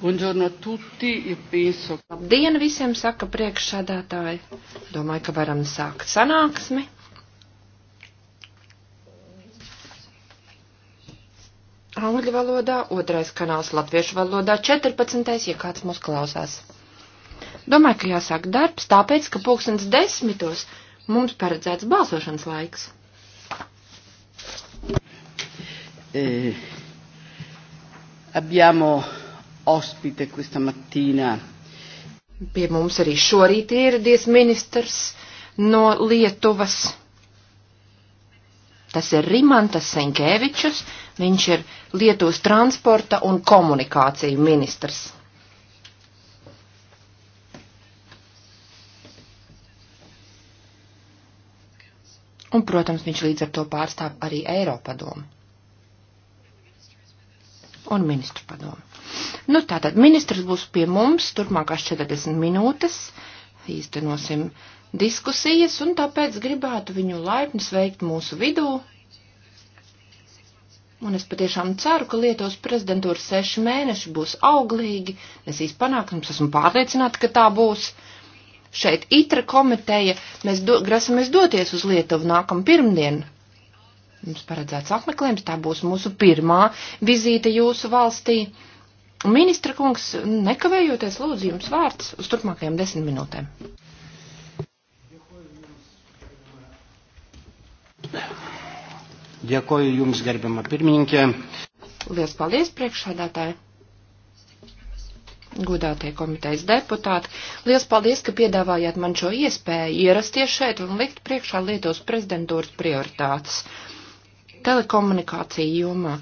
Buongiorno a tutti, io penso. Labdien visiem, saka priekšsādātāji. Domāju, ka varam sākt sanāksmi. Angļu valodā, otrais kanāls latviešu valodā, 14. ja kāds mūs klausās. Domāju, ka jāsāk darbs, tāpēc, ka pulkstens desmitos mums paredzēts balsošanas laiks. E, abbiamo ospite questa mattina. Pie mums arī šorīt ieradies ministrs no Lietuvas. Tas ir Rimantas Senkevičus, viņš ir Lietuvas transporta un komunikāciju ministrs. Un, protams, viņš līdz ar to pārstāv arī Eiropadomu un ministru padomu. Nu, tātad ministrs būs pie mums turpmākās 40 minūtes, īstenosim diskusijas, un tāpēc gribētu viņu laipni sveikt mūsu vidū. Un es patiešām ceru, ka Lietuvas prezidentūras seši mēneši būs auglīgi, nesīs panākums, esmu pārliecināta, ka tā būs. Šeit itra komiteja, mēs do, grasamies doties uz Lietuvu nākam pirmdienu mums paredzēts apmeklējums, tā būs mūsu pirmā vizīte jūsu valstī. Ministra kungs, nekavējoties, lūdzu jums vārds uz turpmākajām desmit minūtēm. Ďakujem jums, gerbama pirmininkė. Lielas paldies, priekšsādātāji. Godātie komitejas deputāti, liels paldies, ka piedāvājāt man šo iespēju ierasties šeit un likt priekšā Lietuvas prezidentūras prioritātes. Uh, telekomunikāciju jomā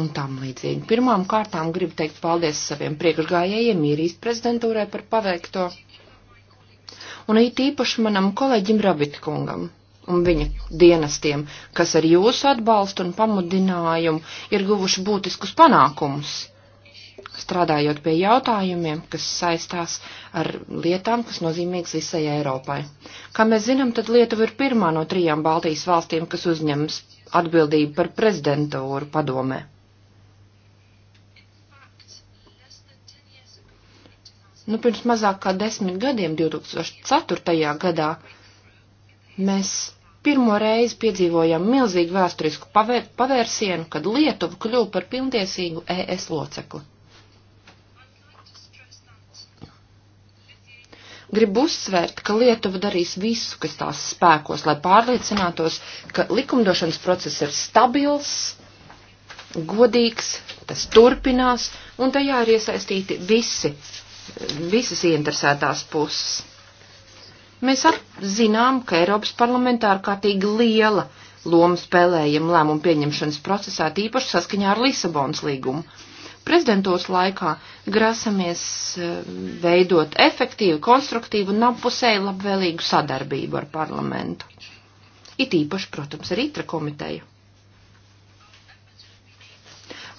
un tam līdzīgi. Pirmām kārtām gribu teikt paldies saviem priekšgājējiem īrijas prezidentūrai par paveikto. Un it īpaši manam kolēģim Rabitkungam un viņa dienestiem, kas ar jūsu atbalstu un pamudinājumu ir guvuši būtiskus panākumus strādājot pie jautājumiem, kas saistās ar lietām, kas nozīmīgas visai Eiropai. Kā mēs zinām, tad Lietuva ir pirmā no trijām Baltijas valstīm, kas uzņems atbildību par prezidentūru padomē. Nu, pirms mazāk kā desmit gadiem, 2004. gadā, mēs pirmo reizi piedzīvojām milzīgu vēsturisku pavērsienu, kad Lietuva kļuva par pilntiesīgu ES locekli. Gribu uzsvērt, ka Lietuva darīs visu, kas tās spēkos, lai pārliecinātos, ka likumdošanas process ir stabils, godīgs, tas turpinās, un tajā ir iesaistīti visi, visas ieinteresētās puses. Mēs zinām, ka Eiropas parlamentā ārkārtīgi liela loma spēlējam lēmumu pieņemšanas procesā, tīpaši saskaņā ar Lisabonas līgumu prezidentūras laikā grasamies eh, veidot efektīvu, konstruktīvu un apusēju labvēlīgu sadarbību ar parlamentu. It īpaši, protams, ar ITRA komiteju.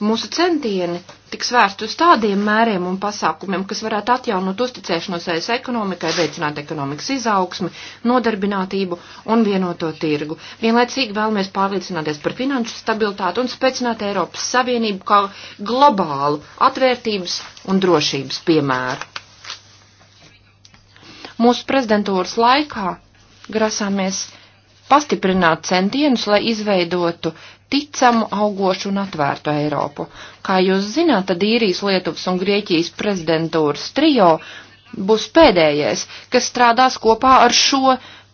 Mūsu centieni tiks vērst uz tādiem mēriem un pasākumiem, kas varētu atjaunot uzticēšanos aiz ekonomikai, veicināt ekonomikas izaugsmi, nodarbinātību un vienoto tirgu. Vienlaicīgi vēlamies pārliecināties par finanšu stabilitāti un spēcināt Eiropas Savienību kā globālu atvērtības un drošības piemēru. Mūsu prezidentūras laikā grasāmies pastiprināt centienus, lai izveidotu ticamu, augošu un atvērtu Eiropu. Kā jūs zināt, tad īrijas, Lietuvas un Grieķijas prezidentūras trijo būs pēdējais, kas strādās kopā ar šo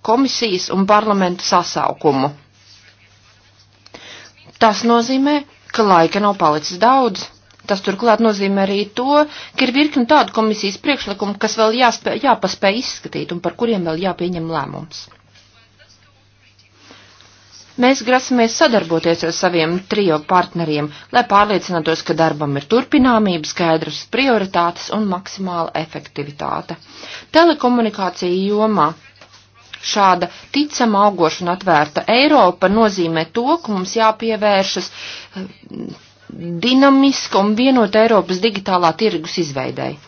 komisijas un parlamentu sasaukumu. Tas nozīmē, ka laika nav palicis daudz. Tas turklāt nozīmē arī to, ka ir virkni tādu komisijas priekšlikumu, kas vēl jāspē, jāpaspēj izskatīt un par kuriem vēl jāpieņem lēmums. Mēs grasamies sadarboties ar saviem trijo partneriem, lai pārliecinātos, ka darbam ir turpināmība, skaidrs prioritātes un maksimāla efektivitāte. Telekomunikācija jomā Šāda ticama augoša un atvērta Eiropa nozīmē to, ka mums jāpievēršas eh, dinamiska un vienota Eiropas digitālā tirgus izveidēji.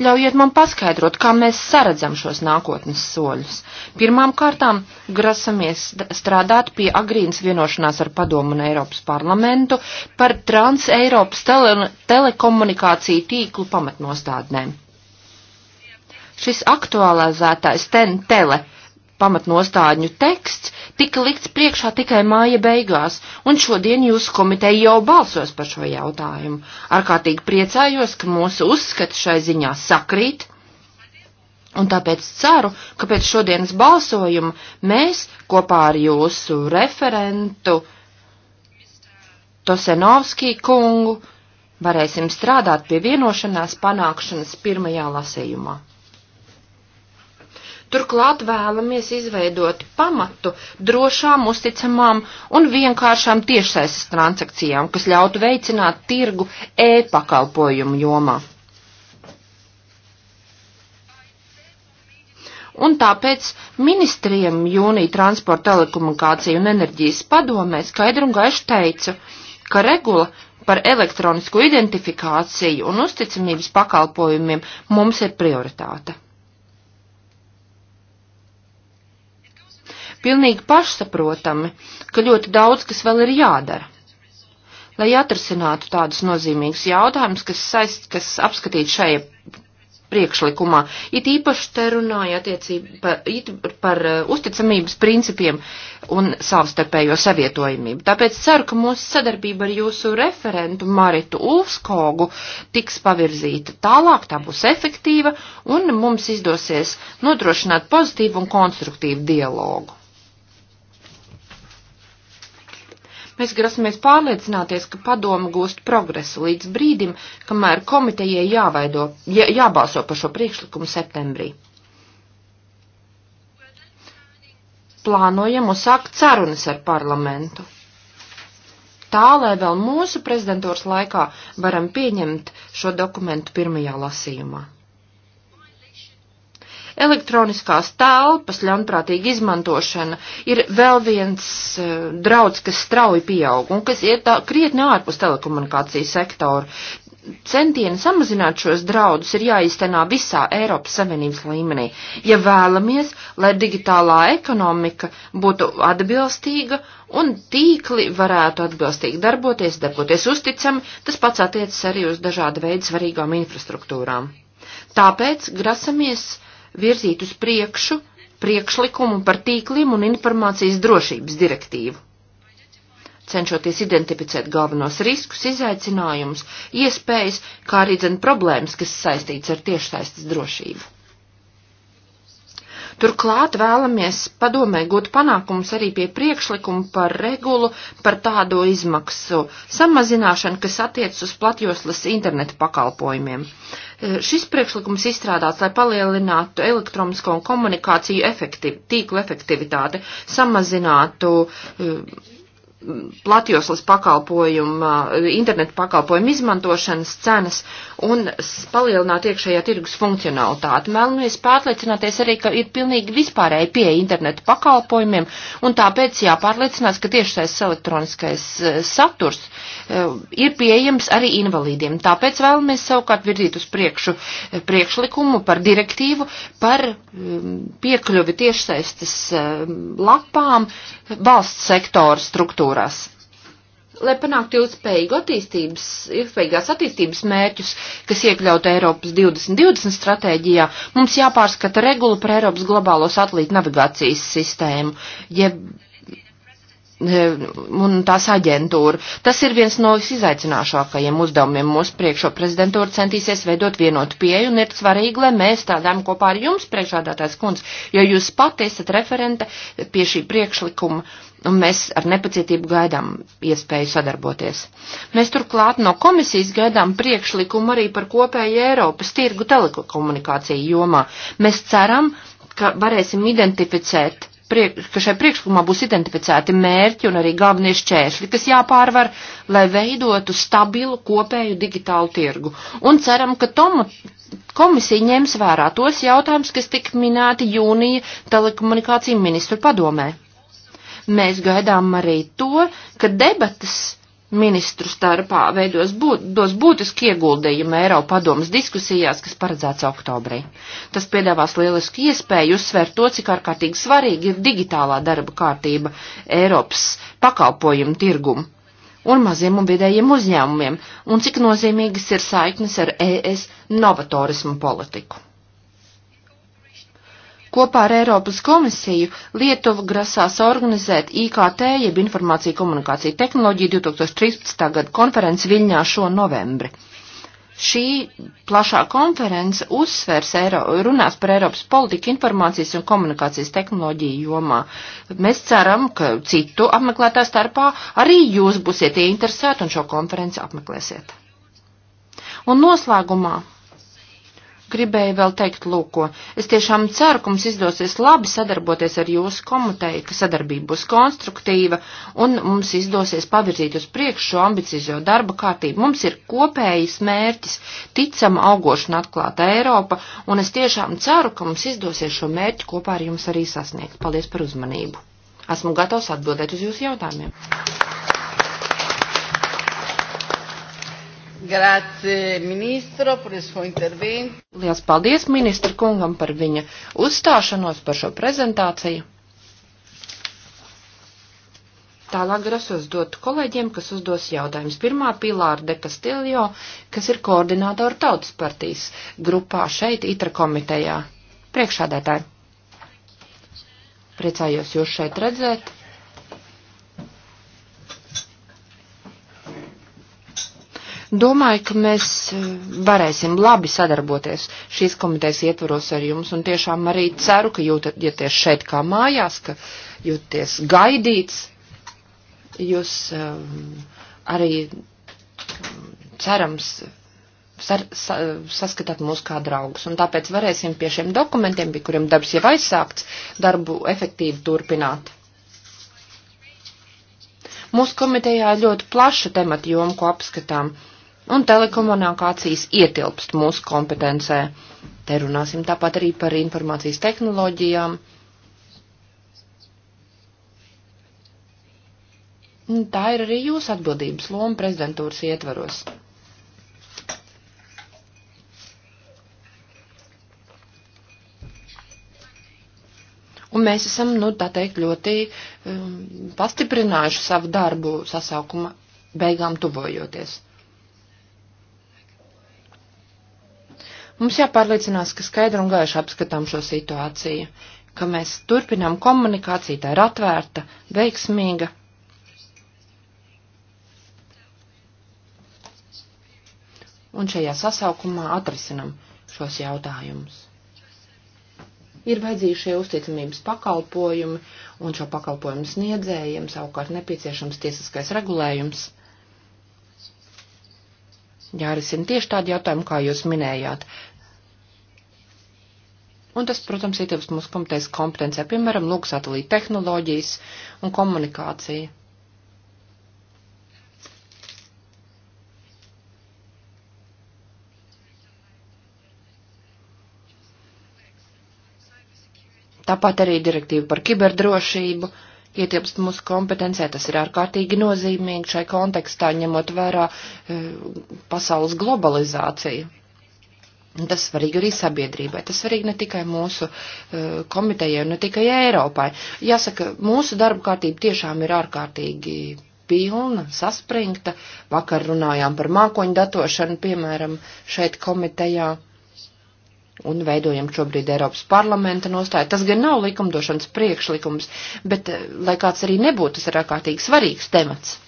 Ļaujiet man paskaidrot, kā mēs saredzam šos nākotnes soļus. Pirmām kārtām grasamies strādāt pie agrīnas vienošanās ar padomu un Eiropas parlamentu par trans-Eiropas tele telekomunikāciju tīklu pamatnostādnēm. Šis aktualizētais ten tele pamatnostādņu teksts tika likts priekšā tikai māja beigās, un šodien jūsu komiteja jau balsos par šo jautājumu. Ārkārtīgi priecājos, ka mūsu uzskati šai ziņā sakrīt, un tāpēc ceru, ka pēc šodienas balsojuma mēs kopā ar jūsu referentu Tosenovskī kungu varēsim strādāt pie vienošanās panākšanas pirmajā lasījumā. Turklāt vēlamies izveidot pamatu drošām, uzticamām un vienkāršām tiešsaistes transakcijām, kas ļautu veicināt tirgu e-pakalpojumu jomā. un tāpēc ministriem jūnija transporta, telekomunikāciju un enerģijas padomē skaidru un gaišu teicu, ka regula par elektronisko identifikāciju un uzticamības pakalpojumiem mums ir prioritāte. Pilnīgi pašsaprotami, ka ļoti daudz, kas vēl ir jādara. Lai atrisinātu tādus nozīmīgus jautājumus, kas, saist, kas apskatīt šai priekšlikumā, it īpaši te runāja attiecība par, par uh, uzticamības principiem un savstarpējo savietojamību. Tāpēc ceru, ka mūsu sadarbība ar jūsu referentu Maritu Ulfskogu tiks pavirzīta tālāk, tā būs efektīva un mums izdosies nodrošināt pozitīvu un konstruktīvu dialogu. Mēs grasamies pārliecināties, ka padoma gūst progresu līdz brīdim, kamēr komitejai jāveido, jā, jābalso par šo priekšlikumu septembrī. Plānojam uzsākt sarunas ar parlamentu. Tā, lai vēl mūsu prezidentūras laikā varam pieņemt šo dokumentu pirmajā lasījumā. Elektroniskās telpas ļaunprātīga izmantošana ir vēl viens uh, draudz, kas strauji pieaug un kas iet tā, krietni ārpus telekomunikāciju sektoru. Centieni samazināt šos draudus ir jāiztenā visā Eiropas Savienības līmenī, ja vēlamies, lai digitālā ekonomika būtu atbilstīga un tīkli varētu atbilstīgi darboties, darboties uzticami, tas pats attiecas arī uz dažāda veida svarīgām infrastruktūrām. Tāpēc grasamies virzīt uz priekšu priekšlikumu par tīkliem un informācijas drošības direktīvu. Cenšoties identificēt galvenos riskus, izaicinājumus, iespējas, kā arī dzen problēmas, kas saistīts ar tiešsaistes drošību. Turklāt vēlamies padomē gūt panākums arī pie priekšlikumu par regulu par tādo izmaksu samazināšanu, kas attiec uz platjoslas internetu pakalpojumiem. E, šis priekšlikums izstrādāts, lai palielinātu elektronisko komunikāciju efektiv, tīklu efektivitāti, samazinātu uh, platjoslas pakalpojuma, eh, internetu pakalpojuma izmantošanas cenas un palielināt iekšējā tirgus funkcionalitāti. Melnies pārliecināties arī, ka ir pilnīgi vispārēji pieeja internetu pakalpojumiem un tāpēc jāpārliecinās, ka tiešais elektroniskais eh, saturs eh, ir pieejams arī invalīdiem. Tāpēc vēlamies savukārt virzīt uz priekšu priekšlikumu par direktīvu par piekļuvi tiešsaistes lapām valsts sektora struktūra struktūrās. Lai panāktu ilgspējīgu attīstības, ilgspējīgās attīstības mērķus, kas iekļaut Eiropas 2020 stratēģijā, mums jāpārskata regula par Eiropas globālos atlītu navigācijas sistēmu, jeb ja un tās aģentūra. Tas ir viens no izaicināšākajiem uzdevumiem. Mūsu priekšo prezidentūra centīsies veidot vienotu pieeju un ir svarīgi, lai mēs tādām kopā ar jums priekšādātājs kundz, jo jūs pati esat referente pie šī priekšlikuma un mēs ar nepacietību gaidām iespēju sadarboties. Mēs turklāt no komisijas gaidām priekšlikumu arī par kopēju Eiropas tirgu telekomunikāciju jomā. Mēs ceram, ka varēsim identificēt priek, ka šai priekšlikumā būs identificēti mērķi un arī galvenie šķēršļi, kas jāpārvar, lai veidotu stabilu kopēju digitālu tirgu. Un ceram, ka tomu komisija ņems vērā tos jautājumus, kas tika minēti jūnija telekomunikāciju ministru padomē. Mēs gaidām arī to, ka debatas ministru starpā veidos būt, dos būtiski ieguldījumi Eiropa padomas diskusijās, kas paredzēts oktobrī. Tas piedāvās lielisku iespēju uzsvērt to, cik ārkārtīgi svarīgi ir digitālā darba kārtība Eiropas pakalpojumu tirgumu un maziem un vidējiem uzņēmumiem, un cik nozīmīgas ir saiknes ar ES novatorismu politiku. Kopā ar Eiropas komisiju Lietuva grasās organizēt IKT, jeb informācija komunikācija tehnoloģija 2013. gada konferenci Viļņā šo novembri. Šī plašā konference uzsvers, Eiro, runās par Eiropas politiku informācijas un komunikācijas tehnoloģiju jomā. Mēs ceram, ka citu apmeklētā starpā arī jūs būsiet ieinteresēti un šo konferenci apmeklēsiet. Un noslēgumā gribēju vēl teikt, lūko, es tiešām ceru, ka mums izdosies labi sadarboties ar jūsu komiteju, ka sadarbība būs konstruktīva un mums izdosies pavirzīt uz priekšu šo ambiciozo darba kārtību. Mums ir kopējs mērķis, ticama augošana atklāta Eiropa, un es tiešām ceru, ka mums izdosies šo mērķi kopā ar jums arī sasniegt. Paldies par uzmanību. Esmu gatavs atbildēt uz jūsu jautājumiem. Grazie, ministro, par savu interviju. Lielas paldies ministra kungam par viņa uzstāšanos, par šo prezentāciju. Tālāk grasos dot kolēģiem, kas uzdos jautājumus. Pirmā Pilāra de Castillo, kas ir koordinātora tautas partijas grupā šeit, ITRA komitejā. Priekšādētāji. Priecājos jūs šeit redzēt. Domāju, ka mēs e, varēsim labi sadarboties šīs komitejas ietvaros ar jums, un tiešām arī ceru, ka jūtaties šeit kā mājās, ka jūties gaidīts. Jūs e, arī e, cerams sar, sa, saskatāt mūs kā draugus, un tāpēc varēsim pie šiem dokumentiem, pie kuriem darbs jau aizsākts, darbu efektīvi turpināt. Mūsu komitejā ir ļoti plaša temata joma, ko apskatām. Uh, un telekomunikācijas ietilpst mūsu kompetencē. Te runāsim tāpat arī par informācijas tehnoloģijām. Tā ir arī jūsu atbildības loma prezidentūras ietvaros. Un mēs esam, nu, tā teikt, ļoti um, pastiprinājuši savu darbu sasaukuma beigām tuvojoties. Mums jāpārliecinās, ka skaidri un gaiši apskatām šo situāciju, ka mēs turpinām komunikāciju, tā ir atvērta, veiksmīga. Un šajā sasaukumā atrisinam šos jautājumus ir vajadzīgi šie uzticamības pakalpojumi, un šo pakalpojumu sniedzējiem savukārt nepieciešams tiesiskais regulējums. Jārisina tieši tādi jautājumi, kā jūs minējāt Un tas, protams, ietilpst mūsu komitejas kompetencijā, piemēram, lūk, satelīta tehnoloģijas un komunikācija. Tāpat arī direktīva par kiberdrošību ietilpst mūsu kompetencē, tas ir ārkārtīgi nozīmīgi šai kontekstā, ņemot vērā e, pasaules globalizāciju. Un tas svarīgi arī sabiedrībai, tas svarīgi ne tikai mūsu uh, komitejai, ne tikai Eiropai. Jāsaka, mūsu darba kārtība tiešām ir ārkārtīgi pilna, saspringta. Vakar runājām par mākoņu datošanu, piemēram, šeit komitejā. Un veidojam šobrīd Eiropas parlamenta nostāju. Tas gan nav likumdošanas priekšlikums, bet, eh, lai kāds arī nebūtu, tas ir ārkārtīgi svarīgs temats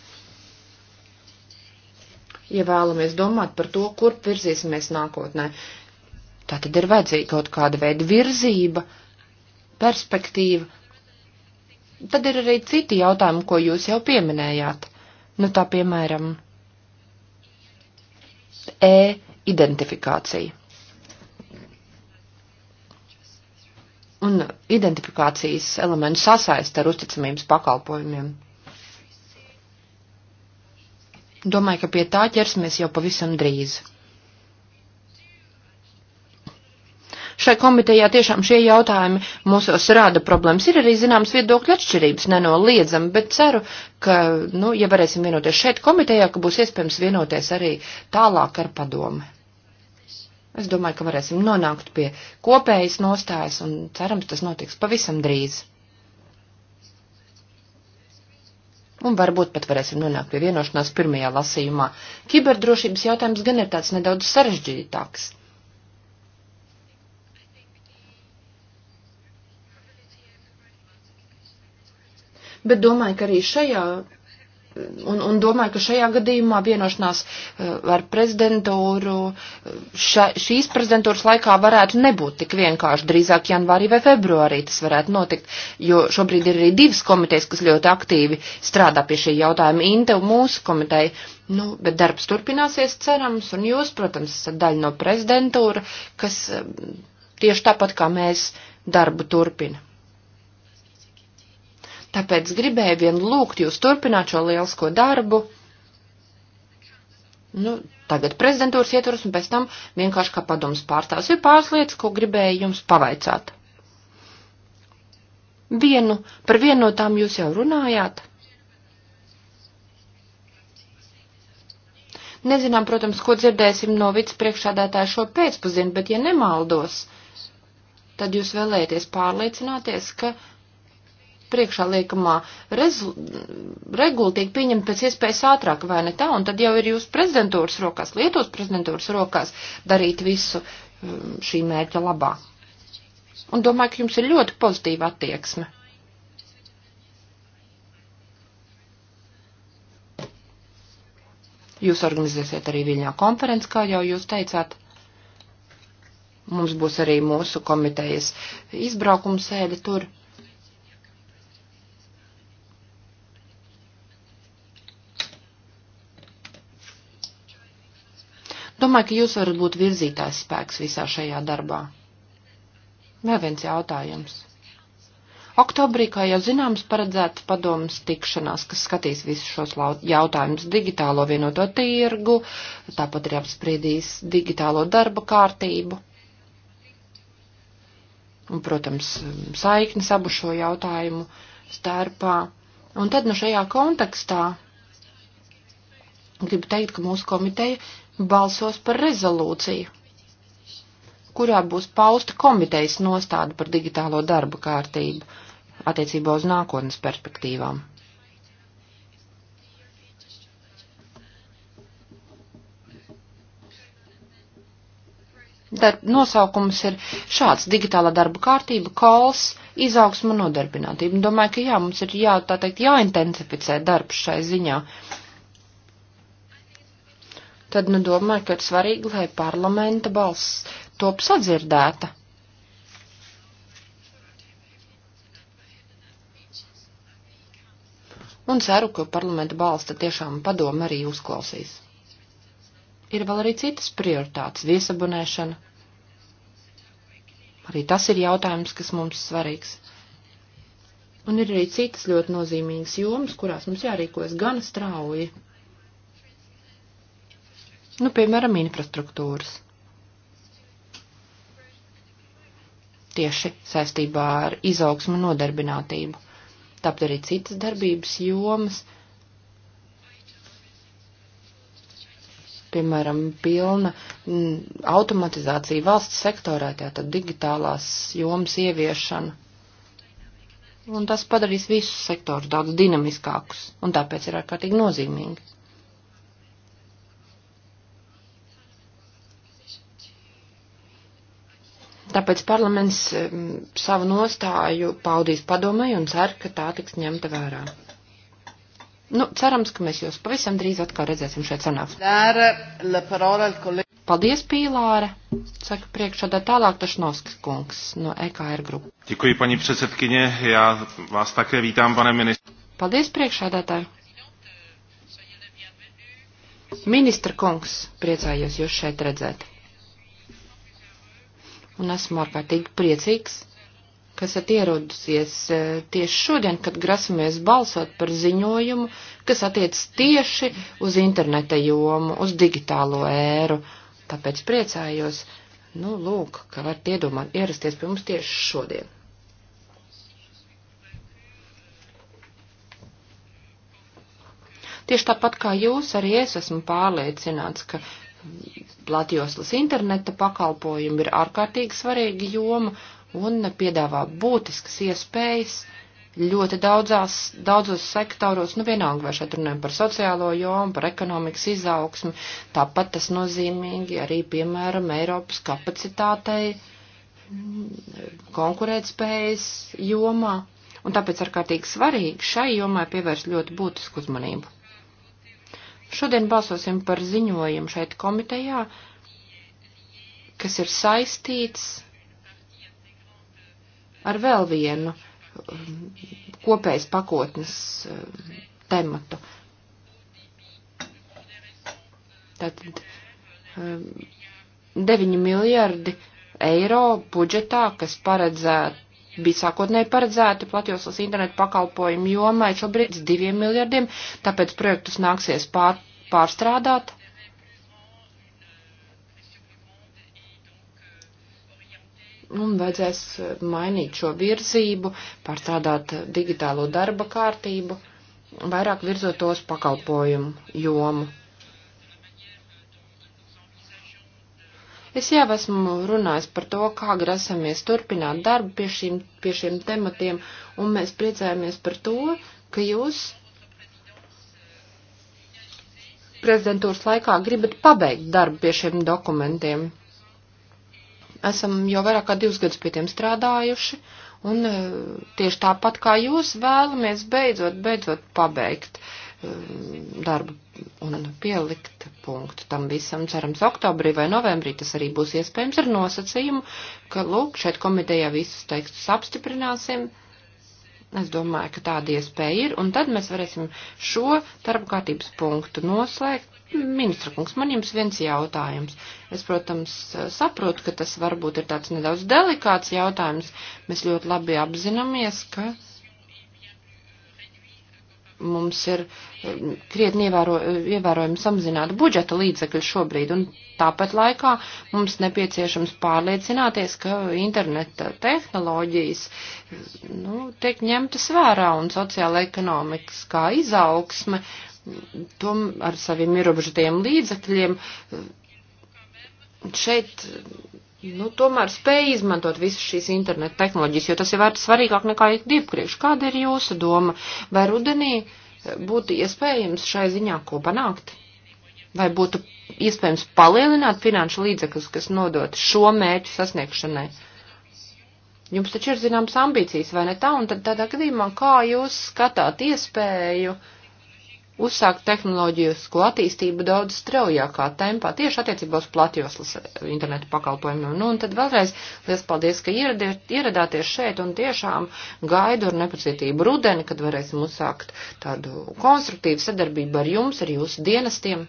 ja vēlamies domāt par to, kur virzīsimies nākotnē. Tā tad ir vajadzīga kaut kāda veida virzība, perspektīva. Tad ir arī citi jautājumi, ko jūs jau pieminējāt. Nu tā piemēram, e-identifikācija. Un identifikācijas elements sasaist ar uzticamības pakalpojumiem. Domāju, ka pie tā ķersimies jau pavisam drīz. Šai komitejā tiešām šie jautājumi mūsos rāda problēmas. Ir arī zināmas viedokļu atšķirības, nenoliedzami, bet ceru, ka, nu, ja varēsim vienoties šeit komitejā, ka būs iespējams vienoties arī tālāk ar padomu. Es domāju, ka varēsim nonākt pie kopējas nostājas un cerams, tas notiks pavisam drīz. un varbūt pat varēsim nonākt pie vienošanās pirmajā lasījumā. Kiberdrošības jautājums gan ir tāds nedaudz sarežģītāks. Bet domāju, ka arī šajā un, un domāju, ka šajā gadījumā vienošanās eh, ar prezidentūru eh, ša, šīs prezidentūras laikā varētu nebūt tik vienkārši. Drīzāk janvārī vai februārī tas varētu notikt, jo šobrīd ir arī divas komitejas, kas ļoti aktīvi strādā pie šī jautājuma. Inte un mūsu komiteja. Nu, bet darbs turpināsies, cerams, un jūs, protams, esat daļa no prezidentūra, kas eh, tieši tāpat kā mēs darbu turpina. Tāpēc gribēju vien lūgt jūs turpināt šo lielisko darbu. Nu, tagad prezidentūras ietvaros un pēc tam vienkārši kā padomas pārstāvs ir pāris lietas, ko gribēju jums pavaicāt. Vienu, par vienu no tām jūs jau runājāt. Nezinām, protams, ko dzirdēsim no vicepriekšādātāja šo pēcpusdienu, bet, ja nemaldos, tad jūs vēlēties pārliecināties, ka priekšā liekamā regula tiek pieņemta pēc iespējas ātrāk, vai ne tā? Un tad jau ir jūsu prezidentūras rokās, Lietuvas prezidentūras rokās darīt visu um, šī mērķa labā. Un domāju, ka jums ir ļoti pozitīva attieksme. Jūs organizēsiet arī Viļņā konferenci, kā jau jūs teicāt. Mums būs arī mūsu komitejas izbraukums sēde tur. Domāju, ka jūs varat būt virzītājs spēks visā šajā darbā. Vēl viens jautājums. Oktobrī, kā jau zināms, paredzēta padomas tikšanās, kas skatīs visus šos jautājumus - digitālo vienoto tirgu, tāpat ir apspriedīs digitālo darba kārtību. Un, protams, saiknes abu šo jautājumu starpā. Un tad, nu, šajā kontekstā gribu teikt, ka mūsu komiteja balsos par rezolūciju, kurā būs pausta komitejas nostāda par digitālo darba kārtību attiecībā uz nākotnes perspektīvām. Dar, nosaukums ir šāds - digitāla darba kārtība, kols, izaugsma un nodarbinātība. Domāju, ka jā, mums ir jā, tā teikt, jāintensificē darbs šai ziņā. Uh, tad, nu, domāju, ka ir svarīgi, lai parlamenta balss top sadzirdēta. Un ceru, ka parlamenta balsta tiešām padoma arī uzklausīs. Ir vēl arī citas prioritātes - viesabunēšana. Arī tas ir jautājums, kas mums svarīgs. Un ir arī citas ļoti nozīmīgas jomas, kurās mums jārīkojas gan strauji. Nu, piemēram, infrastruktūras. Tieši saistībā ar izaugsmu un nodarbinātību. Tāpat arī citas darbības jomas. piemēram, pilna mm, automatizācija valsts sektorā, tātad digitālās jomas ieviešana. Un tas padarīs visus sektorus daudz dinamiskākus, un tāpēc ir ārkārtīgi nozīmīgi. Tāpēc parlaments savu nostāju paudīs padomē un cer, ka tā tiks ņemta vērā. Nu, cerams, ka mēs jūs pavisam drīz atkal redzēsim šeit sanāksmē. Paldies, Pīlāra, saka priekšādā tālāk Tašnovskis kungs no EKR grupu. Děkuji, paní předsedkyně, já vás také vítám, pane ministr. Paldies, priekšādātāji. Ministra kungs, priecājos jūs šeit redzēt un esmu ārkārtīgi priecīgs, ka esat ieradusies e, tieši šodien, kad grasamies balsot par ziņojumu, kas attiec tieši uz interneta jomu, uz digitālo ēru. Tāpēc priecājos, nu, lūk, ka varat iedomāt ierasties pie mums tieši šodien. Tieši tāpat kā jūs, arī es esmu pārliecināts, ka Platjoslas interneta pakalpojumi ir ārkārtīgi svarīga joma un piedāvā būtiskas iespējas ļoti daudzās, daudzos sektoros, nu vienalga, vai šeit runājam par sociālo jomu, par ekonomikas izaugsmu, tāpat tas nozīmīgi arī, piemēram, Eiropas kapacitātei mm, konkurētspējas jomā, un tāpēc ārkārtīgi svarīgi šai jomai pievērst ļoti būtisku uzmanību. Šodien balsosim par ziņojumu šeit komitejā, kas ir saistīts ar vēl vienu um, kopējas pakotnes um, tematu. Tātad 9 um, miljardi eiro budžetā, kas paredzēt bija sākotnēji paredzēti platjoslas internetu pakalpojumu jomai šobrīd 2 miljardiem, tāpēc projektus nāksies pār, pārstrādāt. Un vajadzēs eh, mainīt šo virzību, pārstrādāt digitālo darba kārtību, vairāk virzotos pakalpojumu jomu. Es jau esmu runājis par to, kā grasamies turpināt darbu pie, šīm, pie šiem tematiem, un mēs priecājamies par to, ka jūs prezidentūras laikā gribat pabeigt darbu pie šiem dokumentiem. Esam jau vairāk kā divus gadus pie tiem strādājuši, un e, tieši tāpat kā jūs vēlamies beidzot, beidzot pabeigt e, darbu un pielikt punktu tam visam. Cerams, oktobrī vai novembrī tas arī būs iespējams ar nosacījumu, ka, lūk, šeit komitejā visus tekstus apstiprināsim. Es domāju, ka tāda iespēja ir, un tad mēs varēsim šo darbkārtības punktu noslēgt. Ministra kungs, man jums viens jautājums. Es, protams, saprotu, ka tas varbūt ir tāds nedaudz delikāts jautājums. Mēs ļoti labi apzināmies, ka mums ir um, krietni ievēro, ievērojami samazināta budžeta līdzekļu šobrīd, un tāpat laikā mums nepieciešams pārliecināties, ka interneta tehnoloģijas nu, tiek ņemtas vērā un sociāla ekonomikas kā izaugsme, tom ar saviem ierobežotiem līdzekļiem šeit nu, tomēr spēj izmantot visas šīs interneta tehnoloģijas, jo tas jau ir svarīgāk nekā ik divpriekš. Kāda ir jūsu doma? Vai rudenī būtu iespējams šai ziņā ko panākt? Vai būtu iespējams palielināt finanšu līdzekļus, kas nodot šo mērķu sasniegšanai? Jums taču ir zināmas ambīcijas, vai ne tā? Un tad tādā gadījumā, kā jūs skatāt iespēju uh, uzsākt tehnoloģisku attīstību daudz straujākā tempā, tieši attiecībā uz platjoslas eh, internetu pakalpojumiem. Nu, un tad vēlreiz liels paldies, ka ieradies, ieradāties šeit un tiešām gaidu ar nepacietību rudeni, kad varēsim uzsākt tādu konstruktīvu sadarbību ar jums, ar jūsu dienestiem.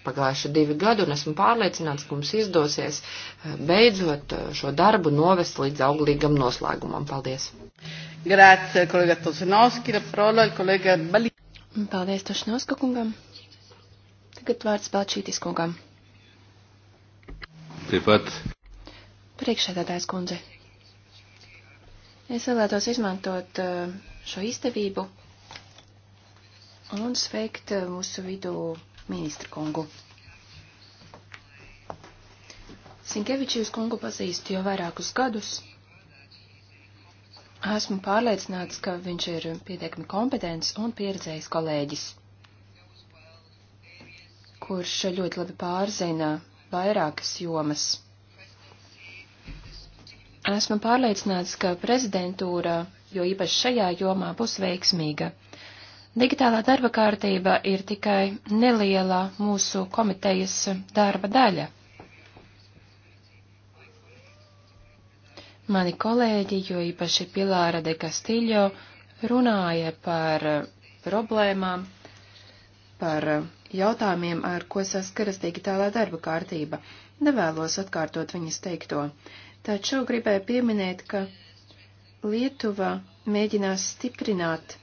Pagājuši divi gadi, un esmu pārliecināts, ka mums izdosies eh, beidzot eh, šo darbu novest līdz auglīgam noslēgumam. Paldies! Grācija, kolega Tosinovski, Raprola, kolega Balī. Paldies Tošinovska kungam. Tagad vārds Balčītis kungam. Taip pat. Priekšsēdētājs kundze. Es vēlētos izmantot eh, šo izdevību un sveikt eh, mūsu vidū ministru kungu. Sinkevičijus kungu pazīstu jau vairākus gadus. Esmu pārliecināts, ka viņš ir pietiekami kompetents un pieredzējis kolēģis, kurš ļoti labi pārzina vairākas jomas. Esmu pārliecināts, ka prezidentūra, jo īpaši šajā jomā, būs veiksmīga. Digitālā darba kārtība ir tikai neliela mūsu komitejas darba daļa. Mani kolēģi, jo īpaši Pilāra de Castillo, runāja par eh, problēmām, par eh, jautājumiem, ar ko saskaras digitālā darba kārtība. Nevēlos atkārtot viņas teikto, taču gribēju pieminēt, ka Lietuva mēģinās stiprināt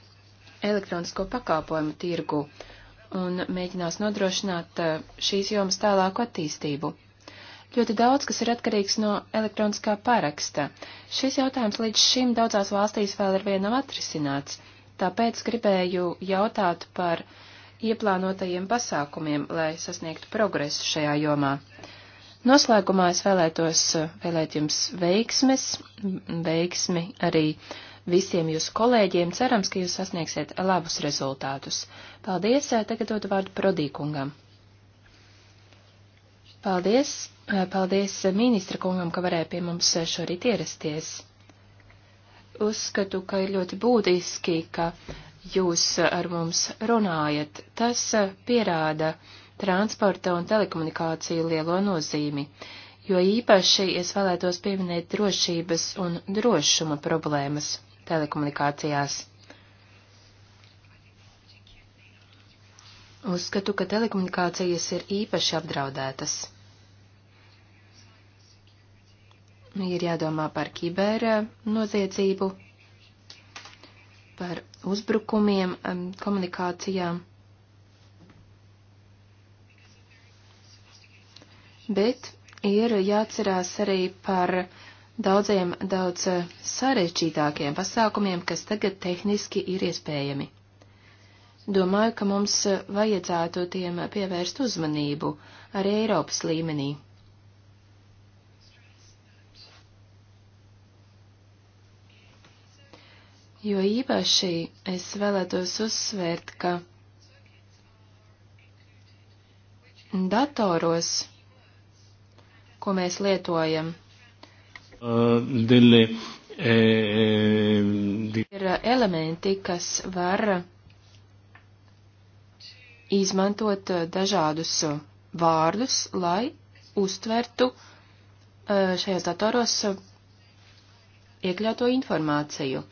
elektronisko pakāpojumu tirgu un mēģinās nodrošināt eh, šīs jomas tālāku attīstību. Ļoti daudz, kas ir atkarīgs no elektroniskā paraksta. Šis jautājums līdz šim daudzās valstīs vēl ir vien nav atrisināts, tāpēc gribēju jautāt par ieplānotajiem pasākumiem, lai sasniegtu progresu šajā jomā. Noslēgumā es vēlētos vēlēt jums veiksmes, veiksmi arī visiem jūsu kolēģiem. Cerams, ka jūs sasniegsiet labus rezultātus. Paldies, tagad dodu vārdu Prodīkungam. Paldies! Eh, paldies ministra kungam, ka varēja pie mums eh, šorīt ierasties. Uzskatu, ka ir ļoti būtiski, ka jūs eh, ar mums runājat. Tas pierāda transporta un telekomunikāciju lielo nozīmi, jo īpaši es vēlētos pieminēt drošības un drošuma problēmas telekomunikācijās. Uzskatu, ka telekomunikācijas ir īpaši apdraudētas. Ir jādomā par kiber noziedzību, par uzbrukumiem komunikācijām. Bet ir jāatcerās arī par daudziem daudz eh, sarežģītākiem pasākumiem, kas tagad tehniski ir iespējami. Domāju, ka mums eh, vajadzētu tiem pievērst uzmanību arī Eiropas līmenī. Jo īpaši es vēlētos uzsvērt, ka datoros, ko mēs lietojam, uh, delle, eh, eh di... ir elementi, kas var izmantot eh, dažādus eh, vārdus, lai uztvertu eh, šajos datoros iekļauto informāciju.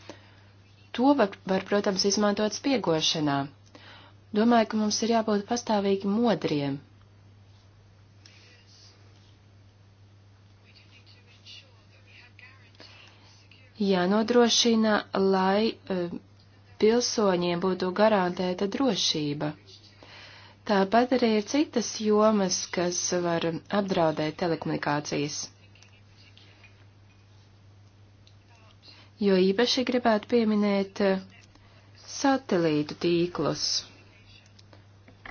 To var, var, protams, izmantot spiegošanā. Domāju, ka mums ir jābūt pastāvīgi modriem. Jānodrošina, lai pilsoņiem būtu garantēta drošība. Tāpat arī ir citas jomas, kas var apdraudēt telekomunikācijas. Jo īpaši gribētu pieminēt eh, satelītu tīklus,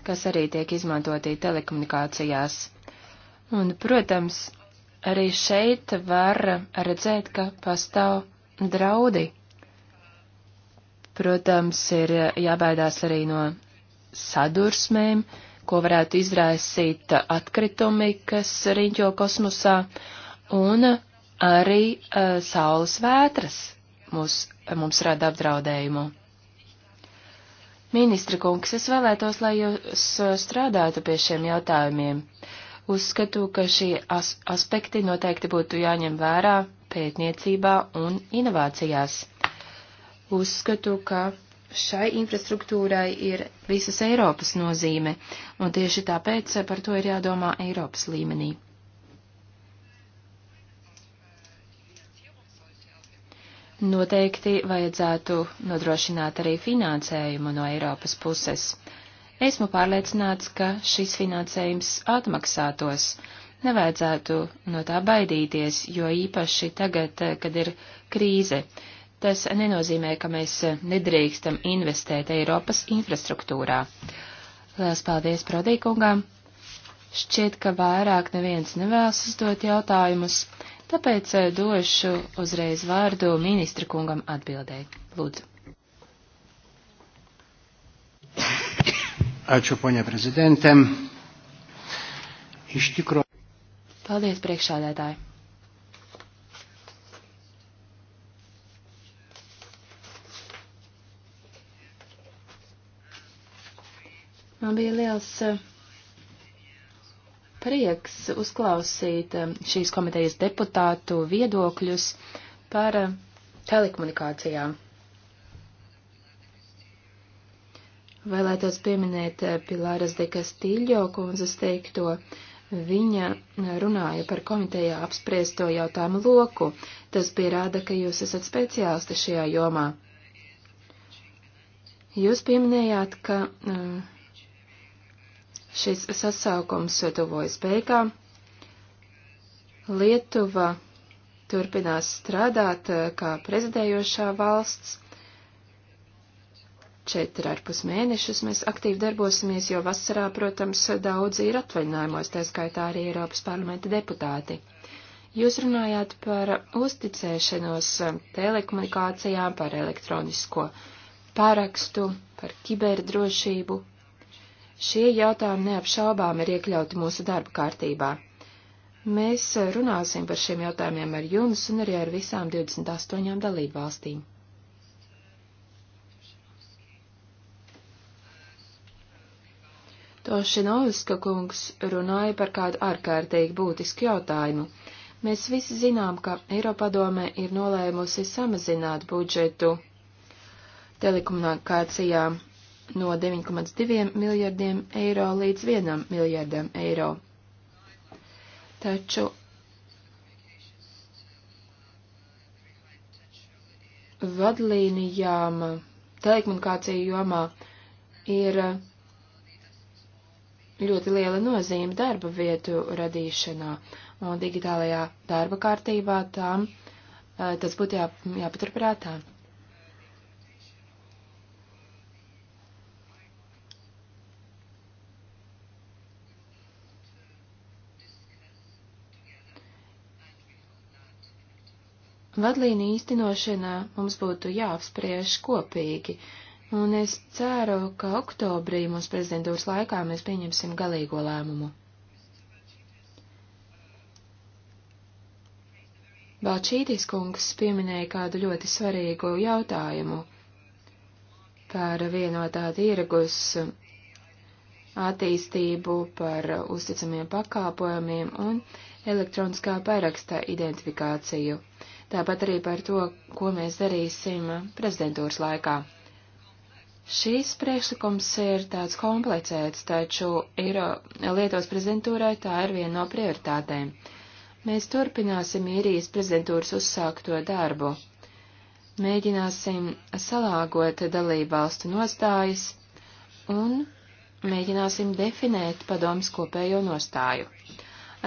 kas arī tiek izmantoti telekomunikācijās. Un, protams, arī šeit var redzēt, ka pastāv draudi. Protams, ir jābaidās arī no sadursmēm, ko varētu izraisīt atkritumi, kas riņķo kosmosā, un arī uh, saules vētras mūs, mums rada apdraudējumu. Ministra kungs, es vēlētos, lai jūs e, strādātu pie šiem jautājumiem. Uzskatu, ka šie as aspekti noteikti būtu jāņem vērā pētniecībā un inovācijās. Uzskatu, ka šai infrastruktūrai ir visas Eiropas nozīme, un tieši tāpēc par to ir jādomā Eiropas līmenī. Noteikti vajadzētu nodrošināt arī finansējumu no Eiropas puses. Esmu pārliecināts, ka šis finansējums atmaksātos. Nevajadzētu no tā baidīties, jo īpaši tagad, kad ir krīze, uh, tas nenozīmē, ka mēs nedrīkstam investēt Eiropas infrastruktūrā. Lielas paldies Prodīkungām! Šķiet, ka vairāk neviens nevēlas uzdot jautājumus, tāpēc eh, došu uzreiz vārdu ministra kungam atbildēji. Lūdzu. Ačiū, poņa prezidentēm. Iš tikro. Paldies, priekšādētāji. Man bija liels eh, prieks uzklausīt eh, šīs komitejas deputātu viedokļus par eh, telekomunikācijām. Vēlētos pieminēt Pilāras de Kastīļo kundzes teikto. Viņa runāja par komitejā apspriesto jautājumu loku. Tas pierāda, ka jūs esat speciālisti šajā jomā. Jūs pieminējāt, ka uh, Šis sasaukums tuvojas beigām. Lietuva turpinās strādāt eh, kā prezidējošā valsts. Četri ar pus mēnešus mēs aktīvi darbosimies, jo vasarā, protams, daudzi ir atvaļinājumos, tā skaitā arī Eiropas parlamenta deputāti. Jūs runājāt par uzticēšanos eh, telekomunikācijām, par elektronisko parakstu, par kiberdrošību, Šie jautājumi neapšaubām ir iekļauti mūsu darba kārtībā. Mēs eh, runāsim par šiem jautājumiem ar jums un arī ar visām 28 dalību valstīm. Tošinovska kungs runāja par kādu ārkārtīgi būtisku jautājumu. Mēs visi zinām, ka Eiropadome ir nolēmusi samazināt budžetu telekomunikācijām no 9,2 miljardiem eiro līdz 1 miljardam eiro. Taču vadlīnijām telekomunikāciju jomā ir ļoti liela nozīme darba vietu radīšanā un digitālajā darba kārtībā tām eh, tas būtu jā, jāpaturprātā. Vadlīnija īstenošanā mums būtu jāapspriež kopīgi, un es ceru, ka oktobrī mūsu prezidentūras laikā mēs pieņemsim galīgo lēmumu. Balčītis kungs pieminēja kādu ļoti svarīgu jautājumu par vienotā tirgus attīstību, par uzticamiem pakāpojumiem un elektroniskā paraksta identifikāciju. Uh, tāpat arī par to, ko mēs darīsim prezidentūras laikā. Šīs priekšlikums ir tāds komplicēts, taču ir Lietuvas prezidentūrai tā ir viena no prioritātēm. Mēs turpināsim īrijas prezidentūras uzsākto darbu. Mēģināsim salāgot dalību valstu nostājas un mēģināsim definēt padomas kopējo nostāju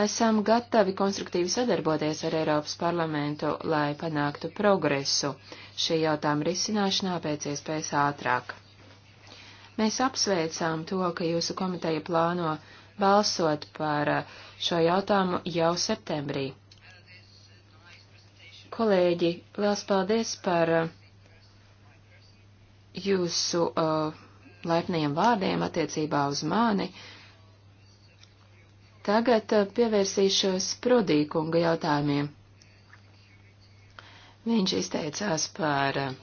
esam gatavi konstruktīvi sadarboties ar Eiropas parlamentu, lai panāktu progresu šī jautājuma risināšanā pēc iespējas ātrāk. Mēs apsveicām to, ka jūsu komiteja plāno balsot par uh, šo jautājumu jau septembrī. Kolēģi, liels paldies par uh, jūsu uh, laipniem vārdiem attiecībā uz mani. Uh, Tagad uh, pievērsīšos Prodīkunga jautājumiem. Viņš izteicās par uh,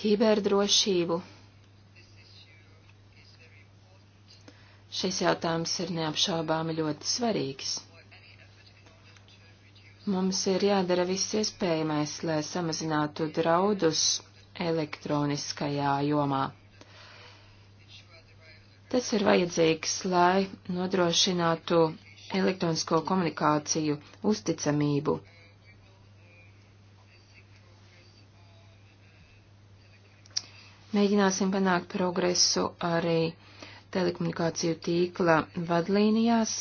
kiberdrošību. Šis jautājums ir neapšaubāmi ļoti svarīgs. Mums ir jādara viss iespējamais, lai samazinātu draudus elektroniskajā jomā. Tas ir vajadzīgs, lai nodrošinātu elektronisko komunikāciju uzticamību. Mēģināsim panākt progresu arī telekomunikāciju tīkla vadlīnijās,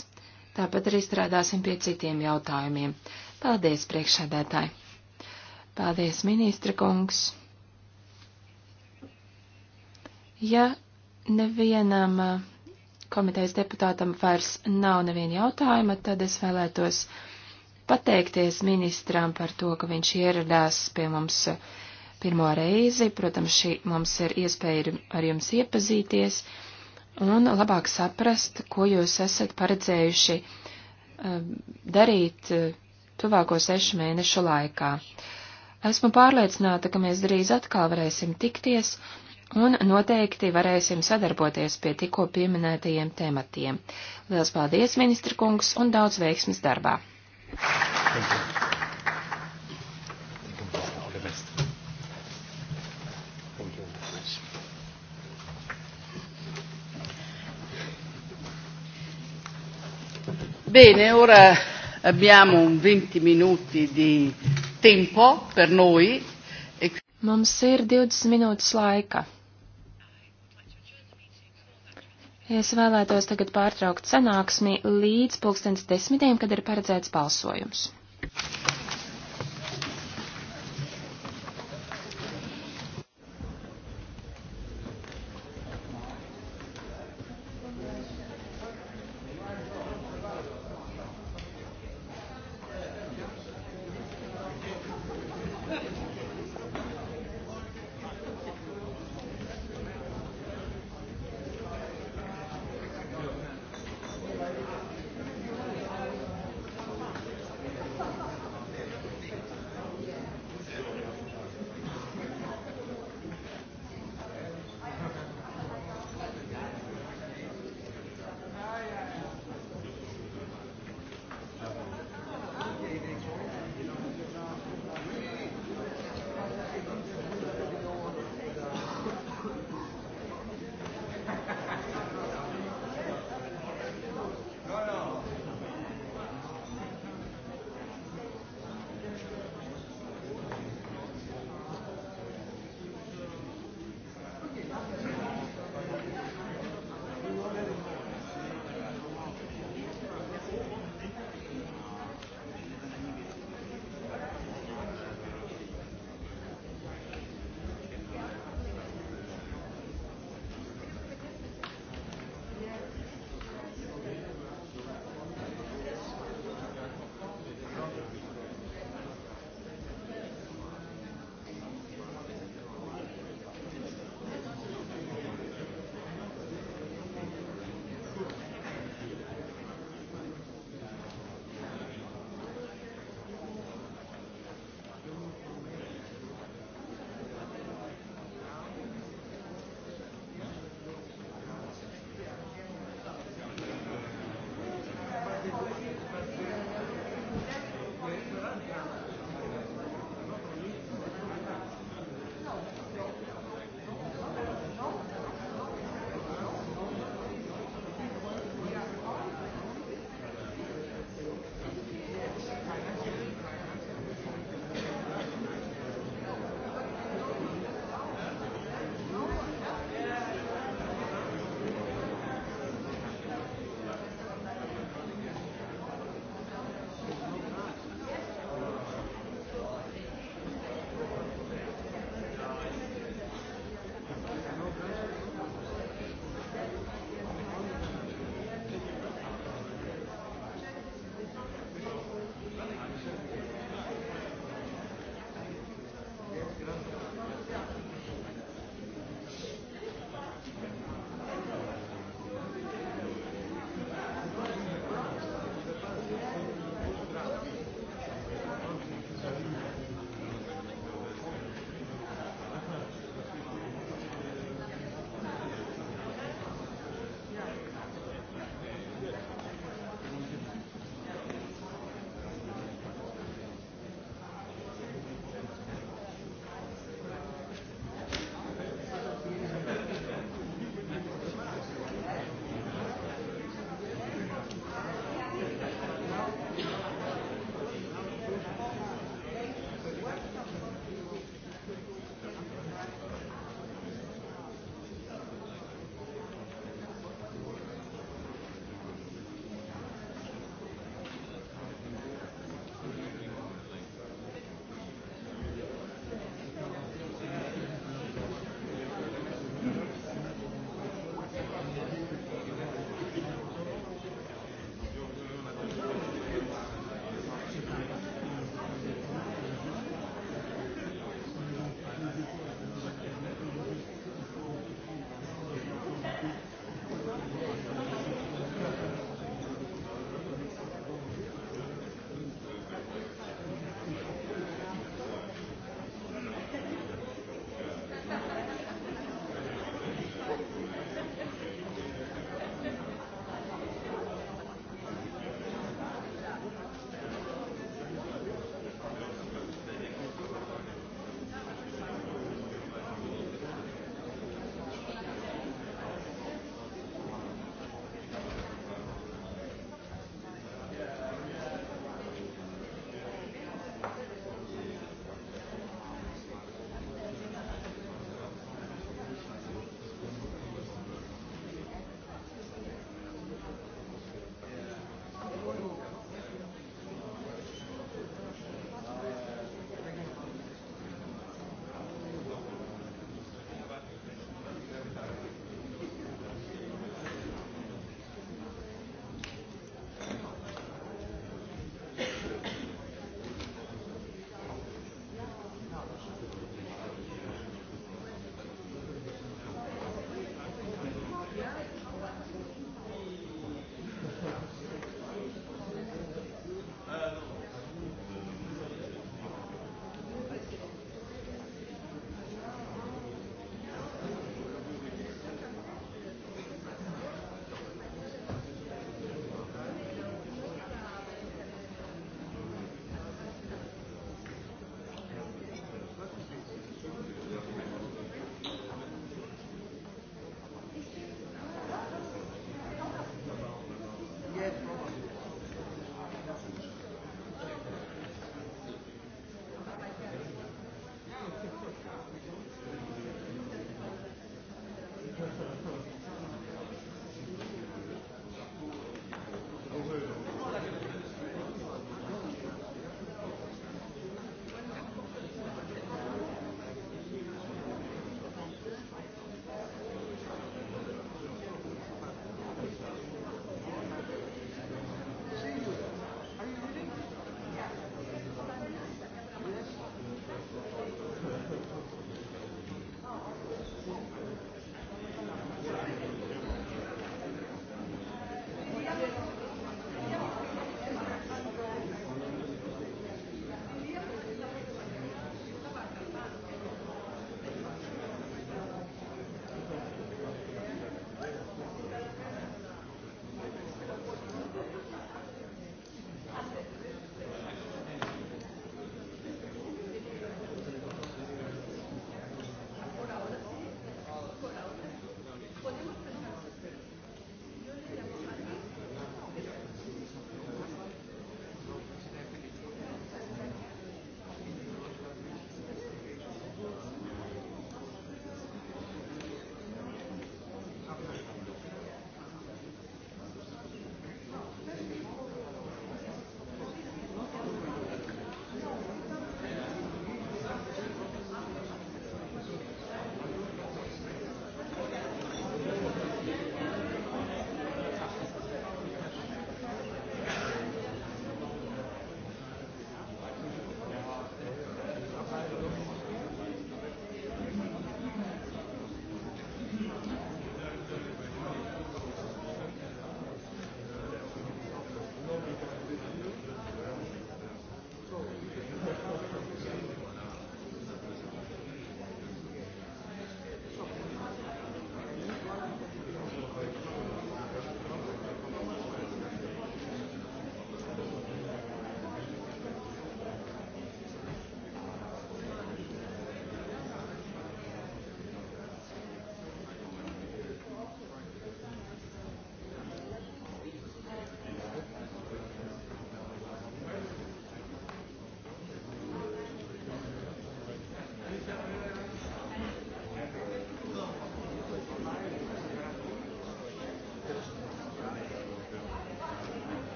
tāpat arī strādāsim pie citiem jautājumiem. Paldies, priekšsēdētāji! Paldies, ministra kungs! Ja nevienam eh, komitejas deputātam vairs nav neviena jautājuma, tad es vēlētos pateikties ministram par to, ka viņš ieradās pie mums eh, pirmo reizi. Protams, šī mums ir iespēja ar jums iepazīties un labāk saprast, ko jūs esat paredzējuši eh, darīt tuvāko sešu mēnešu laikā. Esmu pārliecināta, ka mēs drīz atkal varēsim tikties un noteikti varēsim sadarboties pie tikko pieminētajiem tematiem. Liels paldies, ministra kungs, un daudz veiksmes darbā! Bene, ora abbiamo un 20 minuti di tempo per noi. E... Mums ir 20 minūtes laika. Es vēlētos tagad pārtraukt sanāksmi līdz pulkstens desmitiem, kad ir paredzēts balsojums.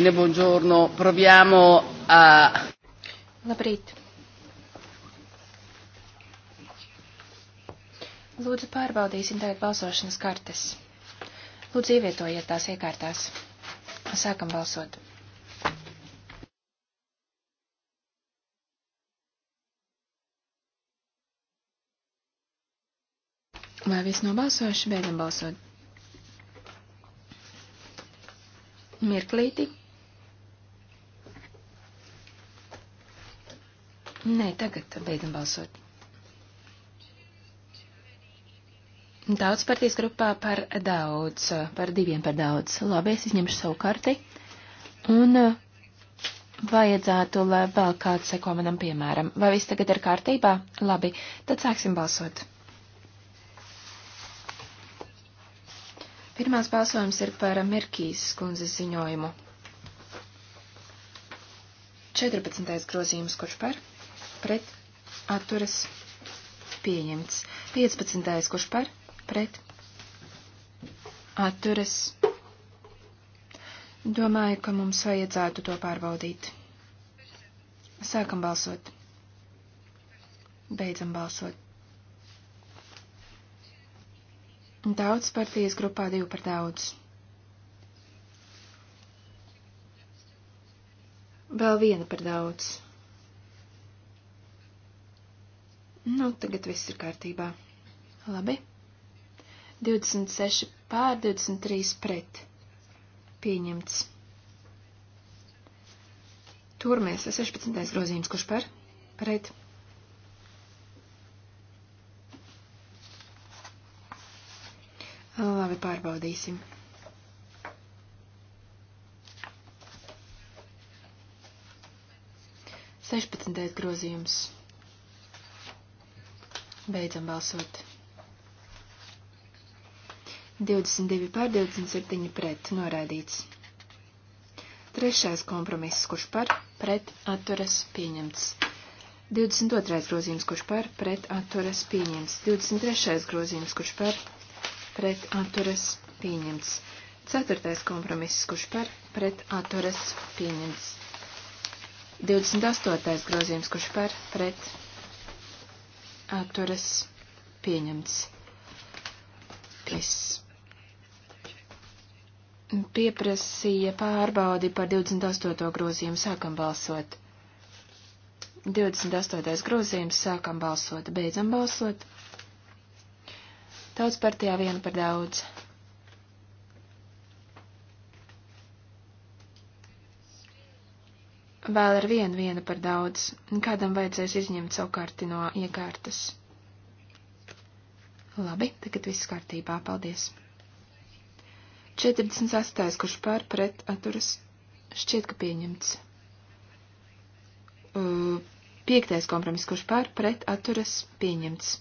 Bene, buongiorno. Proviamo a. Labrīt. Lūdzu, pārbaudīsim tagad balsošanas kartes. Lūdzu, ievietojiet tās iekārtās. Sākam balsot. Vai viss nobalsojuši? Beidzam balsot. Mirklīti. Nē, tagad beidzam balsot. Daudz partijas grupā par daudz, par diviem par daudz. Labi, es izņemšu savu karti. Un eh, vajadzētu, lai vēl kāds seko manam piemēram. Vai viss tagad ir kārtībā? Labi, tad sāksim balsot. Pirmās balsojums ir par Merkīs skundzes ziņojumu. 14. grozījums, kurš par? pret atturas pieņemts. 15. kurš par pret atturas. Domāju, ka mums vajadzētu to pārbaudīt. Sākam balsot. Beidzam balsot. Daudz partijas grupā divi par daudz. Vēl viena par daudz. Nu, tagad viss ir kārtībā. Labi. 26 pār 23 pret. Pieņemts. Turmies 16. grozījums, kurš par? Pret. Labi, pārbaudīsim. Sešpadsmitais grozījums. Beidzam balsot. 22 pār 27 pret noraidīts. Trešais kompromiss, kurš par pret atturas pieņemts. 22. grozījums, kurš par pret atturas pieņemts. 23. grozījums, kurš par pret atturas pieņemts. 4. kompromiss, kurš par pret atturas pieņemts. 28. grozījums, kurš par pret atturas pieņemts. Es pieprasīja pārbaudi par 28. grozījumu sākam balsot. 28. grozījums sākam balsot, beidzam balsot. Tauts partijā viena par daudz. Vēl ar vienu viena par daudz, kādam vajadzēs izņemt savu karti no iekārtas. Labi, tagad viss kārtībā, paldies. 48. kurš pār pret atturas šķiet, ka pieņemts. 5. kompromiss, kurš pār pret atturas pieņemts.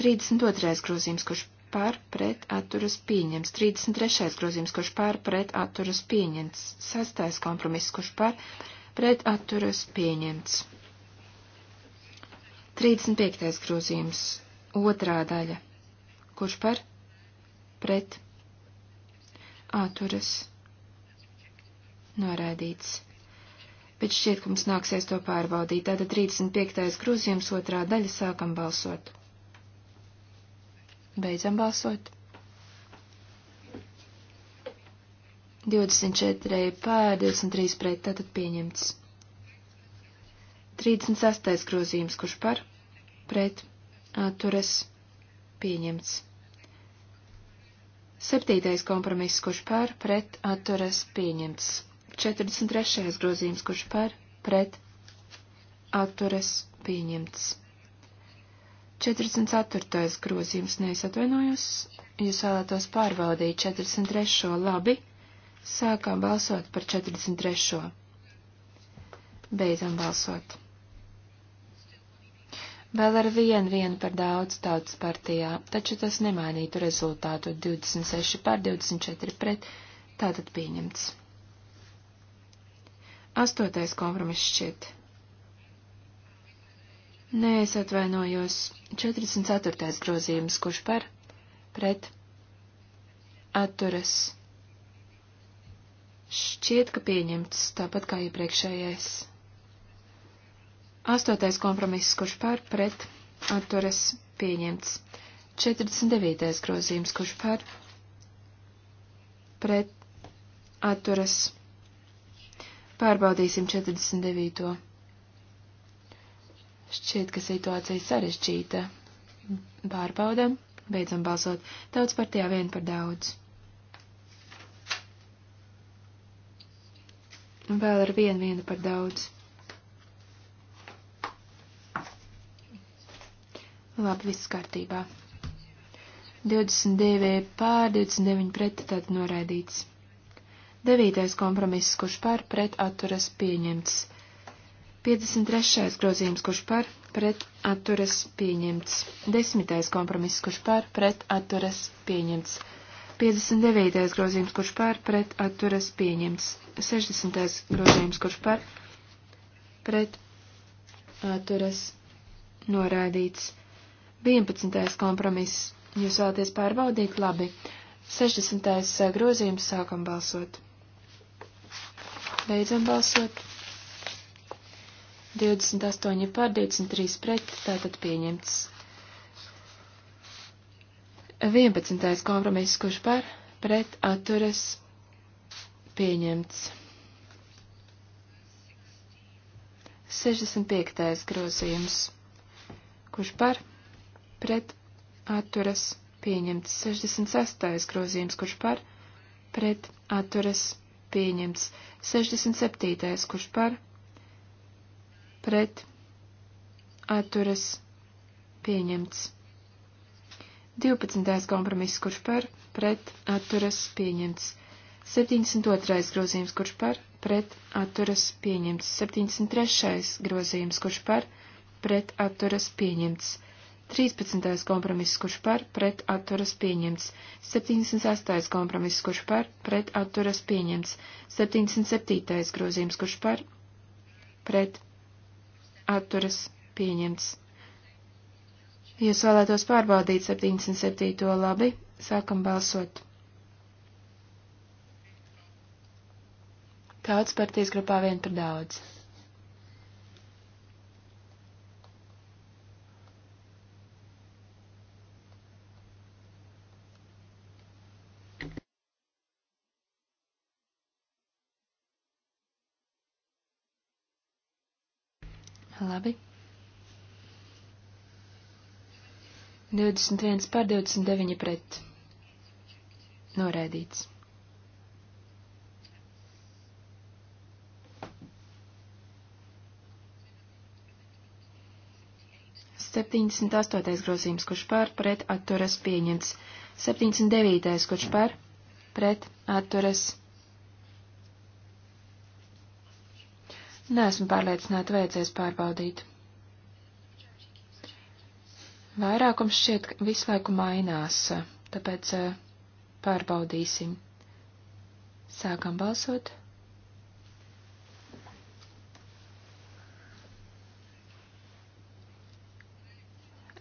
32. grozījums, kurš par pret atturas pieņems. 33. grozījums, kurš par pret atturas pieņems. 6. kompromiss, kurš par pret atturas pieņems. 35. grozījums, otrā daļa, kurš par pret atturas norādīts. Bet šķiet, ka mums nāksies to pārbaudīt. Tātad 35. grozījums, otrā daļa, sākam balsot. Beidzam balsot. 24 pār 23 pret, tātad pieņemts. 36. grozījums, kurš par, pret, atturas, pieņemts. 7. kompromiss, kurš par, pret, atturas, pieņemts. 43. grozījums, kurš par, pret, atturas, pieņemts. 44. grozījums neizatvainojos. Jūs vēlētos pārbaudīt 43. labi. Sākām balsot par 43. Beidzam balsot. Vēl ar vienu vienu par daudz tautas partijā, taču tas nemainītu rezultātu 26 par 24 pret, tātad pieņemts. Astotais kompromiss šķiet. Nē, es atvainojos. 44. grozījums, kurš par, pret, atturas. Šķiet, ka pieņemts, tāpat kā iepriekšējais. 8. kompromiss, kurš par, pret, atturas, pieņemts. 49. grozījums, kurš par, pret, atturas. Pārbaudīsim 49. Šķiet, ka situācija sarežģīta. Pārbaudam, beidzam balsot. Daudz partijā vien par daudz. Un vēl ar vienu vienu par daudz. Labi, viss kārtībā. 22 pār 29 pret tad noraidīts. 9. kompromiss, kurš pār pret atturas pieņemts. 53. grozījums, kurš par pret atturas pieņemts. 10. kompromiss, kurš par pret atturas pieņemts. 59. grozījums, kurš par pret atturas pieņemts. 60. grozījums, kurš par pret atturas norādīts. 11. kompromiss, jūs vēlaties pārbaudīt labi. 60. grozījums sākam balsot. Beidzam balsot. 28 pār 23 pret, tātad pieņemts. 11. kompromiss, kurš par pret atturas pieņemts. 65. grozījums, kurš par pret atturas pieņemts. 66. grozījums, kurš par pret atturas pieņemts. 67. kurš par pret pret atturas pieņemts. 12. kompromiss, kurš par pret atturas pieņemts. 72. grozījums, kurš par pret atturas pieņemts. 73. grozījums, kurš par pret atturas pieņemts. 13. kompromiss, kurš par pret atturas pieņemts, 78. kompromiss, kurš par pret atturas pieņemts, 77. grozījums, kurš par pret atturas pieņemts. Ja jūs vēlētos pārbaudīt 77. labi, sākam balsot. Tautas partijas grupā vien par daudz. Labi. 21 pār 29 pret. Noraidīts. Septiņdesmit astotais grozījums, kurš pār pret atturas pieņemts. Septiņdesmit devītais, kurš pār pret atturas pieņemts Nesmu pārliecināta, vajadzēs pārbaudīt. Vairākums šķiet visu laiku mainās, tāpēc eh, pārbaudīsim. Sākam balsot.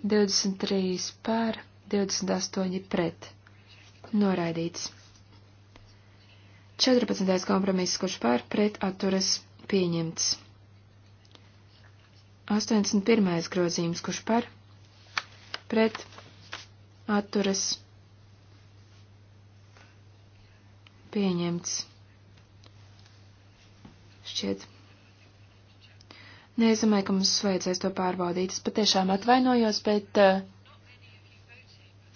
Divdesmit trīs pār, divdesmit astoņi pret. Noraidīts. Četrpadsmitais kompromiss, kurš pār pret atturas pieņemts. 81. grozījums, kurš par, pret, atturas, pieņemts. Šķiet. Neizdomāju, ka mums vajadzēs to pārbaudīt. Es patiešām atvainojos, bet uh,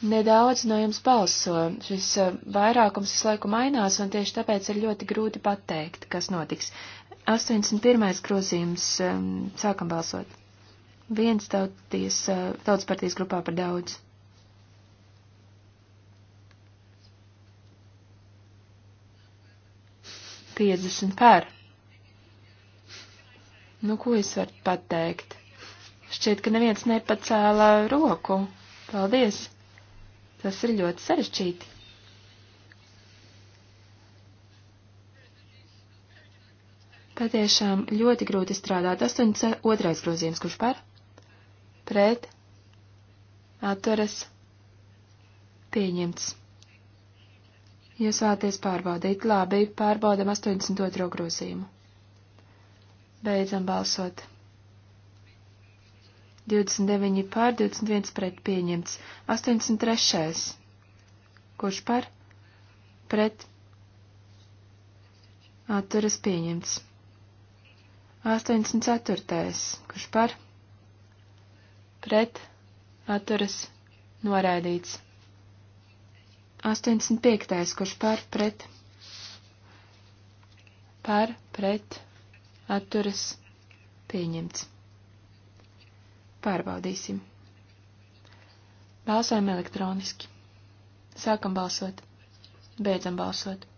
nedaudz no jums balso. Šis uh, vairākums visu laiku mainās, un tieši tāpēc ir ļoti grūti pateikt, kas notiks. 81. grozījums. Um, sākam balsot. Viens tauties, uh, tautas partijas grupā par daudz. Piecdesmit par. Nu, ko es varu pateikt? Šķiet, ka neviens nepacēla roku. Paldies! Tas ir ļoti sarežģīti. Patiešām ļoti grūti strādāt. 82. grozījums, kurš par? Pret. Atturas. Pieņemts. Jūs vēlaties pārbaudīt. Labi, pārbaudam 82. grozījumu. Beidzam balsot. 29 pār, 21 pret pieņemts. 83. Kurš par? Pret. Atturas pieņemts. 84. Kurš par? Pret. Atturas. Noraidīts. 85. Kurš par? Pret. Par. Pret. Atturas. Pieņemts. Pārbaudīsim. Balsojam elektroniski. Sākam balsot. Beidzam balsot.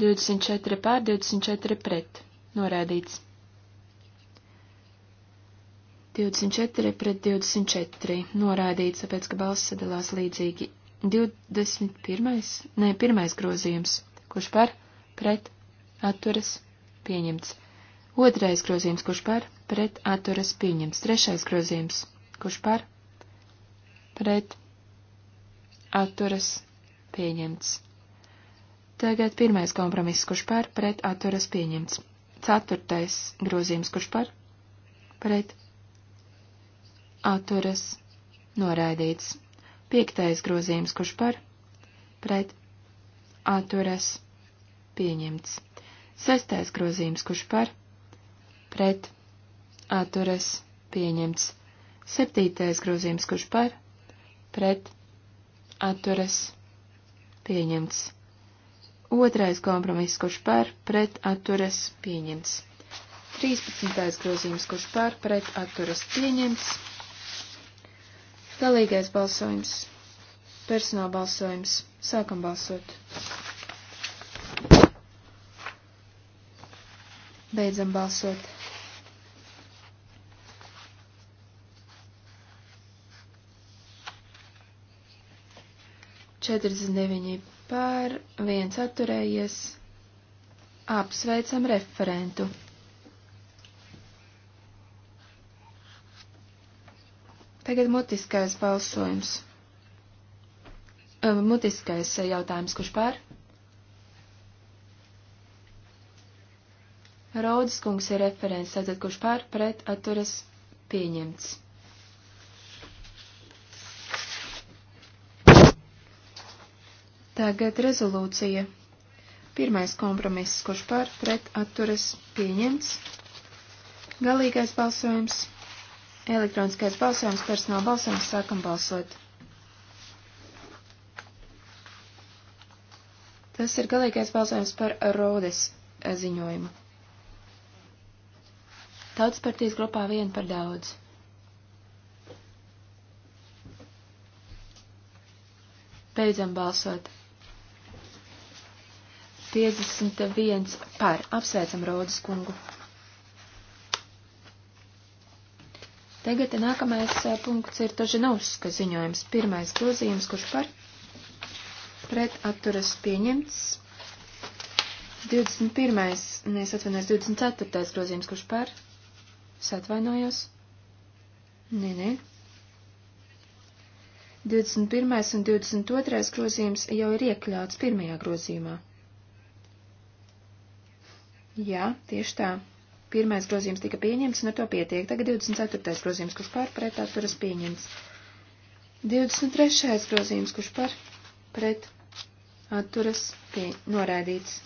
24 pār 24 pret. Noraidīts. 24 pret 24. Noraidīts, tāpēc, ka balss sadalās līdzīgi. 21. Nē, pirmais grozījums. Kurš par? Pret. Atturas. Pieņemts. Otrais grozījums. Kurš par? Pret. Atturas. Pieņemts. Trešais grozījums. Kurš par? Pret. Atturas. Pieņemts. Tagad pirmais kompromiss. Kurš par? Pret. Atturas. Pieņemts. Ceturtais grozījums, kurš par? Pret. Atturas. Noraidīts. Piektais grozījums, kurš par? Pret. Atturas. Pieņemts. Sestais grozījums, kurš par? Pret. Atturas. Pieņemts. Septītais grozījums, kurš par? Pret. Atturas. Pieņemts. Otrais kompromiss, kurš par pret atturas pieņems. 13. grozījums, kurš par pret atturas pieņems. Dalīgais balsojums. Personāla balsojums. Sākam balsot. Beidzam balsot. Četrdesmit deviņi par viens atturējies. Apsveicam referentu. Tagad mutiskais balsojums. Mutiskais jautājums, kurš pār? Raudas kungs ir referents, tātad kurš pār pret atturas pieņemts. Tagad rezolūcija. Pirmais kompromiss, kurš par pret atturas pieņemts. Galīgais balsojums. Elektroniskais balsojums, personāla balsojums, sākam balsot. Tas ir galīgais balsojums par Rodes ziņojumu. Tautas partijas grupā vien par daudz. Beidzam balsot. 51 par. Apsveicam Rodas kungu. Tagad nākamais punkts ir Tožinovska ziņojums. Pirmais grozījums, kurš par pret atturas pieņemts. 21. Nē, es atvainojos 24. grozījums, kurš par. Es atvainojos. Nē, nē. 21. un 22. grozījums jau ir iekļauts pirmajā grozījumā. Jā, tieši tā. Pirmais grozījums tika pieņemts, un ar to pietiek. Tagad 24. grozījums, kurš par pret atturas pieņemts. 23. grozījums, kurš par pret atturas pie... noraidīts.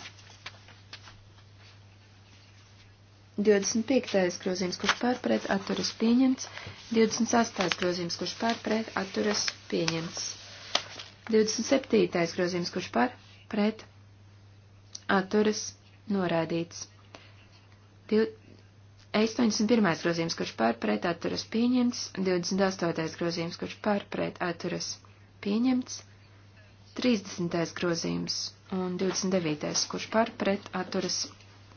25. grozījums, kurš pārpret atturas pieņemts, 28. grozījums, kurš pārpret atturas pieņemts, 27. grozījums, kurš pārpret atturas Norādīts. 81. grozījums, kurš pārpret atturas pieņemts, 28. grozījums, kurš pārpret atturas pieņemts, 30. grozījums un 29. kurš pārpret atturas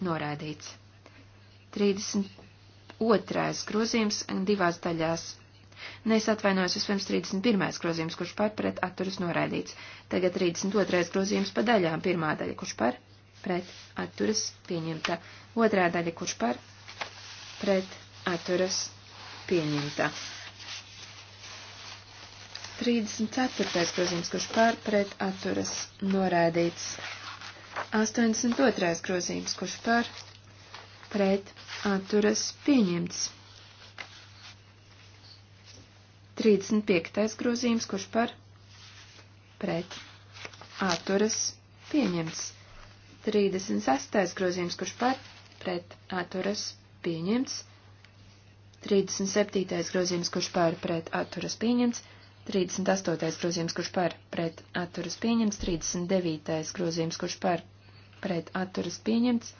norādīts. 32. grozījums divās daļās. Nes nu, atvainojos vispirms 31. grozījums, kurš pārpret atturas norādīts. Tagad 32. grozījums pa daļām, pirmā daļa, kurš pārpret pret atturas pieņemta. Otrā daļa, kurš par pret atturas pieņemta. 34. grozījums, kurš par pret atturas norādīts. 82. grozījums, kurš par pret atturas pieņemts. 35. grozījums, kurš par pret atturas pieņemts. 36. grozījums, kurš par pret atturas pieņemts. 37. grozījums, kurš par pret atturas pieņemts. 38. grozījums, kurš par pret atturas pieņemts. 39. grozījums, kurš par pret atturas pieņemts.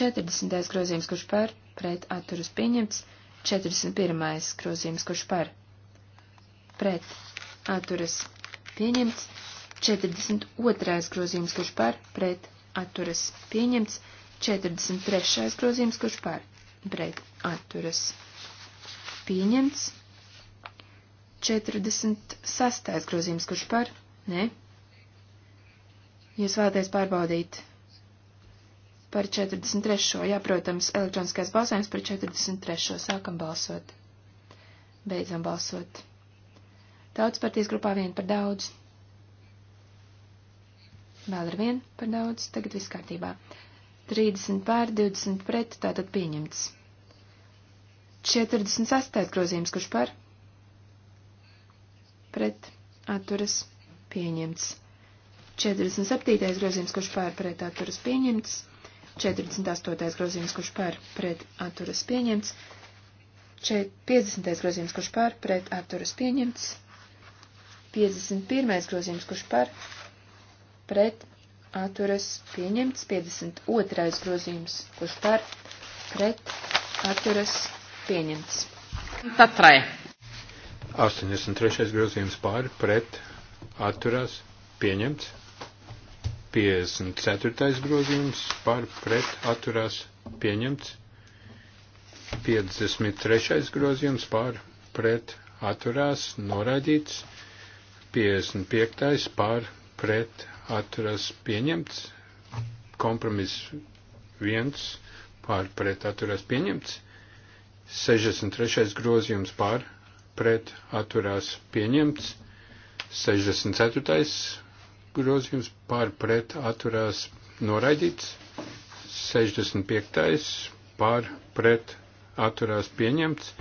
40. grozījums, kurš par pret atturas pieņemts. 41. grozījums, kurš par pret atturas pieņemts. 42. grozījums, kurš par pret atturas pieņemts. 43. grozījums, kurš par pret atturas pieņemts. 46. grozījums, kurš par ne. Jūs vēlaties pārbaudīt par 43. Jā, protams, elektroniskais balsojums par 43. Sākam balsot. Beidzam balsot. Tautas partijas grupā vien par daudz. Vēl ar vienu par daudz, tagad viss kārtībā. 30 pār 20 pret, tātad pieņemts. 48. grozījums, kurš par? Pret, atturas, pieņemts. 47. grozījums, kurš pār pret atturas pieņemts. 48. grozījums, kurš pār pret atturas pieņemts. 50. grozījums, kurš pār pret atturas pieņemts. 51. grozījums, kurš pār pret atturas pieņemts 52. grozījums, kurš par pret atturas pieņemts. Tatrai. 83. grozījums pār pret atturas pieņemts. 54. grozījums pār pret atturās pieņemts. 53. grozījums pār pret atturās noraidīts. 55. pār pret atturas pieņemts, kompromiss 1 pār pret atturas pieņemts, 63. grozījums pār pret atturās pieņemts, 64. grozījums pār pret atturās noraidīts, 65. pār pret atturās pieņemts,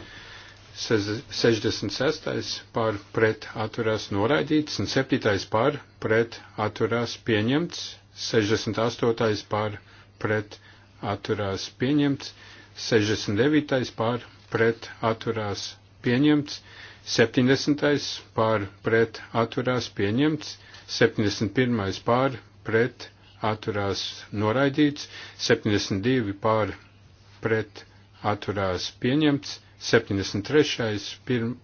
66. par pret atturās noraidīts un 7. par pret atturās pieņemts, 68. par pret atturās pieņemts, 69. par pret atturās pieņemts, 70. par pret atturās pieņemts, 71. par pret atturās noraidīts, 72. par pret atturās pieņemts, 73.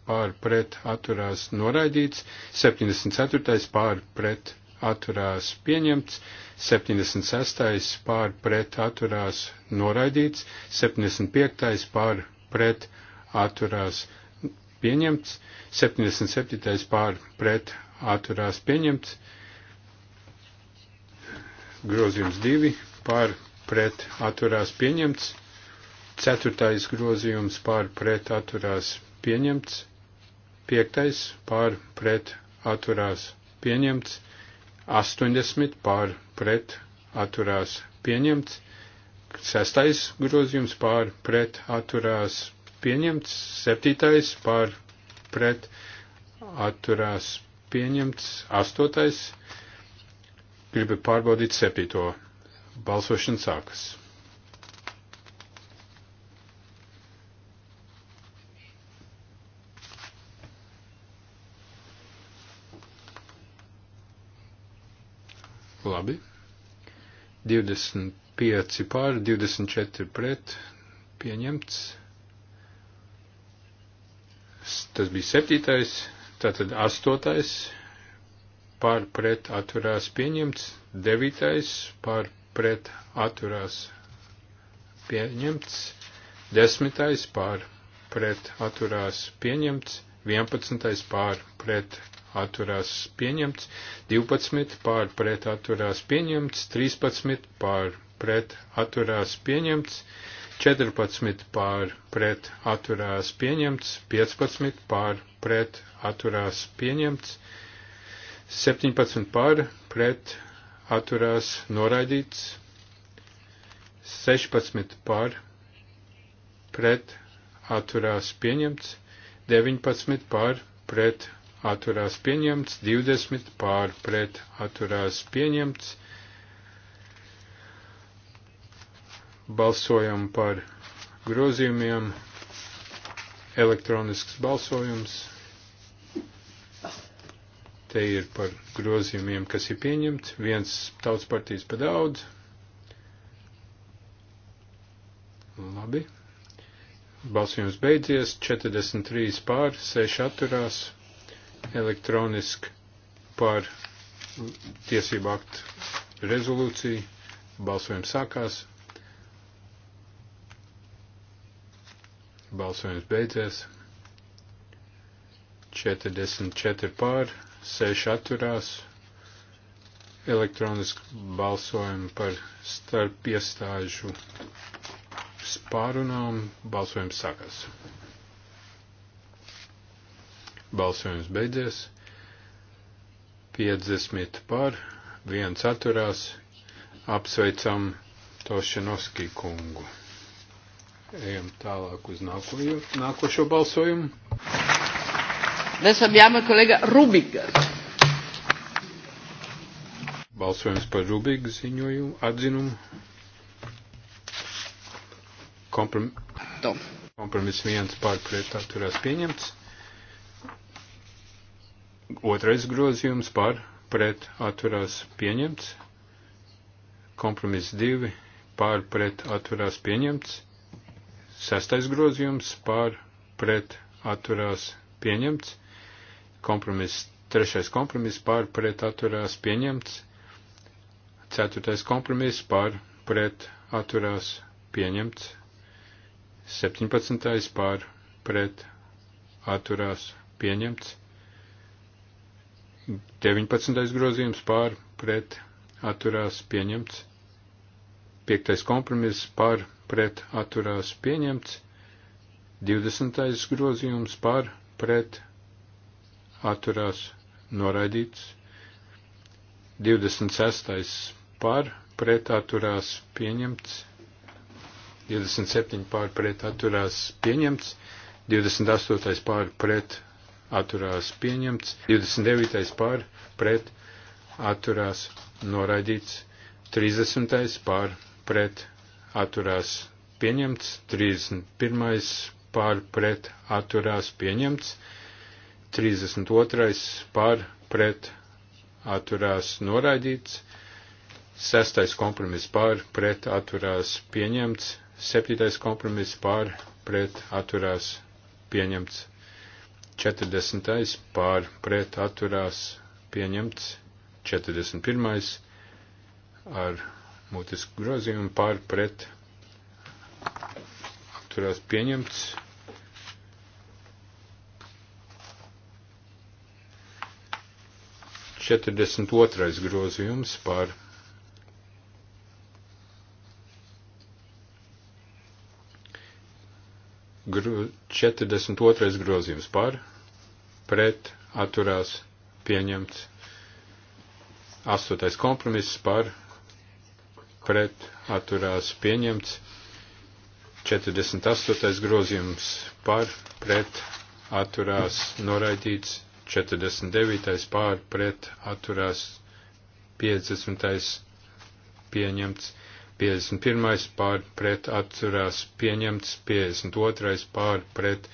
pār pret atturās noraidīts, 74. pār pret atturās pieņemts, 76. pār pret atturās noraidīts, 75. pār pret atturās pieņemts, 77. pār pret atturās pieņemts, grozījums 2 pār pret atturās pieņemts, Ceturtais grozījums pār pret atturās pieņemts. Piektais pār pret atturās pieņemts. 80 pār pret atturās pieņemts. Sestais grozījums pār pret atturās pieņemts. Septītais pār pret atturās pieņemts. Astotais gribu pārbaudīt septīto. Balsošana sākas. Labi. 25 pār, 24 pret. Pieņemts. Tas bija septītais, tātad astotais pār pret atturās pieņemts, devītais pār pret atturās pieņemts, desmitais pār pret atturās pieņemts, vienpadsmitais pār pret atturās pieņemts, 12 pār pret atturās pieņemts, 13 pār pret atturās pieņemts, 14 pār pret atturās pieņemts, 15 pār pret atturās pieņemts, 17 pār pret atturās noraidīts, 16 pār pret atturās pieņemts, 19 pār pret atturās pieņemts, 20 pār pret atturās pieņemts. Balsojam par grozījumiem, elektronisks balsojums. Te ir par grozījumiem, kas ir pieņemts, viens tautas partijas pa daudz. Labi. Balsojums beidzies, 43 pār, 6 atturās, elektroniski par tiesību aktu rezolūciju. Balsojums sākās. Balsojums beidzies. 44 pār, 6 atturās. Elektroniski balsojumi par starp iestāžu pārunām. Balsojums sākās. Balsojums beidzies. 50 par, viens atturās. Apsveicam Tošinovskī kungu. Ejam tālāk uz nākojo, nākošo balsojumu. Mēs abjām kolēga Rubiga. Balsojums par Rubiga ziņojumu, atzinumu. Komprom... Kompromiss viens pārpret atturās pieņemts. Otrais grozījums par pret atturās pieņemts. Kompromiss 2 par pret atturās pieņemts. Sestais grozījums par pret atturās pieņemts. Kompromiss, trešais kompromiss par pret atturās pieņemts. Ceturtais kompromiss par pret atturās pieņemts. 17. pār pret atturās pieņemts. 19. grozījums pār pret atturās pieņemts. 5. kompromiss pār pret atturās pieņemts. 20. grozījums pār pret atturās noraidīts. 26. pār pret atturās pieņemts. 27 pār pret atturās pieņemts, 28 pār pret atturās pieņemts, 29. pār pret atturās noraidīts, 30. pār pret atturās pieņemts, 31. pār pret atturās pieņemts, 32. pār pret atturās noraidīts, 6. kompromiss pār pret atturās pieņemts, 7. kompromiss pār pret atturās pieņemts. 40. pār pret atturās pieņemts 41. ar mutisku grozījumu pār pret atturās pieņemts. Četrdesmit otrais grozījums par 42. grozījums par, pret atturās pieņemts. 8. kompromiss par, pret atturās pieņemts. 48. grozījums par, pret atturās noraidīts. 49. pār, pret atturās 50. pieņemts. 51. pār pret atturās pieņemts, 52. pār pret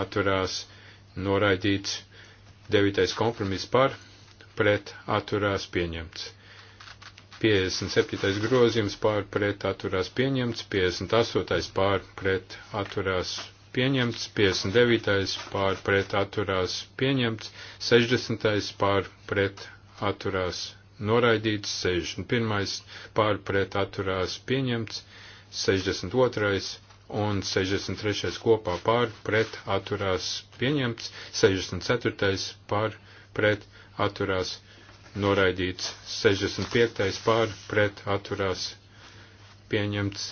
atturās noraidīts, 9. kompromiss pār pret atturās pieņemts. 57. grozījums pār pret atturās pieņemts, 58. pār pret atturās pieņemts, 59. pār pret atturās pieņemts, 60. pār pret atturās noraidīts, 61. pār pret atturās pieņemts, 62. un 63. kopā pār pret atturās pieņemts, 64. pār pret atturās noraidīts, 65. pār pret atturās pieņemts,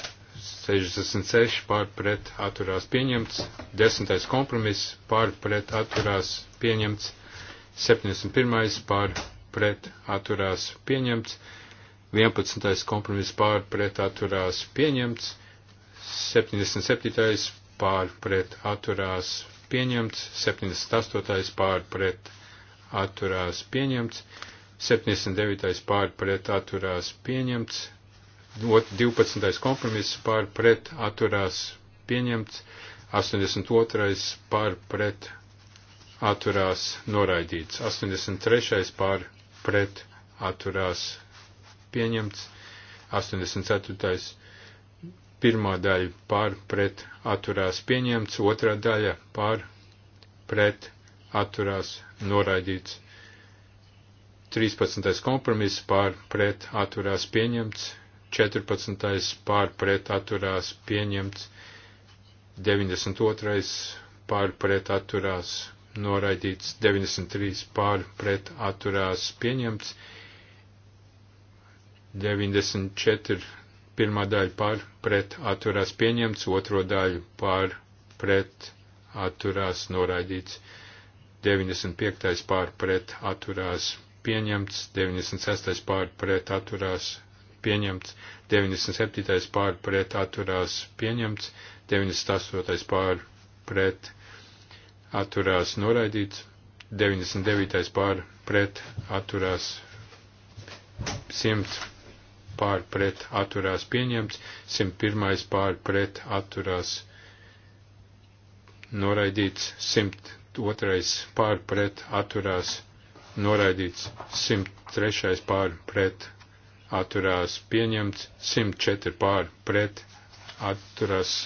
66 pār pret atturās pieņemts, 10. kompromiss pār pret atturās pieņemts, 71. pār pret atturās pieņemts, 11. kompromiss pār pret atturās pieņemts, 77. pār pret atturās pieņemts, 78. pār pret atturās pieņemts, 79. pār pret atturās pieņemts, 12. kompromiss pār pret atturās pieņemts, 82. pār pret atturās noraidīts, 83. pār pret atturās pieņemts, 84. pirmā daļa pār pret atturās pieņemts, otrā daļa pār pret atturās noraidīts, 13. kompromiss pār pret atturās pieņemts, 14. pār pret atturās pieņemts, 92. pār pret atturās pieņemts noraidīts 93 pār pret atturās pieņemts, 94 pirmā daļa pār pret atturās pieņemts, otro daļu pār pret atturās noraidīts, 95 pār pret atturās pieņemts, 96 pār pret atturās pieņemts, 97 pār pret atturās pieņemts, 98 pār pret atturās noraidīts, 99. pār pret atturās 100 pār pret atturās pieņemts, 101. pār pret atturās noraidīts, 102. pār pret atturās noraidīts, 103. pār pret atturās pieņemts, 104. pār pret atturās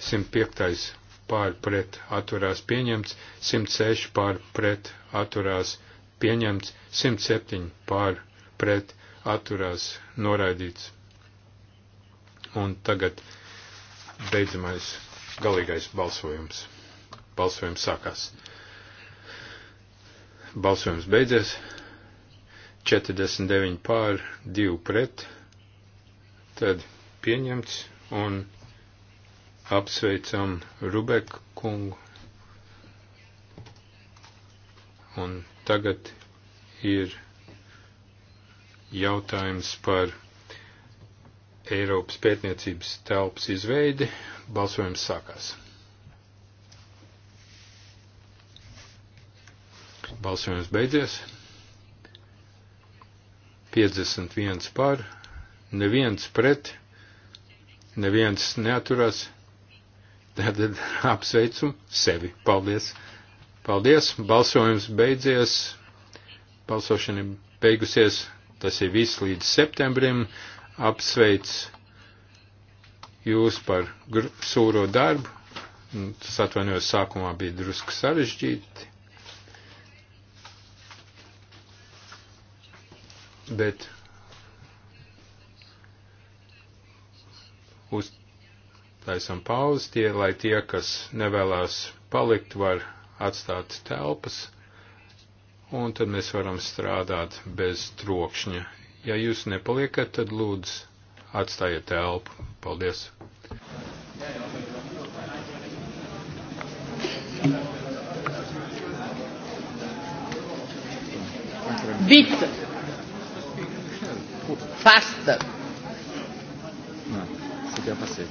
105 pār pret atturās pieņemts, 106 pār pret atturās pieņemts, 107 pār pret atturās noraidīts. Un tagad beidzamais galīgais balsojums. Balsojums sākās. Balsojums beidzies. 49 pār, 2 pret. Tad pieņemts un apsveicam Rubeku kungu. Un tagad ir jautājums par Eiropas pētniecības telpas izveidi. Balsojums sākās. Balsojums beidzies. 51 par, neviens pret, neviens neaturās Tad apsveicu sevi. Paldies! Paldies! Balsojums beidzies. Balsošana ir beigusies. Tas ir viss līdz septembrim. Apsveic jūs par sūro darbu. Tas atvainojos sākumā bija drusku sarežģīti. Bet uz taisam pauzi, tie, lai tie, kas nevēlās palikt, var atstāt telpas, un tad mēs varam strādāt bez trokšņa. Ja jūs nepaliekat, tad lūdzu atstājiet telpu. Paldies! Vite, fast. Non, ah, c'est bien passé.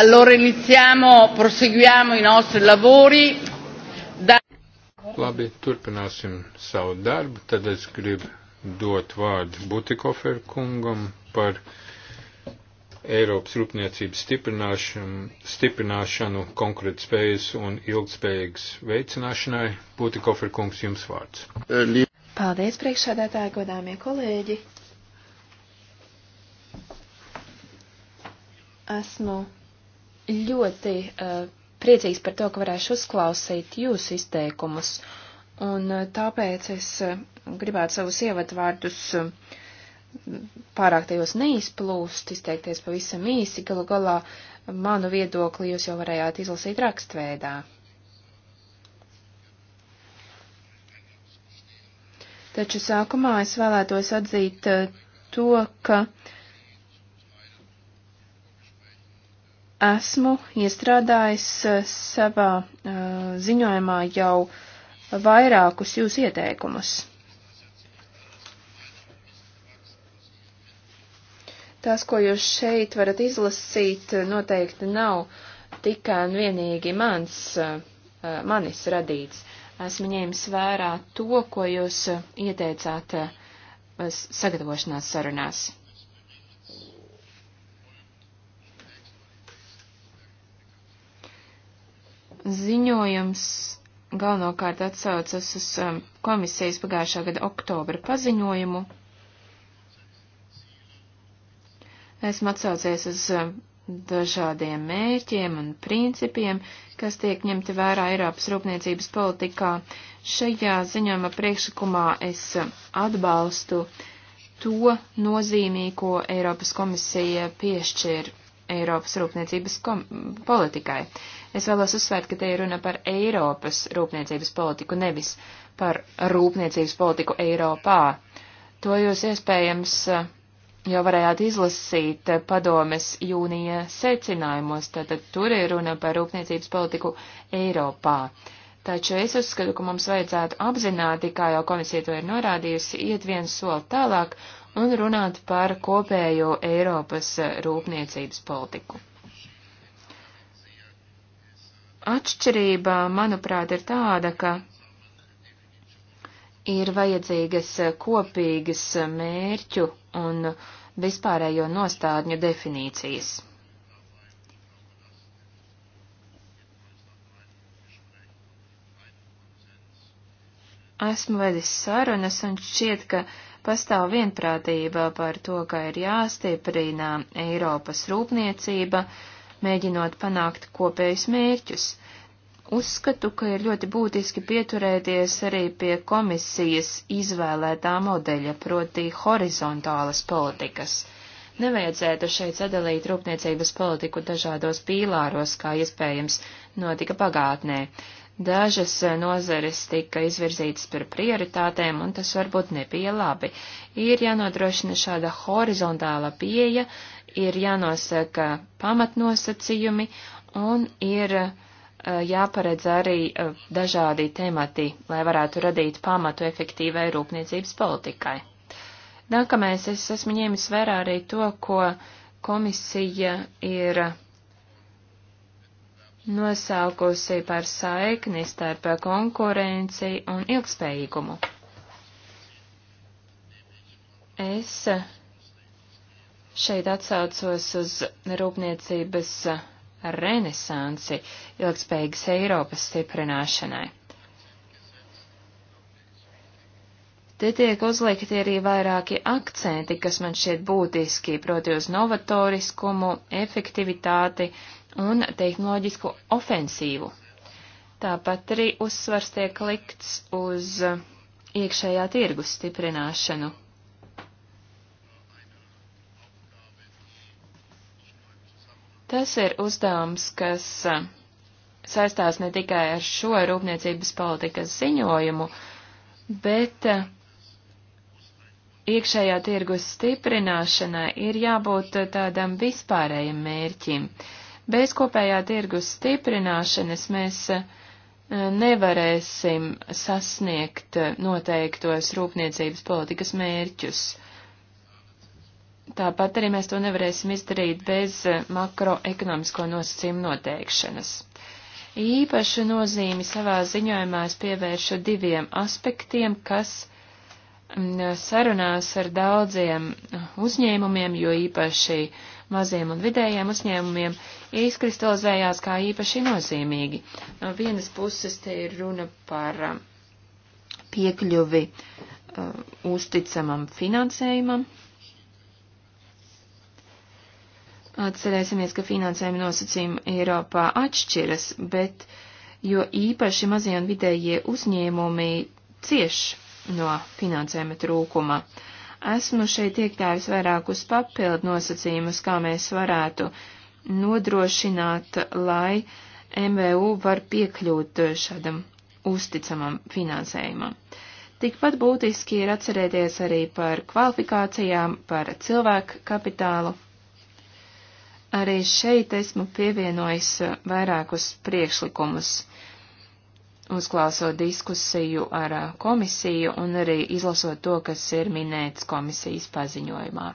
Allora iniziamo, proseguiamo i nostri lavori. Da... Labi, turpināsim savu darbu. Tad es gribu dot vārdu Butikofer kungam par Eiropas rūpniecības stiprināšanu, stiprināšanu konkurētspējas un ilgspējīgas veicināšanai. Butikofer kungs, jums vārds. Paldies, priekšsādātāji, godāmie kolēģi. Esmu ļoti uh, priecīgs par to, ka varēšu uzklausīt jūsu izteikumus, un uh, tāpēc es uh, gribētu savus ievadvārdus uh, pārāk tajos neizplūst, izteikties pavisam īsi, galu galā manu viedokli jūs jau varējāt izlasīt rakstveidā. Taču sākumā es vēlētos atzīt to, ka uh, esmu iestrādājis eh, savā uh, ziņojumā jau vairākus jūsu ieteikumus. Tas, ko jūs šeit varat izlasīt, noteikti nav tikai un vienīgi mans, eh, manis radīts. Esmu ņēmis vērā to, ko jūs ieteicāt sagatavošanās sarunās. ziņojums galvenokārt atsaucas uz um, komisijas pagājušā gada oktobra paziņojumu. Esmu atsaucies uz um, dažādiem mērķiem un principiem, kas tiek ņemti vērā Eiropas rūpniecības politikā. Šajā ziņojuma priekšlikumā es um, atbalstu to nozīmī, ko Eiropas komisija piešķir Eiropas rūpniecības politikai. Es vēlos uzsvērt, ka te ir runa par Eiropas rūpniecības politiku, nevis par rūpniecības politiku Eiropā. To jūs iespējams eh, jau varējāt izlasīt padomes jūnija secinājumos, tātad tur ir runa par rūpniecības politiku Eiropā. Taču es uzskatu, ka mums vajadzētu apzināti, kā jau komisija to ir norādījusi, iet viens soli tālāk un runāt par kopējo Eiropas rūpniecības politiku. Atšķirība, manuprāt, ir tāda, ka ir vajadzīgas kopīgas mērķu un vispārējo nostādņu definīcijas. Esmu vedis sarunas un šķiet, ka uh, pastāv vienprātība par to, ka ir jāstiprina Eiropas rūpniecība, mēģinot panākt kopējus mērķus. Uzskatu, ka ir ļoti būtiski pieturēties arī pie komisijas izvēlētā modeļa, proti horizontālas politikas. Nevajadzētu šeit sadalīt rūpniecības politiku dažādos pīlāros, kā iespējams notika pagātnē. Dažas nozeres tika izvirzītas par prioritātēm, un tas varbūt nebija labi. Ir jānodrošina šāda horizontāla pieeja, ir jānosaka pamatnosacījumi, un ir eh, jāparedz arī eh, dažādi temati, lai varētu radīt pamatu efektīvai rūpniecības politikai. Nākamais es esmu ņēmis vērā arī to, ko komisija ir nosaukusi par saikni starp konkurenci un ilgspējīgumu. Es šeit atsaucos uz rūpniecības renesansi ilgspējīgas Eiropas stiprināšanai. Te tiek uzlikti arī vairāki akcenti, kas man šķiet būtiski, proti uz novatoriskumu, efektivitāti, uh, un tehnoloģisku ofensīvu. Tāpat arī uzsvars tiek likts uz iekšējā tirgus stiprināšanu. Tas ir uzdevums, kas saistās ne tikai ar šo rūpniecības politikas ziņojumu, bet eh, iekšējā tirgus stiprināšanai ir jābūt eh, tādam vispārējam mērķim. Uh, Bez kopējā tirgus stiprināšanas mēs e, nevarēsim sasniegt e, noteiktos rūpniecības politikas mērķus. Tāpat arī mēs to nevarēsim izdarīt bez e, makroekonomisko nosacījumu noteikšanas. Īpašu nozīmi savā ziņojumā es pievēršu diviem aspektiem, kas sarunās ar daudziem uzņēmumiem, jo īpaši uh, maziem un vidējiem uzņēmumiem izkristalizējās kā īpaši nozīmīgi. No vienas puses te ir runa par um, piekļuvi uh, uzticamam finansējumam. Atcerēsimies, ka finansējuma nosacījumi Eiropā atšķiras, bet jo īpaši mazie un vidējie uzņēmumi cieš no finansējuma trūkuma. Uh, Esmu šeit iekļāvis vairākus papildu nosacījumus, kā mēs varētu nodrošināt, lai MVU var piekļūt šādam uzticamam finansējumam. Tikpat būtiski ir atcerēties arī par kvalifikācijām, par cilvēku kapitālu. Arī šeit esmu pievienojis vairākus priekšlikumus uzklāsot diskusiju ar komisiju un arī izlasot to, kas ir minēts komisijas paziņojumā.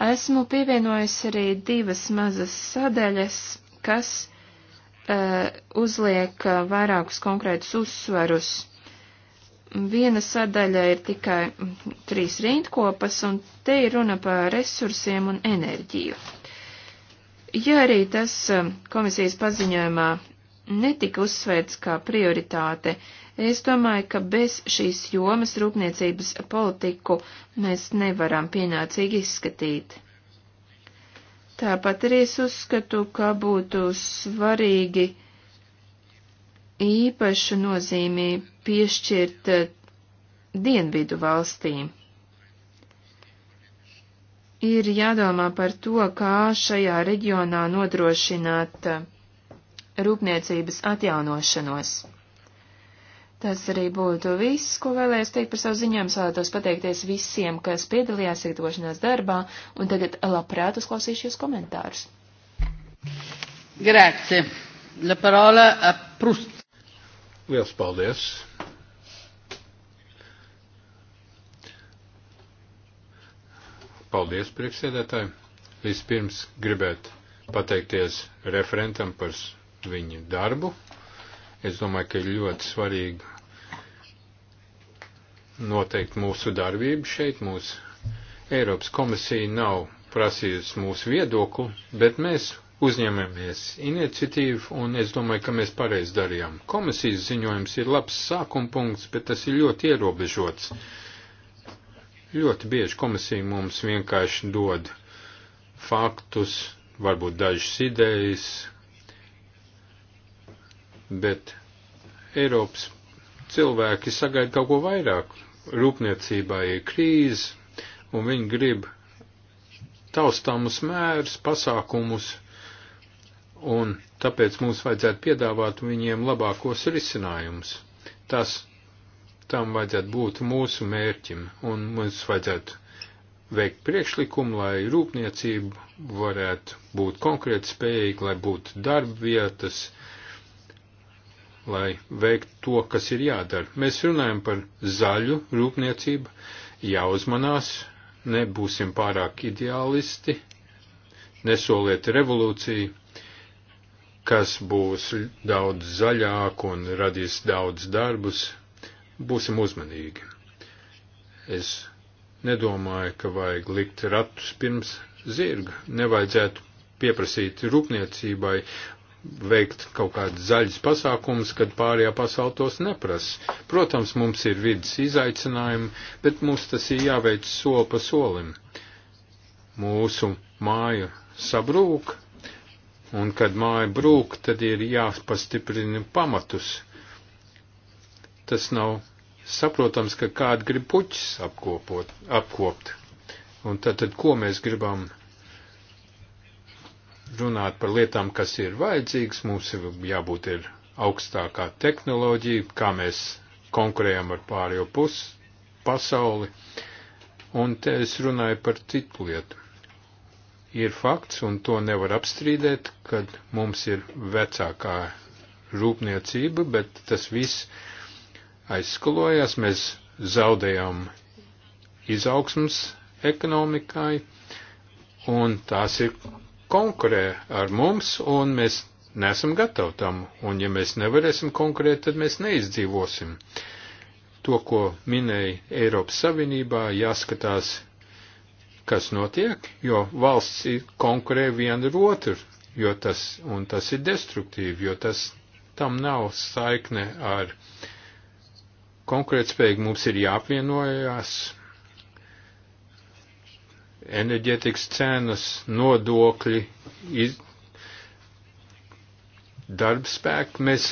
Esmu pievienojusi arī divas mazas sadaļas, kas uh, uzliek vairākus konkrētus uzsvarus. Viena sadaļa ir tikai trīs rindkopas, un te ir runa par resursiem un enerģiju. Ja arī tas komisijas paziņojumā netika uzsvērts kā prioritāte. Es domāju, ka bez šīs jomas rūpniecības politiku mēs nevaram pienācīgi izskatīt. Tāpat arī es uzskatu, ka būtu svarīgi īpašu nozīmī piešķirt eh, dienvidu valstīm. Ir jādomā par to, kā šajā reģionā nodrošināt uh, rūpniecības atjaunošanos. Tas arī būtu viss, ko vēlējos teikt par savu ziņojumu. Vēlētos pateikties visiem, kas piedalījās sagatavošanās darbā, un tagad labprāt uzklausīšu jūs komentārus. Grēci. La parola a Prust. Liels paldies. Paldies, priekšsēdētāji. Vispirms gribētu pateikties referentam par viņu darbu. Es domāju, ka ir ļoti svarīgi noteikt mūsu darbību šeit. Mūsu Eiropas komisija nav prasījusi mūsu viedokli, bet mēs uzņēmāmies iniciatīvu un es domāju, ka mēs pareizi darījām. Komisijas ziņojums ir labs sākuma punkts, bet tas ir ļoti ierobežots. Ļoti bieži komisija mums vienkārši dod faktus, varbūt dažas idejas, bet Eiropas cilvēki sagaida kaut ko vairāk. Rūpniecībā ir krīze, un viņi grib taustāmus mērus, pasākumus, un tāpēc mums vajadzētu piedāvāt viņiem labākos risinājumus. Tas tam vajadzētu būt mūsu mērķim, un mums vajadzētu veikt priekšlikumu, lai rūpniecība varētu būt konkrēti spējīga, lai būtu darba vietas, uh, lai veiktu to, kas ir jādara. Mēs runājam par zaļu rūpniecību, jāuzmanās, nebūsim pārāk ideālisti, nesoliet revolūciju, kas būs daudz zaļāk un radīs daudz darbus, būsim uzmanīgi. Es nedomāju, ka vajag likt ratus pirms zirga, nevajadzētu pieprasīt rūpniecībai veikt kaut kādus zaļus pasākumus, kad pārējā pasaule tos neprasa. Protams, mums ir vidas izaicinājumi, bet mums tas ir jāveic soli pa solim. Mūsu māja sabrūk, un kad māja brūk, tad ir jāpastiprina pamatus. Tas nav saprotams, ka kādi grib puķis apkopot, apkopt. Un tad, tad ko mēs gribam runāt par lietām, kas ir vajadzīgas, mums ir jābūt ir augstākā tehnoloģija, kā mēs konkurējam ar pārējo pusi pasauli, un te es runāju par citu lietu. Ir fakts, un to nevar apstrīdēt, kad mums ir vecākā rūpniecība, bet tas viss aizskalojās, mēs zaudējām izaugsmas ekonomikai, un tās ir konkurē ar mums, un mēs nesam gatavi tam, un ja mēs nevarēsim konkurēt, tad mēs neizdzīvosim. To, ko minēja Eiropas Savienībā, jāskatās, kas notiek, jo valsts konkurē viena ar otru, jo tas, un tas ir destruktīvi, jo tas tam nav saikne ar konkurētspēju, mums ir jāapvienojās, enerģetikas cenas, nodokļi, iz... darbspēki, mēs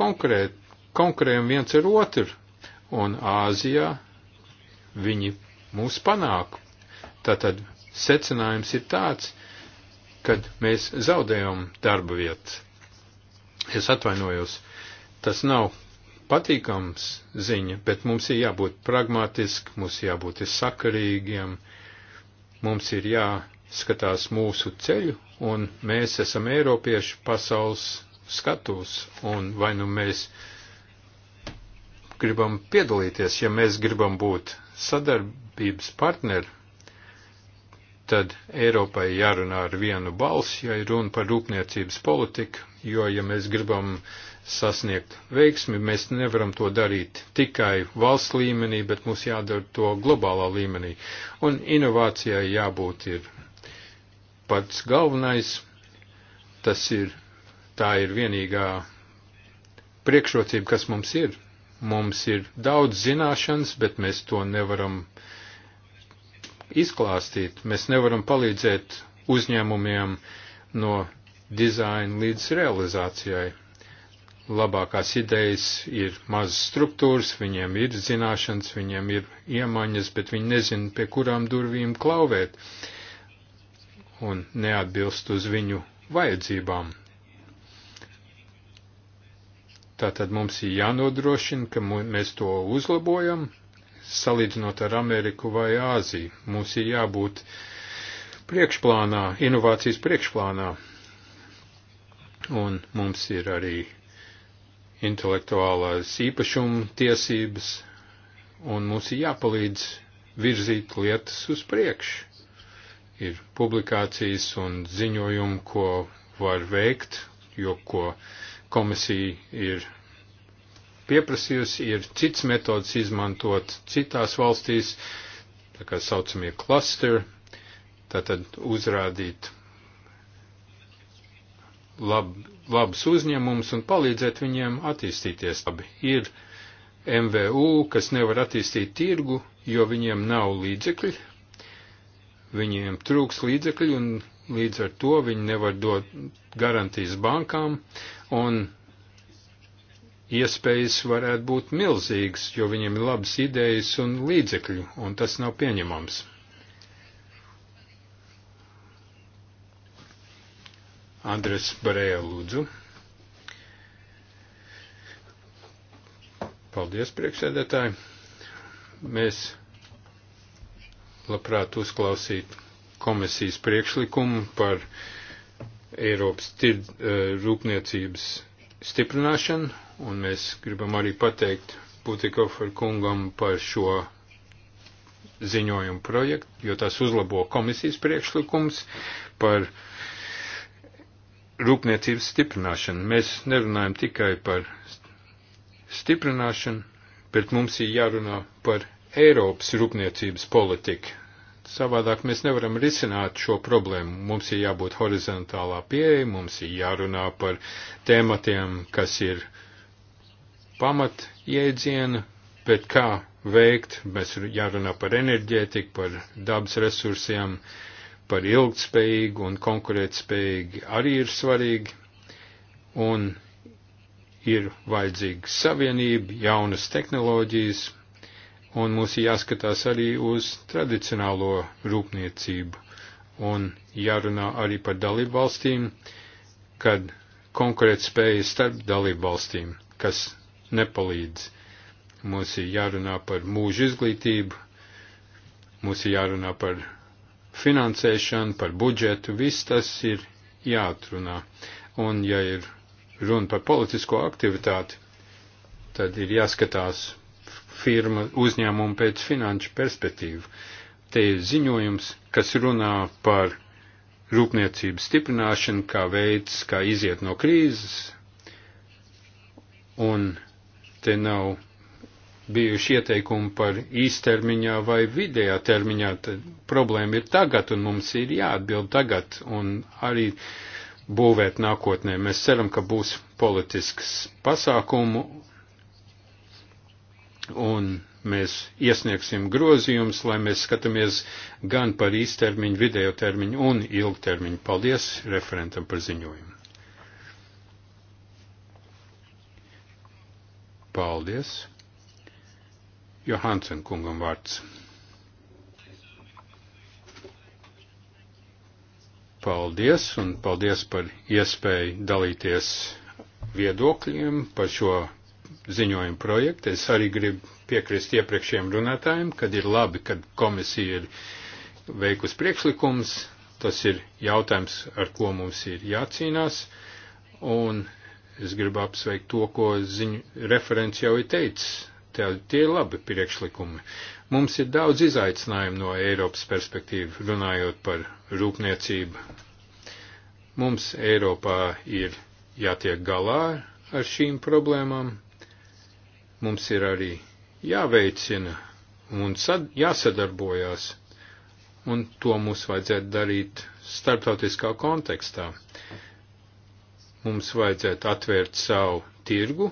konkurēt, konkurējam viens ar otru, un Āzijā viņi mūs panāk. Tātad secinājums ir tāds, kad mēs zaudējam darba vietas. Es atvainojos, tas nav patīkams ziņa, bet mums ir jābūt pragmatiski, mums jābūt sakarīgiem, Mums ir jāskatās mūsu ceļu, un mēs esam Eiropieši pasaules skatūs, un vai nu mēs gribam piedalīties, ja mēs gribam būt sadarbības partneri, tad Eiropai jārunā ar vienu balsi, ja ir runa par rūpniecības politiku, jo, ja mēs gribam sasniegt veiksmi. Mēs nevaram to darīt tikai valsts līmenī, bet mums jādara to globālā līmenī. Un inovācijai jābūt ir pats galvenais. Tas ir, tā ir vienīgā priekšrocība, kas mums ir. Mums ir daudz zināšanas, bet mēs to nevaram izklāstīt. Mēs nevaram palīdzēt uzņēmumiem no dizaina līdz realizācijai labākās idejas ir mazas struktūras, viņiem ir zināšanas, viņiem ir iemaņas, bet viņi nezina, pie kurām durvīm klauvēt un neatbilst uz viņu vajadzībām. Tātad mums ir jānodrošina, ka mēs to uzlabojam, salīdzinot ar Ameriku vai Āziju. Mums ir jābūt priekšplānā, inovācijas priekšplānā. Un mums ir arī intelektuālās īpašuma tiesības, un mums ir jāpalīdz virzīt lietas uz priekšu. Ir publikācijas un ziņojumi, ko var veikt, jo ko komisija ir pieprasījusi, ir cits metods izmantot citās valstīs, tā kā saucamie klasteri, tātad uzrādīt lab, labus uzņēmumus un palīdzēt viņiem attīstīties. Labi, ir MVU, kas nevar attīstīt tirgu, jo viņiem nav līdzekļi, viņiem trūks līdzekļi un līdz ar to viņi nevar dot garantijas bankām un iespējas varētu būt milzīgas, jo viņiem ir labas idejas un līdzekļi, un tas nav pieņemams. Andres Barēja lūdzu. Paldies, priekšsēdētāji. Mēs labprāt uzklausītu komisijas priekšlikumu par Eiropas tir, eh, rūpniecības stiprināšanu, un mēs gribam arī pateikt Putikofer kungam par šo ziņojumu projektu, jo tas uzlabo komisijas priekšlikums par rūpniecības stiprināšanu. Mēs nerunājam tikai par stiprināšanu, bet mums ir jārunā par Eiropas rūpniecības politiku. Savādāk mēs nevaram risināt šo problēmu. Mums ir jābūt horizontālā pieeja, mums ir jārunā par tēmatiem, kas ir pamat jēdziena, bet kā veikt, mēs jārunā par enerģētiku, par dabas resursiem, uh, par ilgtspējīgu un konkurētspējīgi arī ir svarīgi, un ir vajadzīga savienība, jaunas tehnoloģijas, un mums jāskatās arī uz tradicionālo rūpniecību, un jārunā arī par dalību valstīm, kad konkurētspēja starp dalību valstīm, kas nepalīdz. Mums ir jārunā par mūža izglītību, mums ir jārunā par finansēšanu, par budžetu, viss tas ir jāatrunā. Un ja ir runa par politisko aktivitāti, tad ir jāskatās firma uzņēmumu pēc finanšu perspektīvu. Te ir ziņojums, kas runā par rūpniecības stiprināšanu kā veids, kā iziet no krīzes, un te nav bijuši ieteikumi par īstermiņā vai vidējā termiņā, tad problēma ir tagad un mums ir jāatbild tagad un arī būvēt nākotnē. Mēs ceram, ka būs politisks pasākumu un mēs iesniegsim grozījumus, lai mēs skatāmies gan par īstermiņu, vidējo termiņu un ilgtermiņu. Paldies referentam par ziņojumu. Paldies. Johansen kungam vārds. Paldies un paldies par iespēju dalīties viedokļiem par šo ziņojumu projektu. Es arī gribu piekrist iepriekšējiem runātājiem, kad ir labi, kad komisija ir veikus priekšlikums. Tas ir jautājums, ar ko mums ir jācīnās. Un es gribu apsveikt to, ko ziņu referents jau ir teicis Tā, tie ir labi priekšlikumi. Mums ir daudz izaicinājumu no Eiropas perspektīvu runājot par rūpniecību. Mums Eiropā ir jātiek galā ar šīm problēmām. Mums ir arī jāveicina un sad, jāsadarbojās, un to mums vajadzētu darīt starptautiskā kontekstā. Mums vajadzētu atvērt savu tirgu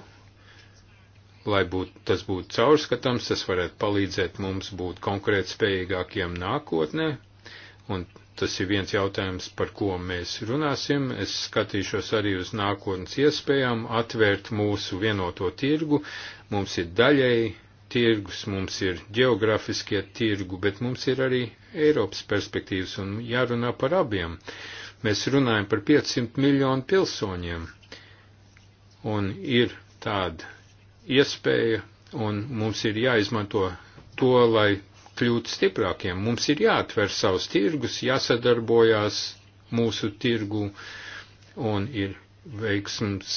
lai būt, tas būtu caurskatāms, tas varētu palīdzēt mums būt konkurētspējīgākiem nākotnē, un tas ir viens jautājums, par ko mēs runāsim. Es skatīšos arī uz nākotnes iespējām atvērt mūsu vienoto tirgu. Mums ir daļēji tirgus, mums ir geografiskie tirgu, bet mums ir arī Eiropas perspektīvas un jārunā par abiem. Mēs runājam par 500 miljonu pilsoņiem, un ir tāda iespēja un mums ir jāizmanto to, lai kļūtu stiprākiem. Mums ir jāatver savus tirgus, jāsadarbojās mūsu tirgu un ir veiksms,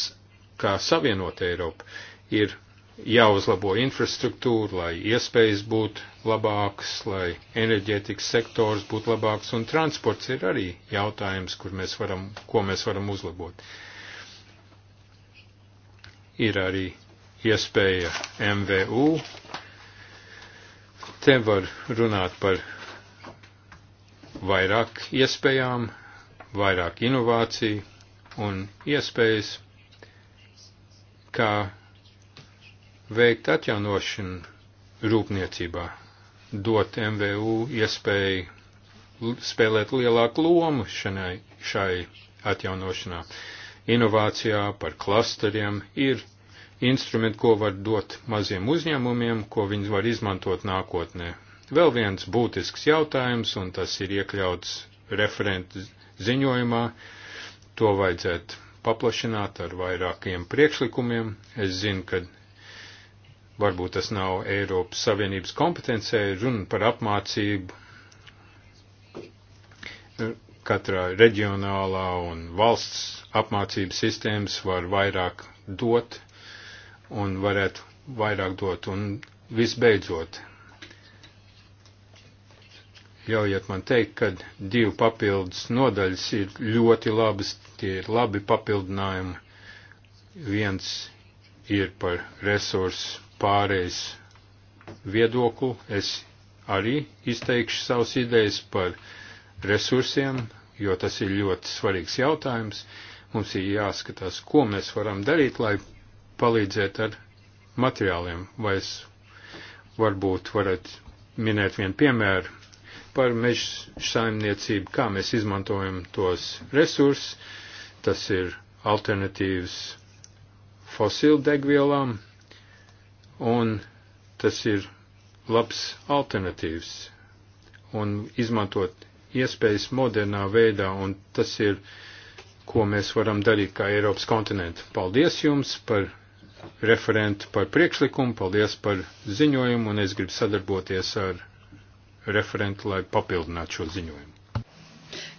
kā savienot Eiropu. Ir jāuzlabo infrastruktūra, lai iespējas būtu labākas, lai enerģētikas sektors būtu labāks, un transports ir arī jautājums, kur mēs varam, ko mēs varam uzlabot. Ir arī iespēja MVU. Te var runāt par vairāk iespējām, vairāk inovāciju un iespējas, kā veikt atjaunošanu rūpniecībā, dot MVU iespēju spēlēt lielāku lomu šanai, šai atjaunošanā. Inovācijā par klasteriem ir instrumenti, ko var dot maziem uzņēmumiem, ko viņi var izmantot nākotnē. Vēl viens būtisks jautājums, un tas ir iekļauts referenta ziņojumā, to vajadzētu paplašināt ar vairākiem priekšlikumiem. Es zinu, ka varbūt tas nav Eiropas Savienības kompetencē, runa par apmācību eh, katrā reģionālā un valsts apmācības sistēmas var vairāk dot un varētu vairāk dot. Un visbeidzot, ļaujiet man teikt, ka divu papildus nodaļas ir ļoti labas, tie ir labi papildinājumi. Viens ir par resursu pārējais viedokli. Es arī izteikšu savus idejas par resursiem, jo tas ir ļoti svarīgs jautājums. Mums ir jāskatās, ko mēs varam darīt, lai palīdzēt ar materiāliem, vai es varbūt varat minēt vienu piemēru par meža saimniecību, kā mēs izmantojam tos resursus, tas ir alternatīvas fosilu degvielām, un tas ir labs alternatīvs, un izmantot iespējas modernā veidā, un tas ir, ko mēs varam darīt kā Eiropas kontinentu. Paldies jums par referenti par priekšlikumu, paldies par ziņojumu, un es gribu sadarboties ar referentu, lai papildinātu šo ziņojumu.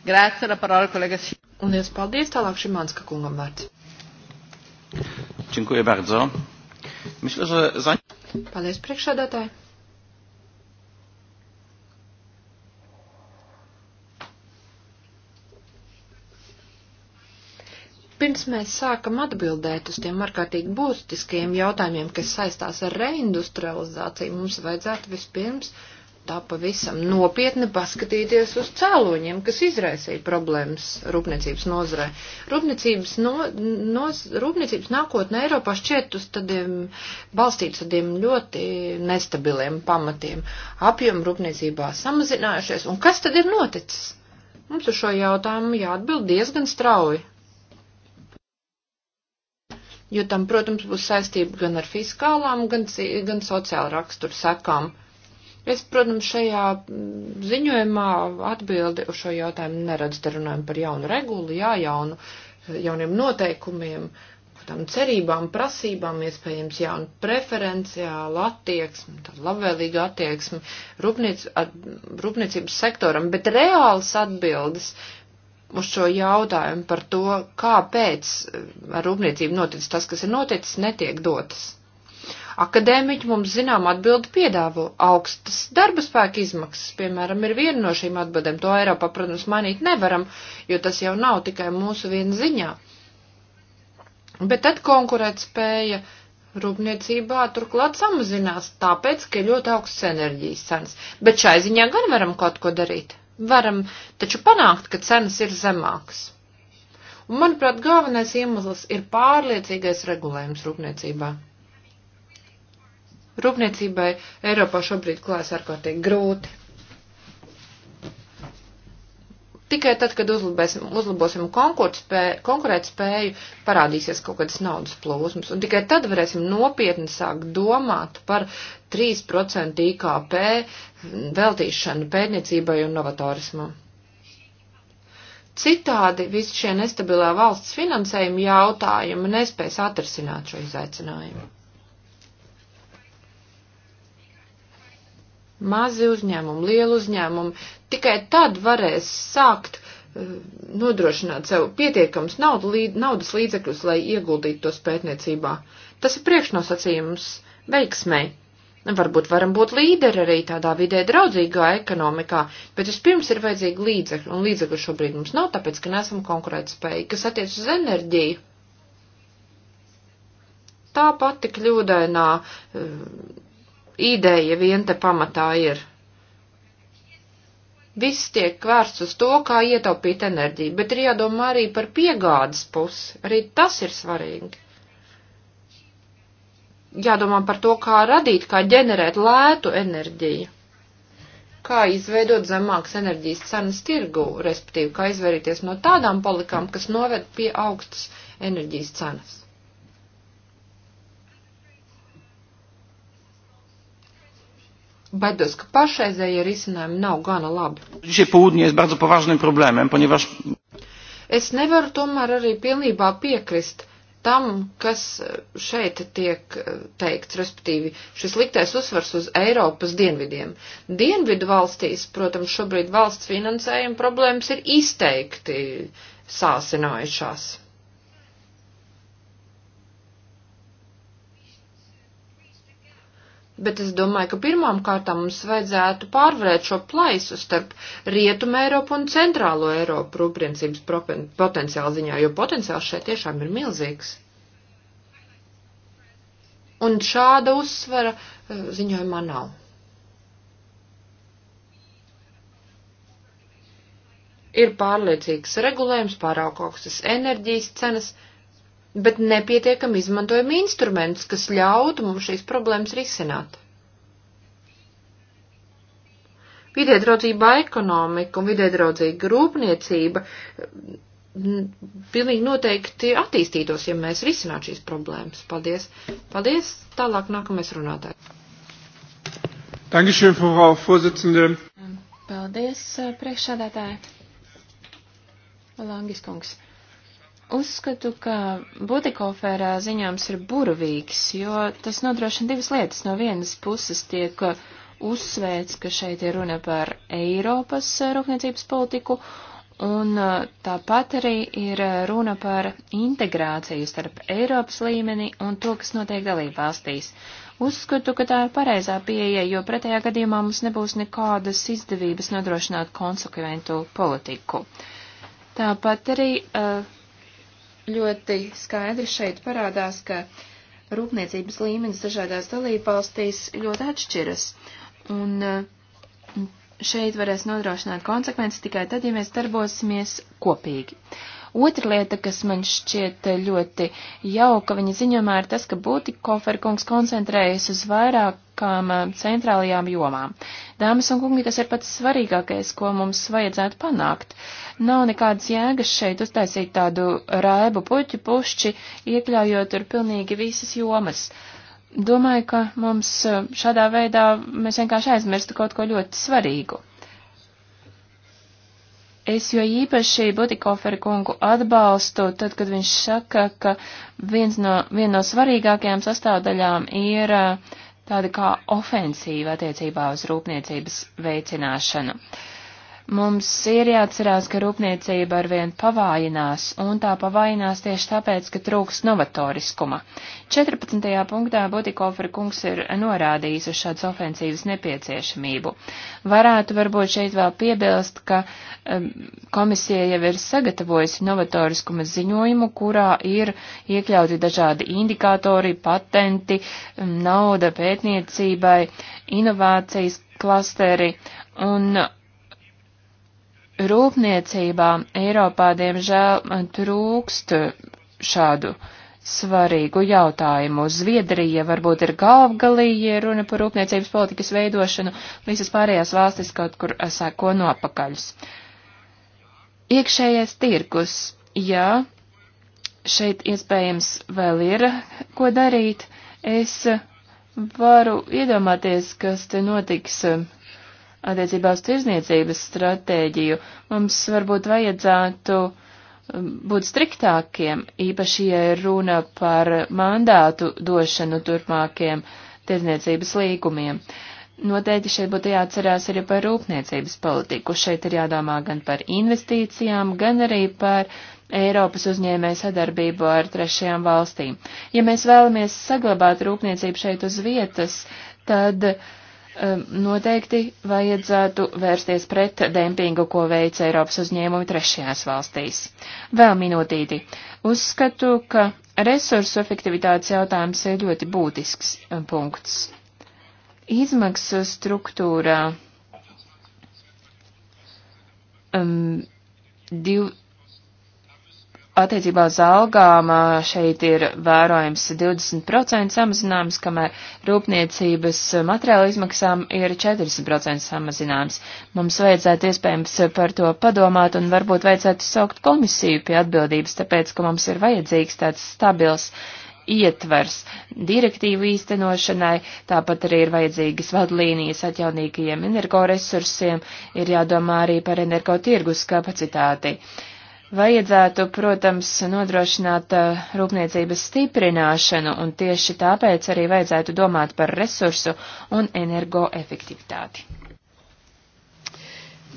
Grāci, la parola, kolēgas. Un es paldies tālāk Šimanska kungam vārds. Činkuja bardzo. Myślę, że za... Paldies priekšādātāji. pirms mēs sākam atbildēt uz tiem ārkārtīgi būtiskajiem jautājumiem, kas saistās ar reindustrializāciju, mums vajadzētu vispirms tā pavisam nopietni paskatīties uz cēloņiem, kas izraisīja problēmas rūpniecības nozarē. Rūpniecības, no, noz, rūpniecības nākotne Eiropā šķiet uz tādiem balstīts tādiem ļoti nestabiliem pamatiem. Apjom rūpniecībā samazinājušies. Un kas tad ir noticis? Mums uz šo jautājumu jāatbild diezgan strauji jo tam, protams, būs saistība gan ar fiskālām, gan, gan sociāla rakstura sekām. Es, protams, šajā mm, ziņojumā atbildi uz šo jautājumu neredzu, te runājam par jaunu regulu, jā, jaunu, jauniem noteikumiem, tam cerībām, prasībām, iespējams jaunu preferenciālu attieksmi, tādu labvēlīgu attieksmi rūpniec, at, rūpniecības sektoram, bet reāls atbildes uh, uz šo jautājumu par to, kāpēc eh, ar rūpniecību noticis tas, kas ir noticis, netiek dotas. Akadēmiķi mums zinām atbildi piedāvo augstas darba spēka izmaksas, piemēram, ir viena no šīm atbildēm. To Eiropā, protams, mainīt nevaram, jo tas jau nav tikai mūsu viena ziņā. Bet tad konkurēt spēja rūpniecībā turklāt samazinās, tāpēc, ka ir ļoti augsts enerģijas cenas. Bet šai ziņā gan varam kaut ko darīt varam taču panākt, ka cenas ir zemākas. Un, manuprāt, galvenais iemesls ir pārliecīgais regulējums rūpniecībā. Rūpniecībai Eiropā šobrīd klājas ārkārtīgi grūti. Tikai tad, kad uzlabēsim, uzlabosim spēju, konkurēt spēju, parādīsies kaut kādas naudas plūsmas. Un tikai tad varēsim nopietni sākt domāt par 3% IKP veltīšanu pētniecībai un novatorismam. Citādi visi šie nestabilā valsts finansējuma jautājumi nespēs atrasināt šo izaicinājumu. mazi uzņēmumi, lieli uzņēmumi, tikai tad varēs sākt eh, nodrošināt sev pietiekams naudas līdzekļus, lai ieguldītu tos pētniecībā. Tas ir priekšnosacījums veiksmēji. Varbūt varam būt līderi arī tādā vidē draudzīgā ekonomikā, bet vispirms ir vajadzīgi līdzekļi, un līdzekļu šobrīd mums nav, tāpēc, ka nesam konkurētspēji, kas attiec uz enerģiju. Tā pati kļūdainā uh, ideja vien te pamatā ir. Viss tiek vērsts uz to, kā ietaupīt enerģiju, bet ir jādomā arī par piegādes pusi. Arī tas ir svarīgi. Jādomā par to, kā radīt, kā ģenerēt lētu enerģiju kā izveidot zemākas enerģijas cenas tirgu, respektīvi, kā izvairīties no tādām palikām, kas noved pie augstas enerģijas cenas. Baidos, ka pašreizējie risinājumi nav gana labi. Es nevaru tomēr arī pilnībā piekrist tam, kas eh, šeit tiek eh, teikts, respektīvi šis liktais uzsvars uz Eiropas dienvidiem. Dienvidu valstīs, protams, šobrīd valsts finansējuma problēmas ir izteikti sāsinājušās. Bet es domāju, ka pirmām kārtām mums vajadzētu pārvarēt šo plaisu starp Rietumu Eiropu un Centrālo Eiropu rūpniecības potenciāla ziņā, jo potenciāls šeit tiešām ir milzīgs. Un šāda uzsvera eh, ziņojumā nav. Ir pārliecīgs regulējums, pārāk augstas enerģijas cenas, uh, bet nepietiekam izmantojam instruments, kas ļautu mums šīs problēmas risināt. Vidēdraudzība ekonomika un vidēdraudzīga rūpniecība mm, pilnīgi noteikti attīstītos, ja mēs risinātu šīs problēmas. Paldies! Paldies! Tālāk nākamais runātājs. Dankeschön, Frau Vorsitzende. Paldies, priekšsādātāji. Langis kungs. Uzskatu, ka Budikofērā ziņojums ir burvīgs, jo tas nodrošina divas lietas. No vienas puses tiek uzsvērts, ka šeit ir runa par Eiropas rūpniecības politiku, un uh, tāpat arī ir runa par integrāciju starp Eiropas līmeni un to, kas notiek dalībvalstīs. Uzskatu, ka tā ir pareizā pieeja, jo pretējā gadījumā mums nebūs nekādas izdevības nodrošināt konsekventu politiku. Tāpat arī uh, ļoti skaidri šeit parādās, ka rūpniecības līmenis dažādās dalībvalstīs ļoti atšķiras. Un eh, šeit varēs nodrošināt konsekvences tikai tad, ja mēs darbosimies kopīgi. Otra lieta, kas man šķiet ļoti jauka viņa ziņojumā, ir tas, ka Būtikoferkungs koncentrējas uz vairāk vairākām eh, centrālajām jomām. Dāmas un kungi, tas ir pats svarīgākais, ko mums vajadzētu panākt. Nav nekādas jēgas šeit uztaisīt tādu rēbu puķu pušķi, iekļaujot tur pilnīgi visas jomas. Domāju, ka mums eh, šādā veidā mēs vienkārši aizmirstu kaut ko ļoti svarīgu. Es jo īpaši Butikoferi kungu atbalstu, tad, kad viņš saka, ka viens no, viena no svarīgākajām sastāvdaļām ir uh, tāda kā ofensīva attiecībā uz rūpniecības veicināšanu. Uh, Mums ir jāatcerās, ka rūpniecība arvien pavājinās, un tā pavājinās tieši tāpēc, ka trūks novatoriskuma. 14. punktā Butikofra kungs ir norādījis uz šādas ofensīvas nepieciešamību. Varētu varbūt šeit vēl piebilst, ka um, komisija jau ir sagatavojusi novatoriskuma ziņojumu, kurā ir iekļauti dažādi indikātori, patenti, nauda pētniecībai, inovācijas klasteri, un rūpniecībā Eiropā, diemžēl, trūkst šādu svarīgu jautājumu. Zviedrija varbūt ir galvgalīja runa par rūpniecības politikas veidošanu, visas pārējās valstis kaut kur sēko nopakaļus. Iekšējais tirkus, jā, šeit iespējams vēl ir ko darīt. Es varu iedomāties, kas te notiks attiecībā uz tirzniecības stratēģiju, mums varbūt vajadzētu um, būt striktākiem, īpaši, ja ir runa par mandātu došanu turpmākiem tirzniecības līgumiem. Noteikti šeit būtu jāatcerās arī par rūpniecības politiku. Šeit ir jādomā gan par investīcijām, gan arī par Eiropas uzņēmēju sadarbību ar trešajām valstīm. Ja mēs vēlamies saglabāt rūpniecību šeit uz vietas, tad uh, noteikti vajadzētu vērsties pret dempingu, ko veica Eiropas uzņēmumi trešajās valstīs. Vēl minūtīti. Uzskatu, ka resursu efektivitātes jautājums ir ļoti būtisks punkts. Izmaksu struktūrā um, div, attiecībā uz algām šeit ir vērojams 20% samazinājums, kamēr rūpniecības materiāla izmaksām ir 40% samazinājums. Mums vajadzētu iespējams par to padomāt un varbūt vajadzētu saukt komisiju pie atbildības, tāpēc, ka mums ir vajadzīgs tāds stabils ietvers direktīvu īstenošanai, tāpat arī ir vajadzīgas vadlīnijas atjaunīgajiem energoresursiem, ir jādomā arī par energotirgus kapacitāti. Uh, Vajadzētu, protams, nodrošināt eh, rūpniecības stiprināšanu, un tieši tāpēc arī vajadzētu domāt par resursu un energoefektivitāti.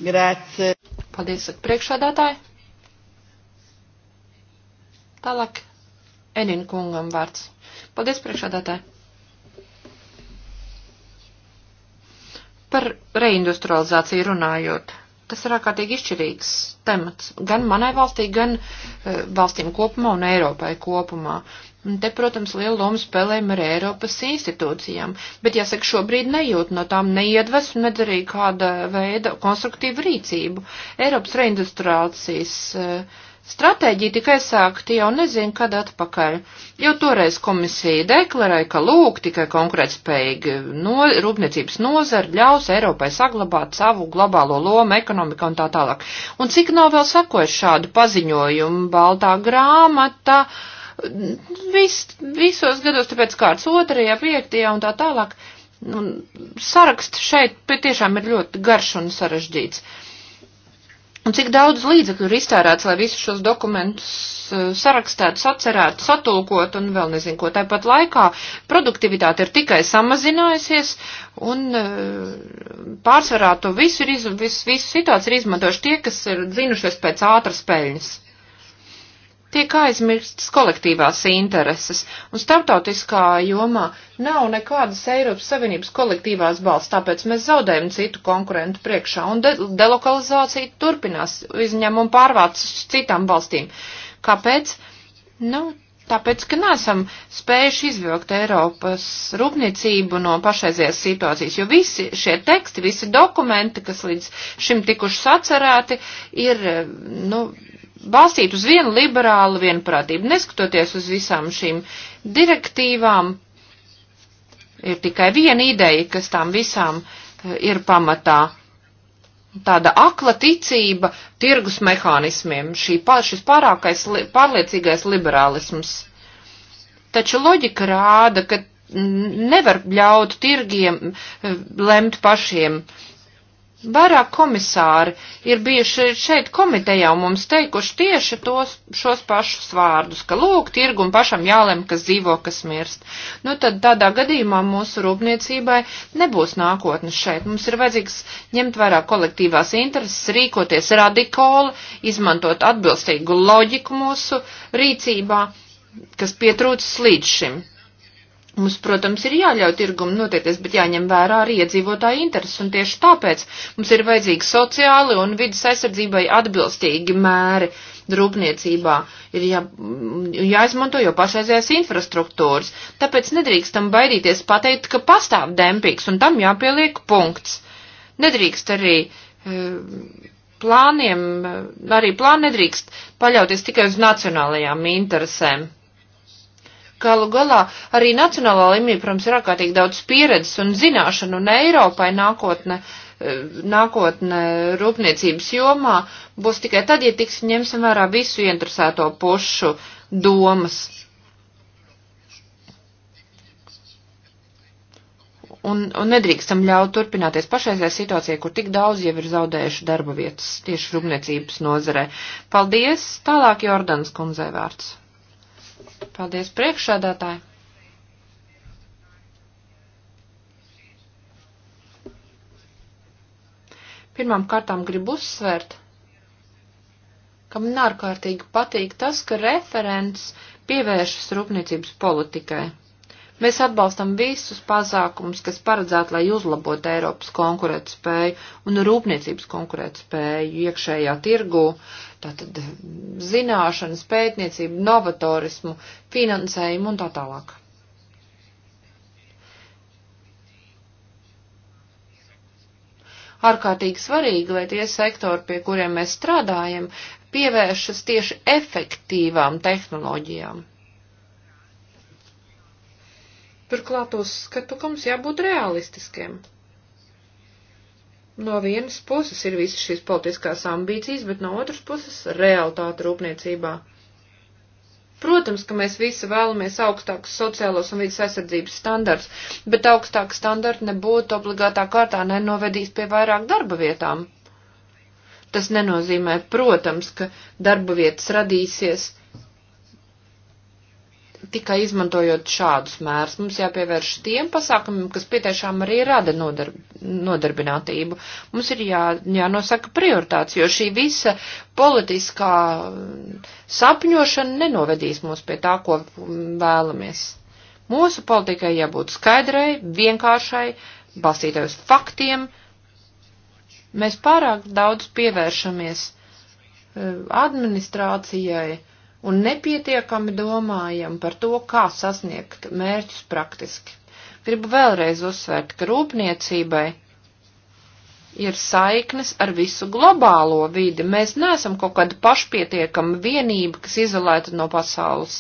Grāci. Paldies, priekšādātāji. Tālāk Enin kungam vārds. Paldies, priekšādātāji. Par reindustrializāciju runājot. Tas ir ārkārtīgi izšķirīgs temats gan manai valstī, gan uh, valstīm kopumā un Eiropai kopumā. Un te, protams, lielu lomu spēlējam ar Eiropas institūcijām, bet, jāsaka, šobrīd nejūt no tām neiedves un nedz arī kāda veida konstruktīvu rīcību. Eiropas reindustriācijas uh, eh, Stratēģija tika aizsākta jau nezinu, kad atpakaļ. Jau toreiz komisija deklarēja, ka lūk, tikai konkurētspējīga no, rūpniecības nozara ļaus Eiropai saglabāt savu globālo lomu ekonomikā un tā tālāk. Un cik nav vēl sakojuši šādu paziņojumu, baltā grāmata, vis, visos gados tāpēc kārts otrajā, piektajā un tā tālāk. Un saraksts šeit tiešām ir ļoti garš un sarežģīts. Un cik daudz līdzekļu ir iztērēts, lai visus šos dokumentus eh, sarakstētu, sacerētu, satulkot un vēl nezinu ko. Tāpat laikā produktivitāte ir tikai samazinājusies un eh, pārsvarā to visu, visu, visu situāciju ir izmantojuši tie, kas ir zinušies pēc ātras peļņas tiek aizmirstas kolektīvās intereses, un starptautiskā jomā nav nekādas Eiropas Savienības kolektīvās balsts, tāpēc mēs zaudējam citu konkurentu priekšā, un de delokalizācija turpinās izņēmumu pārvācis citām valstīm. Kāpēc? Nu, tāpēc, ka nesam spējuši izvilkt Eiropas rūpniecību no pašreizējās situācijas, jo visi šie teksti, visi dokumenti, kas līdz šim tikuši sacerēti, ir, nu, balstīt uz vienu liberālu vienprātību, neskatoties uz visām šīm direktīvām. Ir tikai viena ideja, kas tām visām eh, ir pamatā. Tāda akla ticība tirgus mehānismiem, šī, šis pārākais, pārliecīgais liberālisms. Taču loģika rāda, ka nevar ļaut tirgiem eh, lemt pašiem uh, Vairāk komisāri ir bijuši šeit komitejā un mums teikuši tieši tos, šos pašus vārdus, ka lūk, tirgu un pašam jālem, kas dzīvo, kas mirst. Nu tad tādā gadījumā mūsu rūpniecībai nebūs nākotnes šeit. Mums ir vajadzīgs ņemt vairāk kolektīvās intereses, rīkoties radikāli, izmantot atbilstīgu loģiku mūsu rīcībā, kas pietrūcis līdz šim. Mums, protams, ir jāļauj tirgumu notiekties, bet jāņem vērā arī iedzīvotāju intereses, un tieši tāpēc mums ir vajadzīgi sociāli un vidas aizsardzībai atbilstīgi mēri rūpniecībā. Ir jā, jāizmanto jau pašreizējās infrastruktūras, tāpēc nedrīkstam baidīties pateikt, ka pastāv dempings, un tam jāpieliek punkts. Nedrīkst arī. E, plāniem, eh, arī plāni nedrīkst paļauties tikai uz nacionālajām interesēm Galu galā arī nacionālā līmenī, protams, ir ārkārtīgi daudz pieredzes un zināšanu, un Eiropai nākotne, eh, nākotne rūpniecības jomā būs tikai tad, ja tiks ņemsim vērā visu interesēto pušu domas. Un, un nedrīkstam ļaut turpināties pašreizējā situācijā, kur tik daudz jau ir zaudējuši darba vietas tieši rūpniecības nozarē. Paldies! Tālāk Jordans kundzei vārds. Paldies priekšādātāji! Pirmām kārtām gribu uzsvērt, ka man ārkārtīgi patīk tas, ka referents pievēršas rūpniecības politikai. Mēs atbalstam visus pasākumus, kas paredzētu, lai uzlabotu Eiropas konkurētspēju un rūpniecības konkurētspēju iekšējā tirgu, tātad zināšanas, pētniecību, novatorismu, finansējumu un tā tālāk. Ārkārtīgi svarīgi, lai tie sektori, pie kuriem mēs strādājam, pievēršas tieši efektīvām tehnoloģijām. Turklāt uzskatu, ka mums jābūt realistiskiem. No vienas puses ir visas šīs politiskās ambīcijas, bet no otras puses realitāte rūpniecībā. Protams, ka mēs visi vēlamies augstākus sociālos un vidas aizsardzības standarts, bet augstāka standarta nebūtu obligātā kārtā nenovedīs pie vairāk darba vietām. Tas nenozīmē, protams, ka darba vietas radīsies tikai izmantojot šādus mērus. Mums jāpievērš tiem pasākumiem, kas patiešām arī rada nodarb nodarbinātību. Mums ir jā, jānosaka prioritāts, jo šī visa politiskā sapņošana nenovedīs mūs pie tā, ko vēlamies. Mūsu politikai jābūt skaidrai, vienkāršai, balstītai uz faktiem. Mēs pārāk daudz pievēršamies eh, administrācijai un nepietiekami domājam par to, kā sasniegt mērķus praktiski. Gribu vēlreiz uzsvērt, ka rūpniecībai ir saiknes ar visu globālo vidi. Mēs neesam kaut kāda pašpietiekama vienība, kas izolēta no pasaules.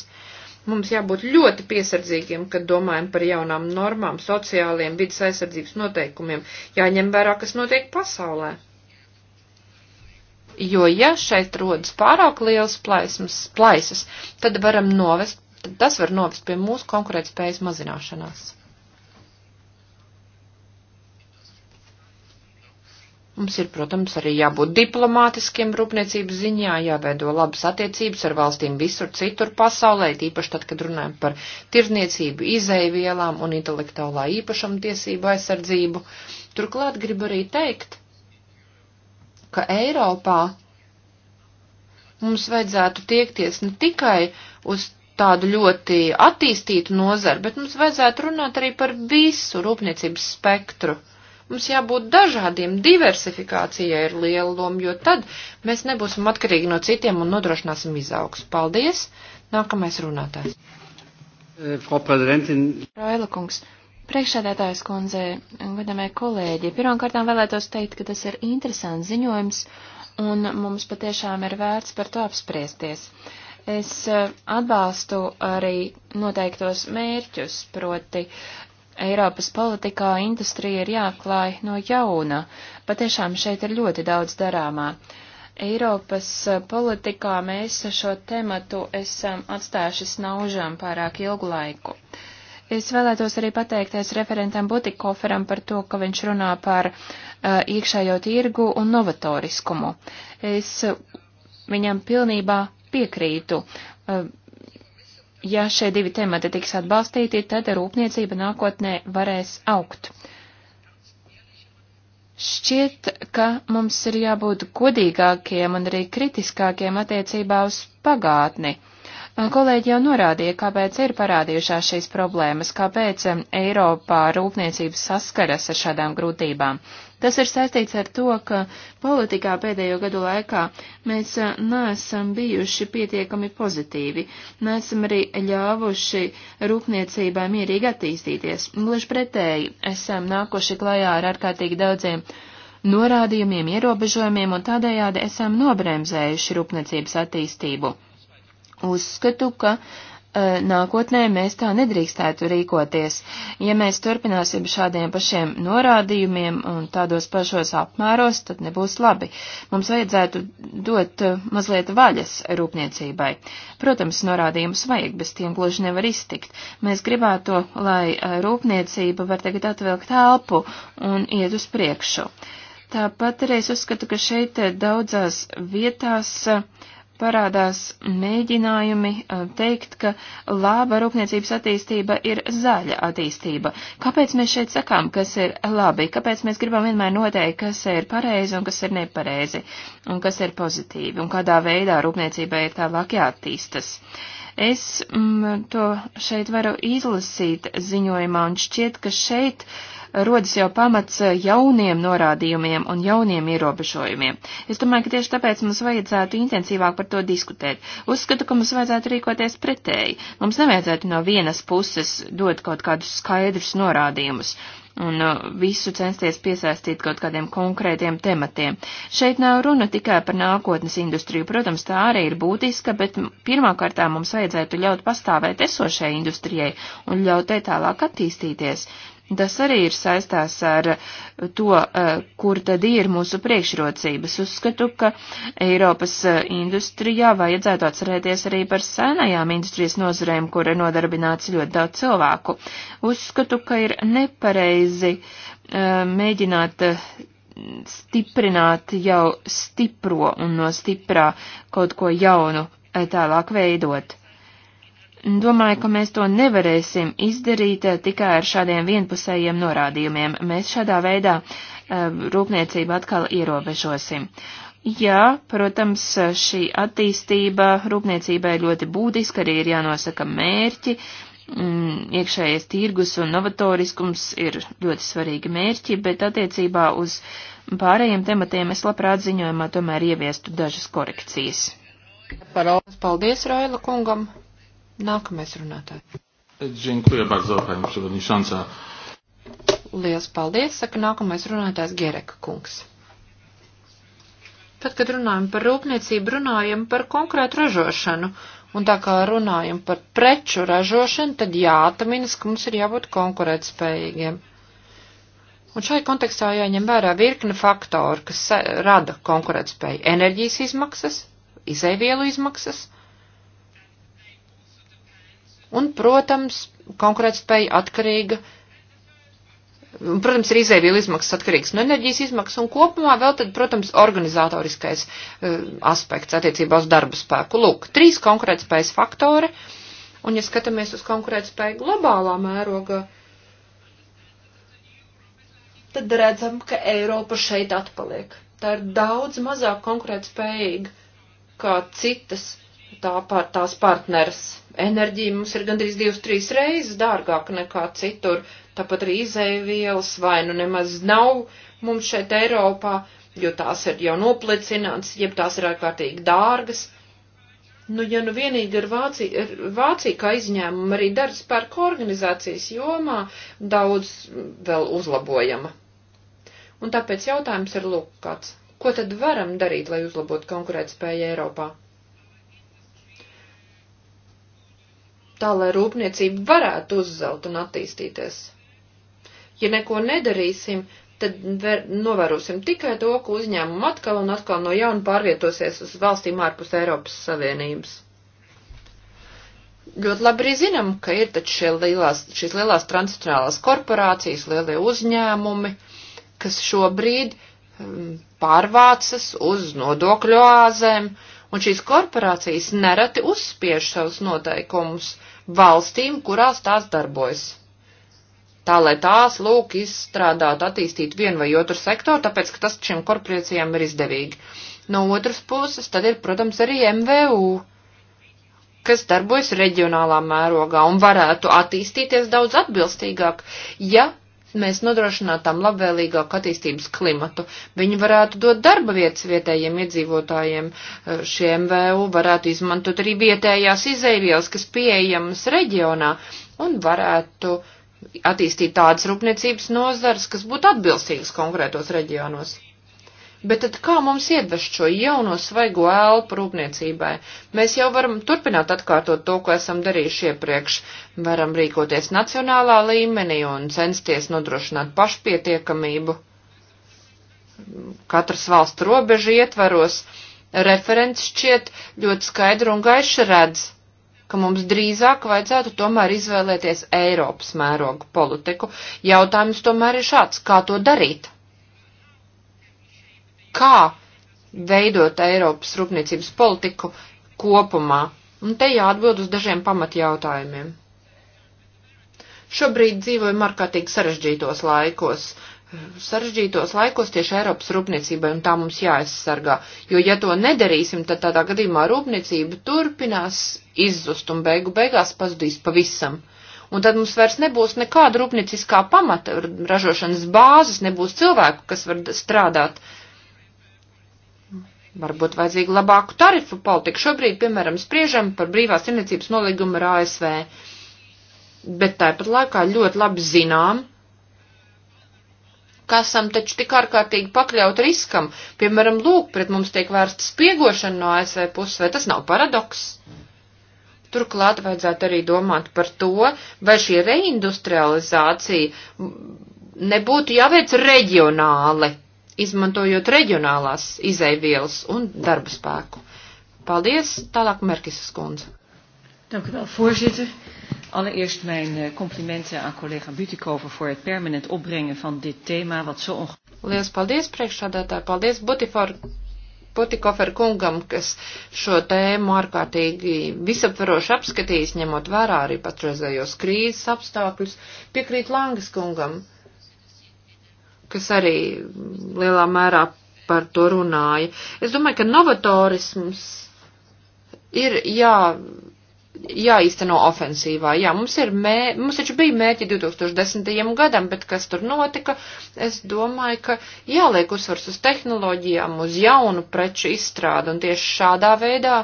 Mums jābūt ļoti piesardzīgiem, kad domājam par jaunām normām, sociāliem, vidas aizsardzības noteikumiem, jāņem vērā, kas notiek pasaulē. Jo, ja šeit rodas pārāk liels plaismas, plaisas, tad varam novest, tad tas var novest pie mūsu konkurētspējas mazināšanās. Mums ir, protams, arī jābūt diplomātiskiem rūpniecības ziņā, jāveido labas attiecības ar valstīm visur citur pasaulē, tīpaši tad, kad runājam par tirzniecību, izēvielām un intelektuālā īpašuma tiesību aizsardzību. Turklāt gribu arī teikt, ka Eiropā mums vajadzētu tiekties ne tikai uz tādu ļoti attīstītu nozaru, bet mums vajadzētu runāt arī par visu rūpniecības spektru. Mums jābūt dažādiem, diversifikācijai ir liela loma, jo tad mēs nebūsim atkarīgi no citiem un nodrošināsim izaugs. Paldies! Nākamais runātājs. Eh, Frau Präsidentin. Raila kungs. Priekšsēdētājs kundze, godamie kolēģi, pirmkārtām vēlētos teikt, ka tas ir interesants ziņojums, un mums patiešām ir vērts par to apspriesties. Es eh, atbalstu arī noteiktos mērķus, proti Eiropas politikā industrija ir jāklāj no jauna. Patiešām šeit ir ļoti daudz darāmā. Eiropas eh, politikā mēs šo tematu esam atstājuši snaužām pārāk ilgu laiku. Uh, Es vēlētos arī pateikties referentam Butikoferam par to, ka viņš runā par uh, iekšējo tirgu un novatoriskumu. Es uh, viņam pilnībā piekrītu. Uh, ja šie divi temati tiks atbalstīti, tad rūpniecība nākotnē varēs augt. Šķiet, ka mums ir jābūt godīgākiem un arī kritiskākiem attiecībā uz pagātni. Uh, Man kolēģi jau norādīja, kāpēc ir parādījušās šīs problēmas, kāpēc um, Eiropā rūpniecības saskaras ar šādām grūtībām. Tas ir saistīts ar to, ka politikā pēdējo gadu laikā mēs uh, neesam bijuši pietiekami pozitīvi, neesam arī ļāvuši rūpniecībai mierīgi attīstīties. Gluži pretēji, esam nākuši klajā ar ārkārtīgi daudziem norādījumiem, ierobežojumiem un tādējādi esam nobremzējuši rūpniecības attīstību. Uzskatu, ka e, nākotnē mēs tā nedrīkstētu rīkoties. Ja mēs turpināsim šādiem pašiem norādījumiem un tādos pašos apmēros, tad nebūs labi. Mums vajadzētu dot e, mazliet vaļas rūpniecībai. Protams, norādījumus vajag, bez tiem gluži nevar iztikt. Mēs gribētu, lai e, rūpniecība var tagad atvilkt elpu un iet uz priekšu. Tāpat arī es uzskatu, ka šeit daudzās vietās uh, parādās mēģinājumi eh, teikt, ka laba rūpniecības attīstība ir zaļa attīstība. Kāpēc mēs šeit sakām, kas ir labi? Kāpēc mēs gribam vienmēr noteikt, kas ir pareizi un kas ir nepareizi? Un kas ir pozitīvi? Un kādā veidā rūpniecībai ir tālāk jāattīstas? Es mm, to šeit varu izlasīt ziņojumā un šķiet, ka šeit uh, rodas jau pamats jauniem norādījumiem un jauniem ierobežojumiem. Es domāju, ka tieši tāpēc mums vajadzētu intensīvāk par to diskutēt. Uzskatu, ka mums vajadzētu rīkoties pretēji. Mums nevajadzētu no vienas puses dot kaut kādus skaidrus norādījumus un uh, visu censties piesaistīt kaut kādiem konkrētiem tematiem. Šeit nav runa tikai par nākotnes industriju, protams, tā arī ir būtiska, bet pirmkārtā mums vajadzētu ļaut pastāvēt esošajai industrijai un ļaut tai tālāk attīstīties. Tas arī ir saistās ar eh, to, eh, kur tad ir mūsu priekšrocības. Uzskatu, ka Eiropas eh, industrijā vajadzētu atcerēties arī par senajām industrijas nozarēm, kur ir nodarbināts ļoti daudz cilvēku. Uzskatu, ka ir nepareizi mēģināt stiprināt jau stipro un no stiprā kaut ko jaunu tālāk veidot. Domāju, ka mēs to nevarēsim izdarīt eh, tikai ar šādiem vienpusējiem norādījumiem. Mēs šādā veidā eh, rūpniecību atkal ierobežosim. Jā, protams, šī attīstība rūpniecībai ļoti būtiska, arī ir jānosaka mērķi. Mm, iekšējais tirgus un novatoriskums ir ļoti svarīgi mērķi, bet attiecībā uz pārējiem tematiem es labprāt ziņojumā tomēr ieviestu dažas korekcijas. Paldies Raila kungam! Nākamais runātājs. Dziękuję bardzo, pani przewodnicząca. Lielas paldies, saka nākamais runātājs Gereka kungs. Tad, kad runājam par rūpniecību, runājam par konkrētu ražošanu. Un tā kā runājam par preču ražošanu, tad jāatminas, ka mums ir jābūt konkurētspējīgiem. Un šai kontekstā jāņem vērā virkne faktoru, kas rada konkurētspēju. Enerģijas izmaksas, izēvielu izmaksas, uh, Un, protams, konkurētspēja atkarīga. Un, protams, ir izēvielu izmaksas atkarīgs no enerģijas izmaksas un kopumā vēl tad, protams, organizatoriskais uh, aspekts attiecībā uz darba spēku. Lūk, trīs konkurētspējas faktori. Un, ja skatāmies uz konkurētspēju globālā mērogā, tad redzam, ka Eiropa šeit atpaliek. Tā ir daudz mazāk konkurētspējīga kā citas tā pār, tās partners. Enerģija mums ir gandrīz divas, trīs reizes dārgāka nekā citur, tāpat arī izēvielas vai nu nemaz nav mums šeit Eiropā, jo tās ir jau noplicināts, jeb tās ir ārkārtīgi dārgas. Nu, ja nu vienīgi ar Vāciju, ar Vāciju kā izņēmumu arī darbs pērku organizācijas jomā daudz vēl uzlabojama. Un tāpēc jautājums ir lūk kāds. Ko tad varam darīt, lai uzlabotu konkurētspēju Eiropā? tā lai rūpniecība varētu uzzelt un attīstīties. Ja neko nedarīsim, tad ver, novērosim tikai to, ka uzņēmumi atkal un atkal no jauna pārvietosies uz valstīm ārpus Eiropas Savienības. Ļoti labi arī zinām, ka ir taču lielās, šīs lielās transnacionālās korporācijas, lielie uzņēmumi, kas šobrīd um, pārvācas uz nodokļu āzēm un šīs korporācijas nereti uzspiež savus noteikumus valstīm, kurās tās darbojas. Tā, lai tās lūk izstrādātu, attīstītu vienu vai otru sektoru, tāpēc, ka tas šiem korporācijām ir izdevīgi. No otras puses, tad ir, protams, arī MVU, kas darbojas reģionālā mērogā un varētu attīstīties daudz atbilstīgāk, ja mēs nodrošinātām labvēlīgāku attīstības klimatu. Viņi varētu dot darba vietas vietējiem iedzīvotājiem, eh, šie MVU varētu izmantot arī vietējās izēvielas, kas pieejamas reģionā, un varētu attīstīt tādas rūpniecības nozars, kas būtu atbilstīgas konkrētos reģionos. Bet tad kā mums iedvest šo jauno svaigo elpu rūpniecībai? Mēs jau varam turpināt atkārtot to, ko esam darījuši iepriekš. Varam rīkoties nacionālā līmenī un censties nodrošināt pašpietiekamību katras valsts robežu ietvaros. Referents šķiet ļoti skaidri un gaiši redz, ka mums drīzāk vajadzētu tomēr izvēlēties Eiropas mērogu politiku. Jautājums tomēr ir šāds, kā to darīt? kā veidot Eiropas rūpniecības politiku kopumā. Un te jāatbild uz dažiem pamatjautājumiem. Šobrīd dzīvojam ārkārtīgi sarežģītos laikos, sarežģītos laikos tieši Eiropas rūpniecībai, un tā mums jāaizsargā. Jo, ja to nedarīsim, tad tādā gadījumā rūpniecība turpinās izzust un beigu beigās pazudīs pavisam. Un tad mums vairs nebūs nekāda rūpnieciskā pamata ražošanas bāzes, nebūs cilvēku, kas var strādāt uh, Varbūt vajadzīga labāku tarifu politiku. Šobrīd, piemēram, spriežam par brīvās tirniecības nolīgumu ar ASV. Bet tāpat laikā ļoti labi zinām, ka esam taču tik ārkārtīgi pakļauti riskam. Piemēram, lūk, pret mums tiek vērsta spiegošana no ASV puses, vai tas nav paradoks? Turklāt vajadzētu arī domāt par to, vai šī reindustrializācija nebūtu jāveic reģionāli izmantojot reģionālās izaivielas un darba spēku. Paldies, tālāk Merkisas kundze. Dank u wel, voorzitter. Allereerst mijn eh, complimenten aan collega Butikover voor het permanent opbrengen van dit thema, wat zo ongelooflijk. Lielas paldies, priekšsādātāji, paldies Butifor, Butikofer kungam, kas šo tēmu ārkārtīgi visaptveroši apskatījis, ņemot vērā arī patreizējos krīzes apstākļus. Piekrīt Langas kungam kas arī lielā mērā par to runāja. Es domāju, ka novatorisms ir jā, jāīsteno ofensīvā. Jā, mums, ir mē, mums taču bija mērķi 2010. gadam, bet kas tur notika? Es domāju, ka jāliek uzsvars uz tehnoloģijām, uz jaunu preču izstrādu un tieši šādā veidā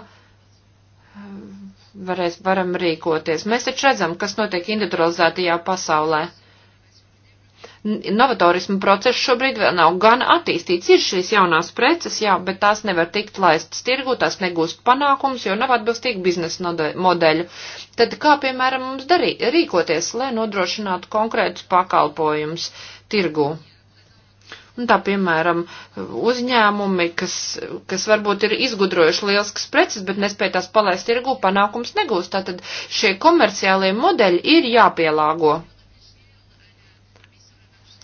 um, varēs, varam rīkoties. Mēs taču redzam, kas notiek industrializētajā pasaulē. Uh, novatorismu process šobrīd vēl nav gan attīstīts. Ir šīs jaunās preces, jā, bet tās nevar tikt laistas tirgu, tās negūst panākums, jo nav atbilstīgi biznesa modeļu. Tad kā, piemēram, mums darīt, rīkoties, lai nodrošinātu konkrētus pakalpojumus tirgu? Un tā, piemēram, uzņēmumi, kas, kas varbūt ir izgudrojuši lielskas preces, bet nespēj tās palaist tirgu, panākums negūst. Tātad šie komerciālie modeļi ir jāpielāgo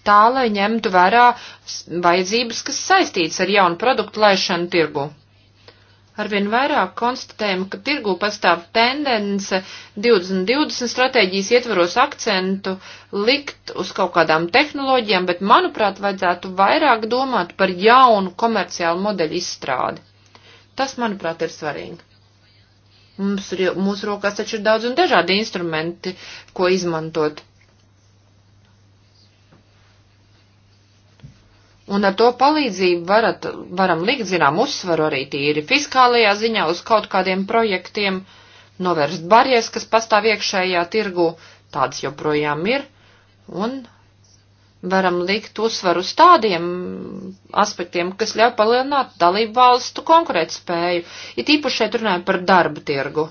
tā, lai ņemtu vērā vajadzības, kas saistīts ar jaunu produktu laišanu tirgu. Arvien vairāk konstatējam, ka tirgu pastāv tendence 2020 stratēģijas ietvaros akcentu likt uz kaut kādām tehnoloģijām, bet, manuprāt, vajadzētu vairāk domāt par jaunu komerciālu modeļu izstrādi. Tas, manuprāt, ir svarīgi. Mums, mūsu rokās taču ir daudz un dažādi instrumenti, ko izmantot Un ar to palīdzību varat, varam likt, zinām, uzsvaru arī tīri fiskālajā ziņā uz kaut kādiem projektiem, novērst barjeras, kas pastāv iekšējā tirgu, tādas joprojām ir, un varam likt uzsvaru uz tādiem aspektiem, kas ļauj palielināt dalību valstu konkurētspēju, it īpaši šeit runājam par darba tirgu.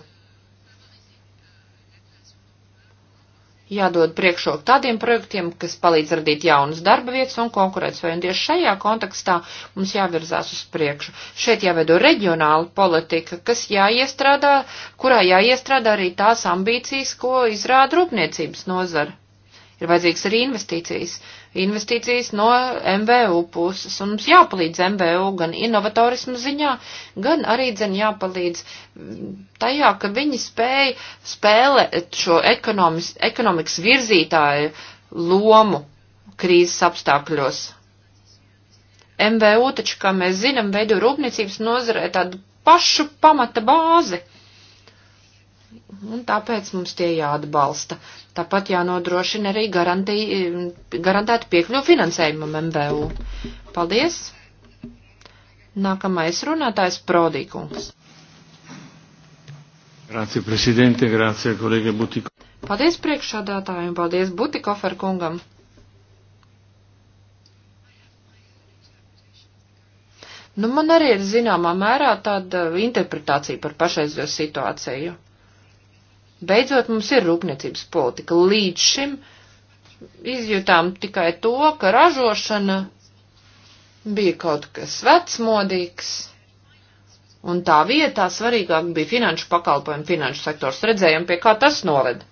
jādod priekšrok tādiem projektiem, kas palīdz radīt jaunas darba vietas un konkurētspēju. Un tieši šajā kontekstā mums jāvirzās uz priekšu. Šeit jāveido reģionāla politika, kas jāiestrādā, kurā jāiestrādā arī tās ambīcijas, ko izrāda rūpniecības nozara. Ir vajadzīgs arī investīcijas. Uh, investīcijas no MVU puses. Un mums jāpalīdz MVU gan inovatorismu ziņā, gan arī dzen jāpalīdz mm, tajā, ka viņi spēj spēlēt šo ekonomis, ekonomikas virzītāju lomu krīzes apstākļos. MVU taču, kā mēs zinām, veido rūpniecības nozarē tādu pašu pamata bāzi un tāpēc mums tie jāatbalsta. Tāpat jānodrošina arī garantēta piekļuva finansējumam MVU. Paldies! Nākamais runātājs Prodīkungs. Grācija prezidente, grācija kolēģe Butiko. Paldies priekšādātājiem, paldies Butikofer kungam. Nu, man arī ir zināmā mērā tāda interpretācija par pašreizējo situāciju. Beidzot, mums ir rūpniecības politika. Līdz šim izjūtām tikai to, ka ražošana bija kaut kas vecmodīgs. Un tā vietā svarīgāk bija finanšu pakalpojumi, finanšu sektors. Redzējām, pie kā tas noveda.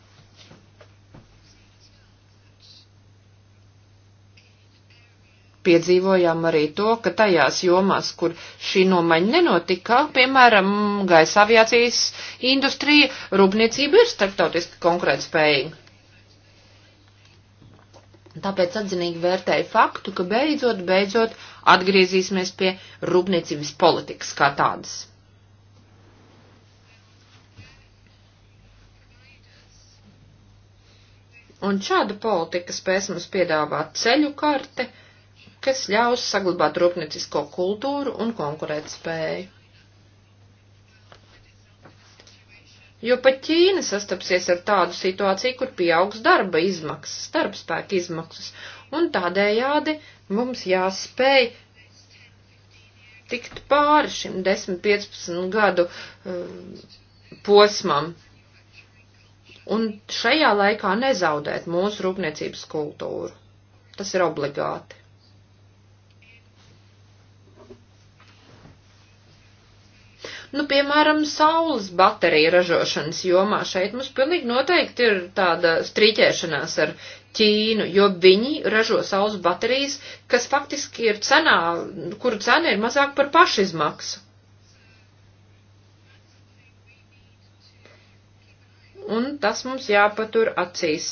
piedzīvojām arī to, ka tajās jomās, kur šī nomaiņa nenotika, piemēram, gaisa aviācijas industrija, rūpniecība ir starptautiski konkurētspējīga. Tāpēc atzinīgi vērtēju faktu, ka beidzot, beidzot atgriezīsimies pie rūpniecības politikas kā tādas. Un šāda politika spēs mums piedāvāt ceļu karte, uh, kas ļaus saglabāt rūpniecisko kultūru un konkurētspēju. Jo pat Ķīna sastapsies ar tādu situāciju, kur pieaugs darba izmaksas, darbspēka izmaksas, un tādējādi mums jāspēj tikt pāri šim 10-15 gadu uh, posmam un šajā laikā nezaudēt mūsu rūpniecības kultūru. Tas ir obligāti. Nu, piemēram, saules bateriju ražošanas jomā šeit mums pilnīgi noteikti ir tāda strīķēšanās ar Ķīnu, jo viņi ražo saules baterijas, kas faktiski ir cenā, kuru cena ir mazāk par pašizmaksu. Un tas mums jāpatur acīs.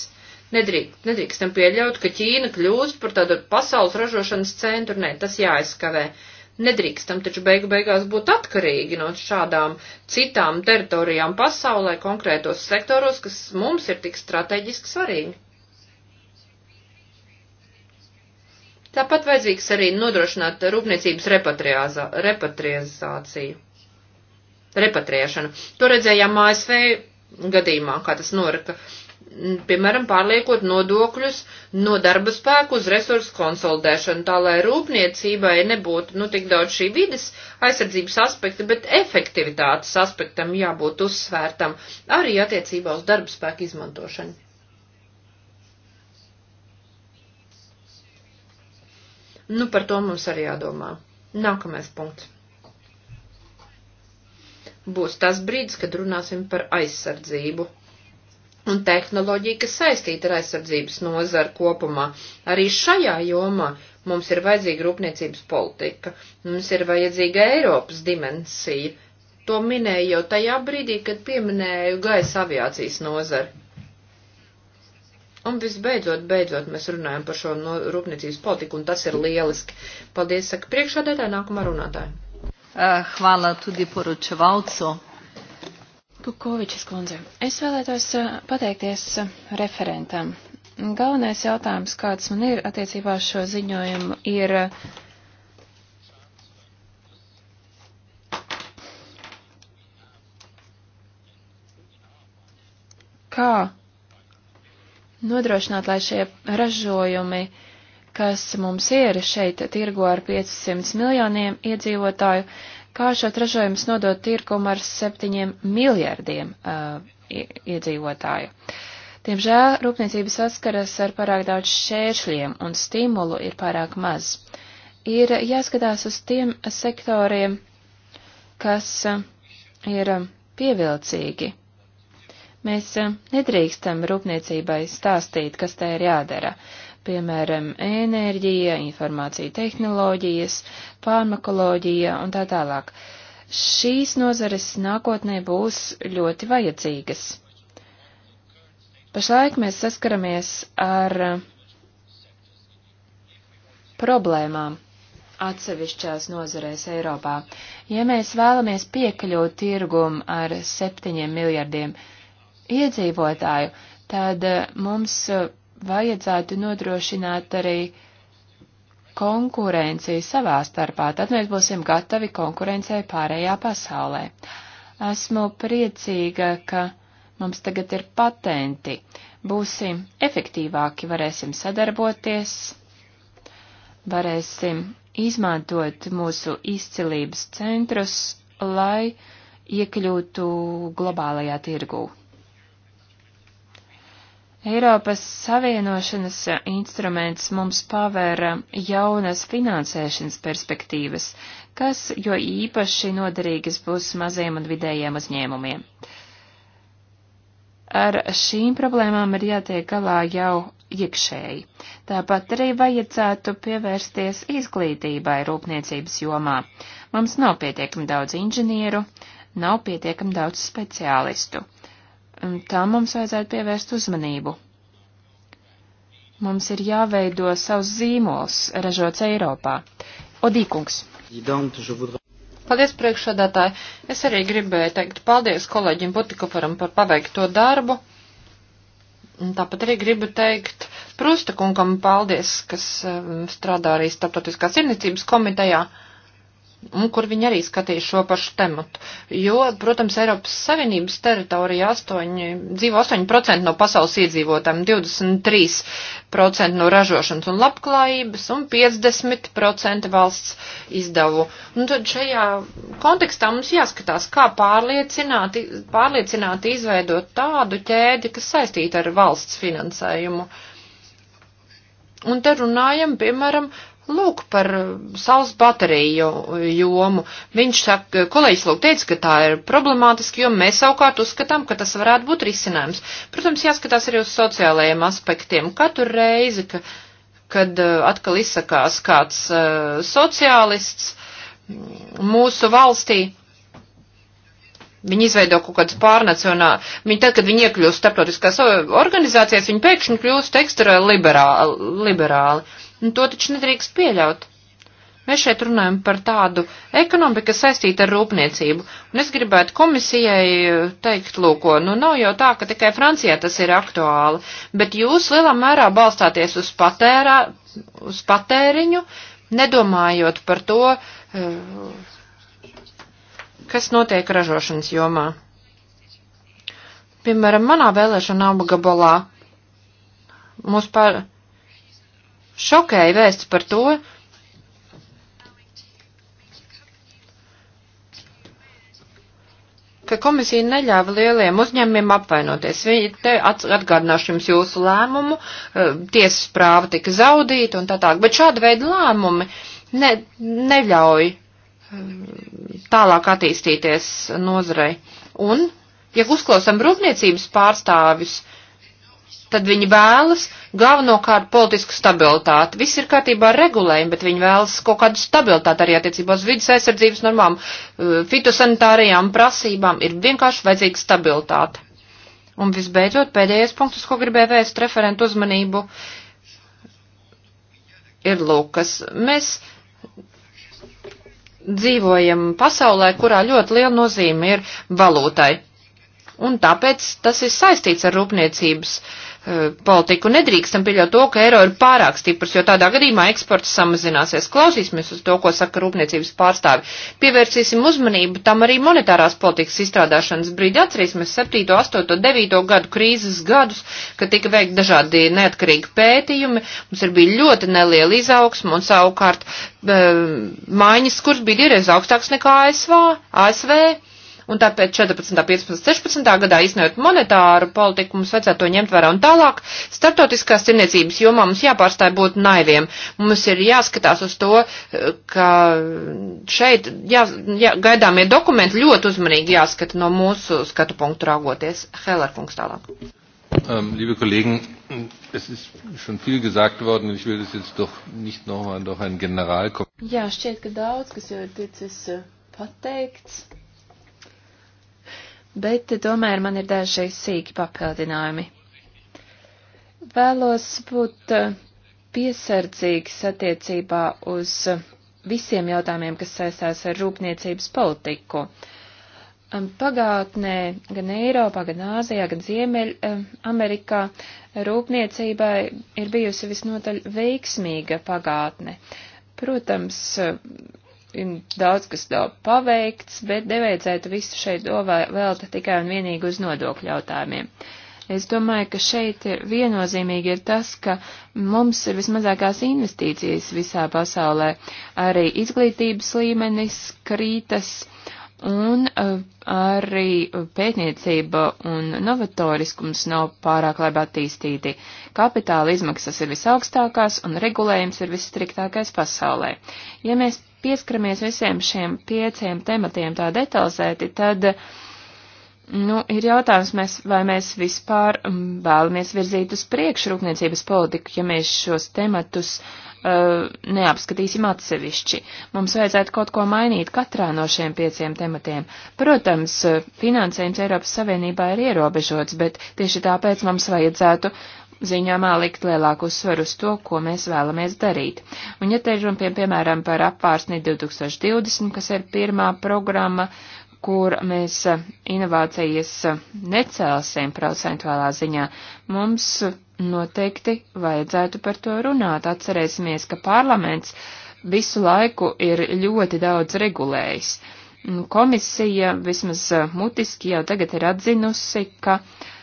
Nedrīkst, nedrīkstam pieļaut, ka Ķīna kļūst par tādu pasaules ražošanas centru, nē, tas jāizskavē. Uh, Nedrīkstam taču beigu beigās būt atkarīgi no šādām citām teritorijām pasaulē konkrētos sektoros, kas mums ir tik strateģiski svarīgi. Tāpat vajadzīgs arī nodrošināt rūpniecības repatriāciju. Repatriēšanu. To redzējām ASV gadījumā, kā tas norika. Uh, piemēram, pārliekot nodokļus no darba spēku uz resursu konsolidēšanu, tā lai rūpniecībai nebūtu, nu, tik daudz šī vides aizsardzības aspekta, bet efektivitātes aspektam jābūt uzsvērtam arī attiecībā uz darba spēku izmantošanu. Nu, par to mums arī jādomā. Nākamais punkts. Būs tas brīdis, kad runāsim par aizsardzību un tehnoloģija, kas saistīta ar aizsardzības nozaru kopumā. Arī šajā jomā mums ir vajadzīga rūpniecības politika, mums ir vajadzīga Eiropas dimensija. To minēju jau tajā brīdī, kad pieminēju gaisa aviācijas nozari. Un visbeidzot, beidzot, mēs runājam par šo no rūpniecības politiku, un tas ir lieliski. Paldies, saka priekšādētāji, nākamā runātāja. Eh, hvala tudi poročevalcu Kukovičs kundze, es vēlētos pateikties referentam. Galvenais jautājums, kāds man ir attiecībā uz šo ziņojumu, ir kā nodrošināt, lai šie ražojumi, kas mums ir šeit tirgo ar 500 miljoniem iedzīvotāju, uh, kā šo ražojumus nodot tirkumu ar septiņiem miljardiem uh, iedzīvotāju. Diemžēl rūpniecība saskaras ar pārāk daudz šēršļiem un stimulu ir pārāk maz. Ir jāskatās uz tiem sektoriem, kas uh, ir uh, pievilcīgi. Mēs uh, nedrīkstam rūpniecībai stāstīt, kas tā ir jādara. Uh, piemēram, enerģija, informācija tehnoloģijas, farmakoloģija un tā tālāk. Šīs nozares nākotnē būs ļoti vajadzīgas. Pašlaik mēs saskaramies ar problēmām atsevišķās nozarēs Eiropā. Ja mēs vēlamies piekļūt tirgum ar septiņiem miljardiem iedzīvotāju, tad mums vajadzētu nodrošināt arī konkurenciju savā starpā, tad mēs būsim gatavi konkurencei pārējā pasaulē. Esmu priecīga, ka mums tagad ir patenti. Būsim efektīvāki, varēsim sadarboties, varēsim izmantot mūsu izcilības centrus, lai iekļūtu globālajā tirgū. Eiropas Savienošanas instruments mums pavēra jaunas finansēšanas perspektīvas, kas jo īpaši noderīgas būs maziem un vidējiem uzņēmumiem. Ar šīm problēmām ir jātiek galā jau iekšēji. Tāpat arī vajadzētu pievērsties izglītībai rūpniecības jomā. Mums nav pietiekami daudz inženieru, nav pietiekami daudz speciālistu. Tam mums vajadzētu pievērst uzmanību. Mums ir jāveido savs zīmols, ražots Eiropā. Odīkungs. Paldies, priekšsādātāji. Es arī gribēju teikt paldies kolēģim Butikoferam par paveikto darbu. Un tāpat arī gribu teikt Prusta kungam paldies, kas um, strādā arī starptautiskās irnicības komitejā. Uh, kur viņi arī skatīja šo pašu tematu. Jo, protams, Eiropas Savienības teritorija 8, dzīvo 8% no pasaules iedzīvotājiem, 23% no ražošanas un labklājības un 50% valsts izdevu. Un tad šajā kontekstā mums jāskatās, kā pārliecināti, pārliecināti izveidot tādu ķēdi, kas saistīta ar valsts finansējumu. Un te runājam, piemēram, Lūk par saules bateriju jomu. Viņš saka, kolēģis lūk teica, ka tā ir problemātiski, jo mēs savukārt uzskatām, ka tas varētu būt risinājums. Protams, jāskatās arī uz sociālajiem aspektiem. Katru reizi, ka, kad uh, atkal izsakās kāds uh, sociālists mm, mūsu valstī, Viņi izveido kaut kādas pārnacionā, viņi tad, kad viņi iekļūst starptautiskās organizācijās, viņi pēkšņi kļūst ekstra liberāli. liberāli. Un nu, to taču nedrīkst pieļaut. Mēs šeit runājam par tādu ekonomiku, kas saistīta ar rūpniecību. Un es gribētu komisijai eh, teikt, lūko, nu nav jau tā, ka tikai Francijā tas ir aktuāli, bet jūs lielā mērā balstāties uz, patērā, uz patēriņu, nedomājot par to, eh, kas notiek ražošanas jomā. Piemēram, manā vēlēšana apgabalā mūs pār šokēja vēsts par to, ka komisija neļāva lieliem uzņēmumiem apvainoties. Viņi te atgādināšu jums jūsu lēmumu, e, tiesas prāva tika zaudīta un tā tālāk, bet šāda veida lēmumi ne, neļauj e, tālāk attīstīties nozarei. Un, ja uzklausam rūpniecības pārstāvis, uh, tad viņi vēlas galvenokārt politisku stabilitāti. Viss ir kārtībā ar regulējumu, bet viņi vēlas kaut kādu stabilitāti arī attiecībā uz vidas aizsardzības normām, eh, fitosanitārajām prasībām. Ir vienkārši vajadzīga stabilitāte. Un visbeidzot, pēdējais punkts, uz ko gribēju vēst referentu uzmanību, ir Lūkas. Mēs dzīvojam pasaulē, kurā ļoti liela nozīme ir valūtai. Un tāpēc tas ir saistīts ar rūpniecības uh, E, politiku. Nedrīkstam pieļaut to, ka eiro ir pārāk stiprs, jo tādā gadījumā eksports samazināsies. Klausīsimies uz to, ko saka rūpniecības pārstāvi. Pievērsīsim uzmanību tam arī monetārās politikas izstrādāšanas brīdi. Atcerīsimies 7, 8, 9 gadu krīzes gadus, kad tika veikti dažādi neatkarīgi pētījumi. Mums ir bija ļoti neliela izaugsma un savukārt e, mājas kurs bija divreiz augstāks nekā ASV. ASV un tāpēc 14., 15., 16. gadā iznojot monetāru politiku mums vajadzētu to ņemt vērā un tālāk. Startautiskās tirniecības jomā mums jāpārstāj būt naiviem. Mums ir jāskatās uz to, ka šeit jā, jā, gaidāmie dokumenti ļoti uzmanīgi jāskata no mūsu skatu punktu raugoties. Heller kungs tālāk. Um, liebe Kollegen, es ist schon viel gesagt worden und ich will das jetzt doch nicht nochmal durch einen Generalkommentar. Jā, šķiet, ka daudz, kas jau ir ticis äh, pateikts bet tomēr man ir daži sīki papildinājumi. Vēlos būt eh, piesardzīgs attiecībā uz visiem jautājumiem, kas saistās ar rūpniecības politiku. Pagātnē gan Eiropā, gan Āzijā, gan Ziemeļ eh, Amerikā rūpniecībai ir bijusi visnotaļ veiksmīga pagātne. Protams, ir daudz, kas nav paveikts, bet nevajadzētu visu šeit vēlta tikai un vienīgi uz nodokļu jautājumiem. Es domāju, ka šeit ir viennozīmīgi ir tas, ka mums ir vismazākās investīcijas visā pasaulē. Arī izglītības līmenis krītas un eh, arī pētniecība un novatoriskums nav pārāk labi attīstīti. Kapitāla izmaksas ir visaugstākās un regulējums ir visstriktākais pasaulē. Ja mēs pieskaramies visiem šiem pieciem tematiem tā detalizēti, tad, nu, ir jautājums, mēs, vai mēs vispār mm, vēlamies virzīt uz priekšu rūpniecības politiku, ja mēs šos tematus uh, neapskatīsim atsevišķi. Mums vajadzētu kaut ko mainīt katrā no šiem pieciem tematiem. Protams, finansējums Eiropas Savienībā ir ierobežots, bet tieši tāpēc mums vajadzētu ziņāmā likt lielāku uzsvaru uz to, ko mēs vēlamies darīt. Un ja te runa, pie, piemēram, par apvārsni 2020, kas ir pirmā programma, kur mēs inovācijas necelsim procentuālā ziņā, mums noteikti vajadzētu par to runāt. Atcerēsimies, ka parlaments visu laiku ir ļoti daudz regulējis. Komisija vismaz mutiski jau tagad ir atzinusi, ka uh,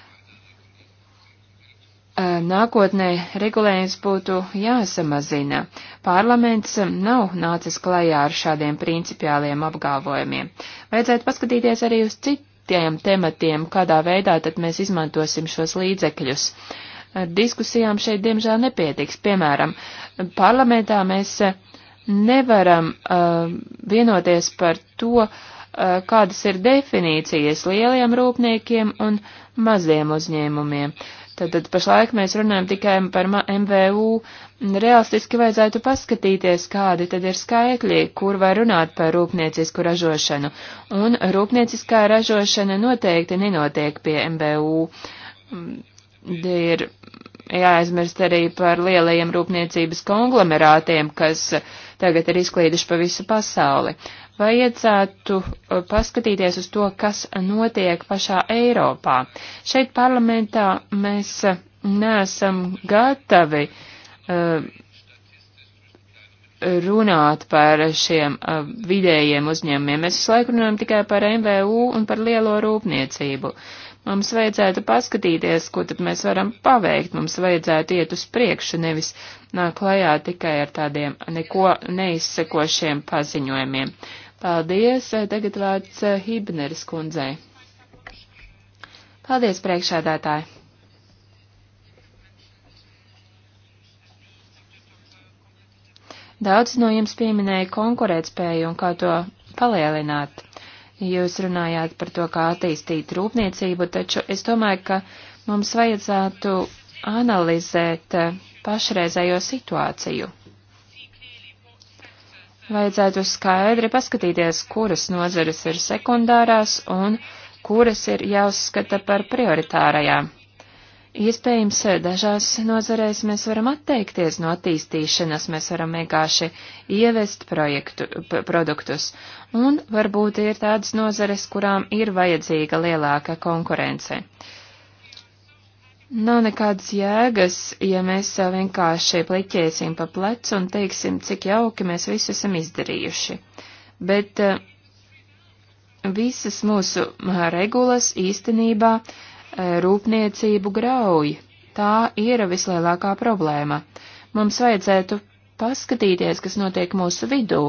Eh, nākotnē regulējums būtu jāsamazina. Parlaments eh, nav nācis klajā ar šādiem principiāliem apgalvojumiem. Vajadzētu paskatīties arī uz citiem tematiem, kādā veidā tad mēs izmantosim šos līdzekļus. Ar eh, diskusijām šeit diemžēl nepietiks. Piemēram, parlamentā mēs nevaram uh, vienoties par to, uh, kādas ir definīcijas lieliem rūpniekiem un maziem uzņēmumiem. Uh, Tātad pašlaik mēs runājam tikai par MVU. Realistiski vajadzētu paskatīties, kādi tad ir skaitļi, kur var runāt par rūpniecisku ražošanu. Un rūpnieciskā ražošana noteikti nenotiek pie MVU. Mm, Te ir jāaizmirst arī par lielajiem rūpniecības konglomerātiem, kas uh, tagad ir izklīduši pa visu pasauli. Vajadzētu uh, paskatīties uz to, kas notiek pašā Eiropā. Šeit parlamentā mēs neesam gatavi uh, runāt par šiem uh, vidējiem uzņēmumiem. Mēs visu laiku runājam tikai par MVU un par lielo rūpniecību. Mums vajadzētu paskatīties, ko tad mēs varam paveikt. Mums vajadzētu iet uz priekšu, nevis nāk klajā tikai ar tādiem neko neizsekošiem paziņojumiem. Paldies, eh, tagad vārds eh, Hibneris kundzei. Paldies, priekšādātāji! Daudz no jums pieminēja konkurētspēju un kā to palielināt. Jūs runājāt par to, kā attīstīt rūpniecību, taču es domāju, ka mums vajadzētu analizēt eh, pašreizējo situāciju. Vajadzētu skaidri paskatīties, kuras nozares ir sekundārās un kuras ir jāuzskata par prioritārajām. Iespējams, dažās nozarēs mēs varam atteikties no attīstīšanas, mēs varam vienkārši ievest projektu, produktus, un varbūt ir tādas nozares, kurām ir vajadzīga lielāka konkurence. Uh, Nav nekādas jēgas, ja mēs vienkārši pliķēsim pa plecu un teiksim, cik jauki mēs visu esam izdarījuši. Bet eh, visas mūsu eh, regulas īstenībā eh, rūpniecību grauj. Tā ir vislielākā problēma. Mums vajadzētu paskatīties, kas notiek mūsu vidū.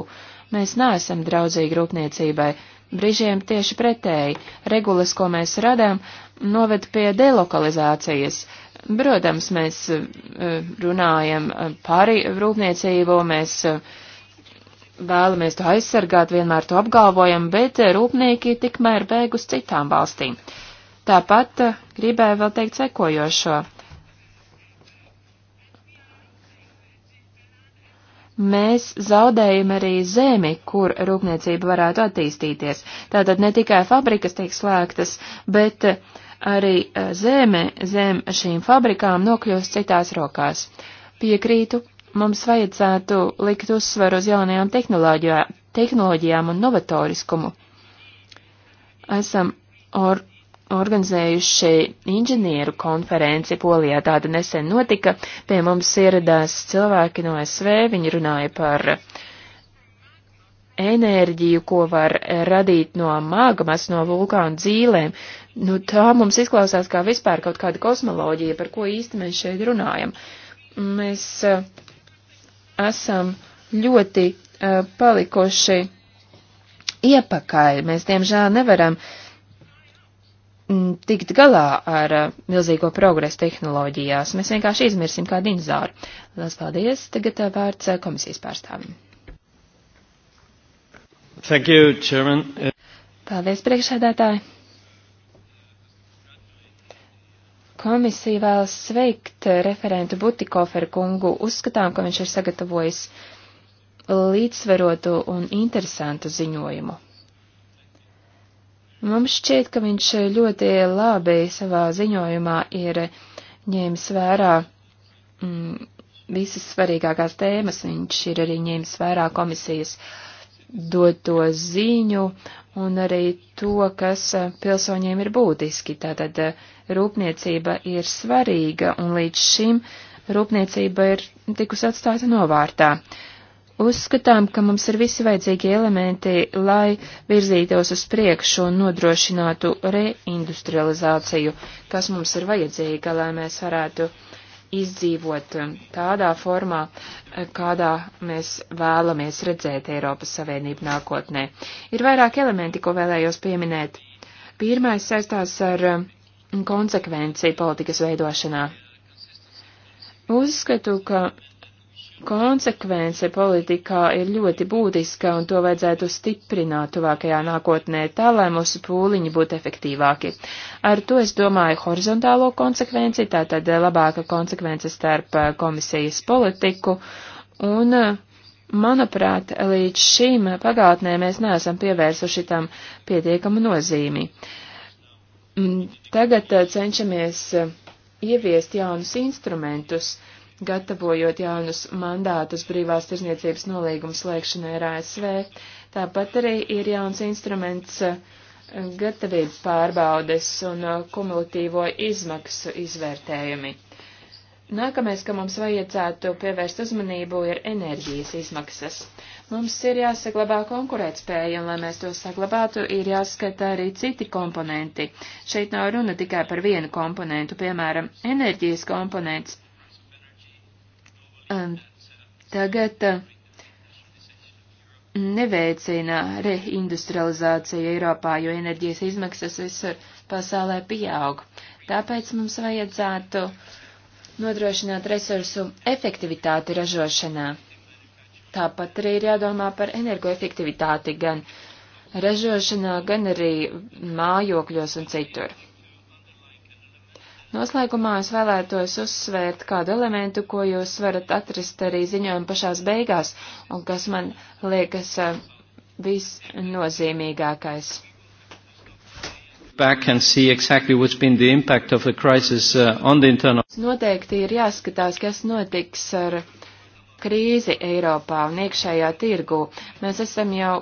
Mēs neesam draudzīgi rūpniecībai. Brīžiem tieši pretēji, regulas, ko mēs radām, noved pie delokalizācijas. Protams, mēs eh, runājam eh, par rūpniecību, mēs eh, vēlamies to aizsargāt, vienmēr to apgalvojam, bet rūpnieki tikmēr bēg uz citām valstīm. Tāpat gribēju vēl teikt sekojošo. Mēs zaudējam arī zemi, kur rūpniecība varētu attīstīties. Tātad ne tikai fabrikas tiek slēgtas, bet uh, arī e, zeme zem šīm fabrikām nokļūst citās rokās. Piekrītu, mums vajadzētu likt uzsvaru uz jaunajām tehnoloģijā, tehnoloģijām un novatoriskumu. Esam or organizējuši inženieru konferenci Polijā, tāda nesen notika, pie mums ieradās cilvēki no SV, viņi runāja par uh, enerģiju, ko var radīt no magmas, no vulkānu dzīlēm, nu tā mums izklausās kā vispār kaut kāda kosmoloģija, par ko īsti mēs šeit runājam. Mēs uh, esam ļoti uh, palikuši iepakaļ. Mēs, diemžēl, nevaram mm, tikt galā ar uh, milzīgo progresu tehnoloģijās. Mēs vienkārši izmirsim kā dinozauru. Lielas paldies! Tagad vārds komisijas pārstāvim. Thank you, Chairman. Paldies, priekšsēdētāji. Komisija vēlas sveikt referentu Butikoferu kungu. Uzskatām, ka viņš ir sagatavojis līdzsverotu un interesantu ziņojumu. Mums šķiet, ka viņš ļoti labi savā ziņojumā ir ņēmis vērā mm, visas svarīgākās tēmas, viņš ir arī ņēmis vērā komisijas uh, doto ziņu un arī to, kas eh, pilsoņiem ir būtiski. Tātad eh, rūpniecība ir svarīga un līdz šim rūpniecība ir tikus atstāta novārtā. Uzskatām, ka mums ir visi vajadzīgie elementi, lai virzītos uz priekšu un nodrošinātu reindustrializāciju, kas mums ir vajadzīga, lai mēs varētu uh, izdzīvot um, tādā formā, eh, kādā mēs vēlamies redzēt Eiropas Savienību nākotnē. Ir vairāk elementi, ko vēlējos pieminēt. Pirmais saistās ar um, konsekvenci politikas veidošanā. Uzskatu, ka konsekvence politikā ir ļoti būtiska un to vajadzētu stiprināt tuvākajā nākotnē, tā lai mūsu pūliņi būtu efektīvāki. Ar to es domāju horizontālo konsekvenci, tātad labāka konsekvence starp eh, komisijas politiku un. Eh, manuprāt, līdz šim pagātnē mēs neesam pievērsuši tam pietiekamu nozīmi. Mm, tagad eh, cenšamies ieviest jaunus instrumentus, uh, gatavojot jaunus mandātus brīvās tirzniecības nolīgumu slēgšanai ar ASV. Tāpat arī ir jauns instruments eh, gatavības pārbaudes un eh, kumulatīvo izmaksu izvērtējumi. Nākamais, kam mums vajadzētu pievērst uzmanību, ir enerģijas izmaksas. Mums ir jāsaglabā konkurētspēja, un, lai mēs to saglabātu, ir jāskata arī citi komponenti. Šeit nav runa tikai par vienu komponentu, piemēram, enerģijas komponents Um, tagad uh, neveicina reindustrializāciju Eiropā, jo enerģijas izmaksas visur pasaulē pieaug. Tāpēc mums vajadzētu nodrošināt resursu efektivitāti ražošanā. Tāpat arī ir jādomā par energoefektivitāti gan ražošanā, gan arī mājokļos un citur. Noslēgumā es vēlētos uzsvērt kādu elementu, ko jūs varat atrast arī ziņojuma pašās beigās, un kas man liekas eh, visnozīmīgākais. Exactly crisis, uh, internal... Noteikti ir jāskatās, kas notiks ar krīzi Eiropā un iekšējā tirgu. Mēs esam jau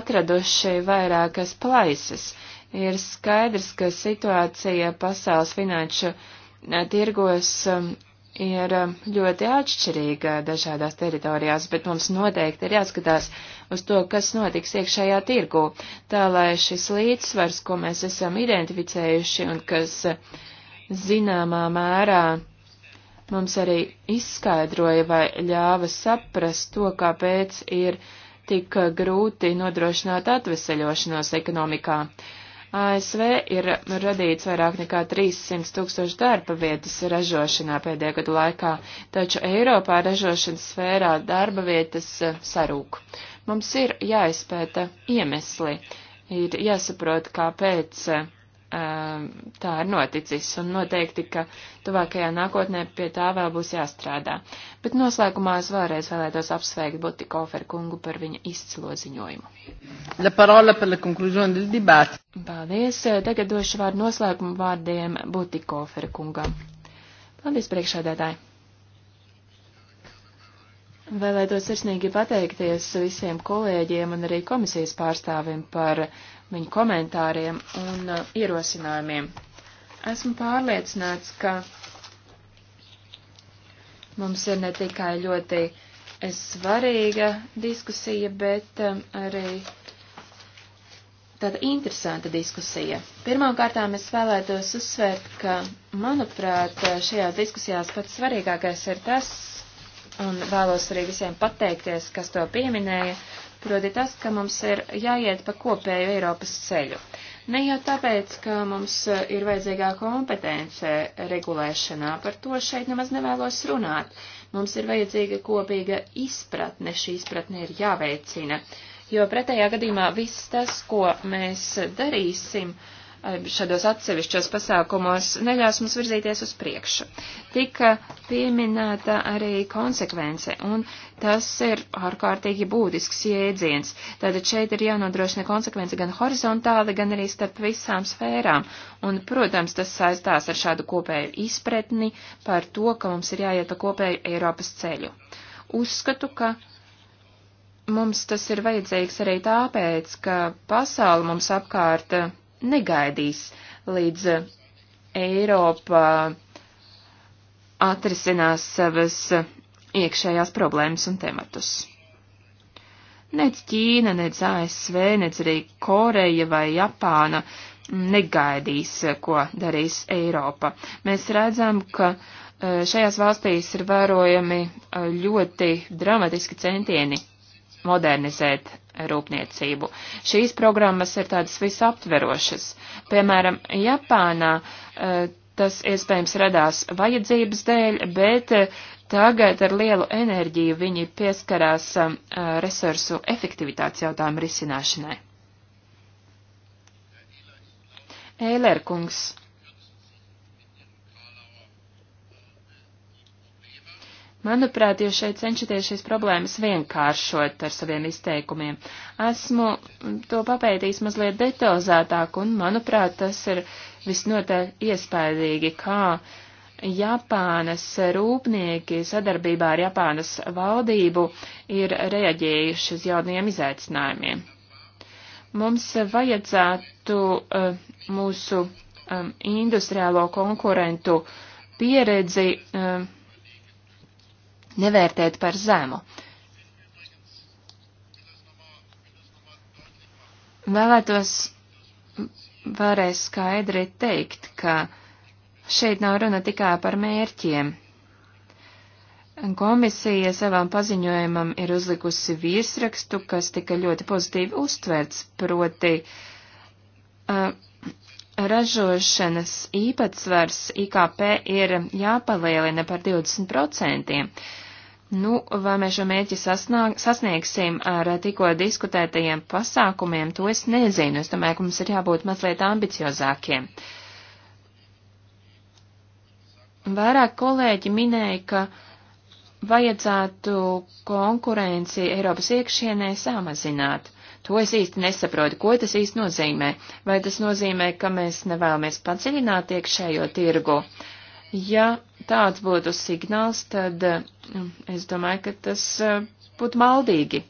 atraduši vairākas plaisas. Uh, Ir skaidrs, ka situācija pasaules finanšu eh, tirgos um, ir um, ļoti atšķirīga dažādās teritorijās, bet mums noteikti ir jāskatās uz to, kas notiks iekšējā tirgu, tā lai šis līdzsvars, ko mēs esam identificējuši un kas eh, zināmā mērā mums arī izskaidroja vai ļāva saprast to, kāpēc ir tik eh, grūti nodrošināt atveseļošanos ekonomikā. Uh, ASV ir radīts vairāk nekā 300 tūkstoši darba vietas ražošanā pēdējā gada laikā, taču Eiropā ražošanas sfērā darba vietas eh, sarūk. Mums ir jāizpēta iemesli, ir jāsaprot, kāpēc eh, Ehm, tā ir noticis, un noteikti, ka tuvākajā nākotnē pie tā vēl būs jāstrādā. Bet noslēgumā es vēlreiz vēlētos apsveikt Butikoferu kungu par viņa izcilo ziņojumu. La parola par la conclusione del dibat. Paldies, tagad došu vārdu noslēgumu vārdiem Butikoferu kungam. Paldies, priekšādētāji! Vēlētos sirsnīgi pateikties visiem kolēģiem un arī komisijas pārstāvim par uh, viņu komentāriem un uh, ierosinājumiem. Esmu pārliecināts, ka mums ir ne tikai ļoti svarīga diskusija, bet uh, arī tāda interesanta diskusija. Pirmkārtām es vēlētos uzsvērt, ka, manuprāt, šajās diskusijās pats svarīgākais ir tas, un vēlos arī visiem pateikties, kas to pieminēja, uh, proti tas, ka mums ir jāiet pa kopēju Eiropas ceļu. Ne jau tāpēc, ka mums ir vajadzīgā kompetence regulēšanā, par to šeit nemaz nevēlos runāt. Mums ir vajadzīga kopīga izpratne, šī izpratne ir jāveicina, jo pretējā gadījumā viss tas, ko mēs darīsim, uh, šādos atsevišķos pasākumos neļaus mums virzīties uz priekšu. Tika pieminēta arī konsekvence, un tas ir ārkārtīgi būtisks jēdziens. Tātad šeit ir jānodrošina konsekvence gan horizontāli, gan arī starp visām sfērām, un, protams, tas saistās ar šādu kopēju izpratni par to, ka mums ir jāiet pa kopēju Eiropas ceļu. Uzskatu, ka mums tas ir vajadzīgs arī tāpēc, ka pasauli mums apkārt negaidīs, līdz eh, Eiropa eh, atrisinās savas eh, iekšējās problēmas un tematus. Nec Ķīna, nec ASV, nec arī Koreja vai Japāna negaidīs, ko darīs Eiropa. Mēs redzam, ka šajās valstīs ir vērojami ļoti dramatiski centieni modernizēt rūpniecību. Šīs programmas ir tādas visaptverošas. Piemēram, Japānā e, tas iespējams radās vajadzības dēļ, bet e, tagad ar lielu enerģiju viņi pieskarās e, resursu efektivitātes jautājumu risināšanai. Ēlērkungs Manuprāt, jūs šeit cenšaties šīs problēmas vienkāršot ar saviem izteikumiem. Esmu to papētījis mazliet detalizētāk, un, manuprāt, tas ir visnotaļ iespaidīgi, kā Japānas rūpnieki sadarbībā ar Japānas valdību ir reaģējuši uz jauniem izaicinājumiem. Mums vajadzētu uh, mūsu um, industriālo konkurentu pieredzi um, nevērtēt par zemu. Vēlētos vēlreiz skaidri teikt, ka šeit nav runa tikai par mērķiem. Komisija savam paziņojumam ir uzlikusi virsrakstu, kas tika ļoti pozitīvi uztverts, proti uh, ražošanas īpatsvars IKP ir jāpalielina par 20%. Nu, vai mēs šo mērķi sasnāg, sasniegsim ar tikko diskutētajiem pasākumiem, to es nezinu. Es domāju, ka mums ir jābūt mazliet ambiciozākiem. Vairāk kolēģi minēja, ka vajadzētu konkurenci Eiropas iekšienē samazināt. To es īsti nesaprotu, ko tas īsti nozīmē. Vai tas nozīmē, ka mēs nevēlamies padziļināt iekšējo tirgu? Uh, Ja tāds būtu signāls, tad nu, es domāju, ka tas eh, būtu maldīgi.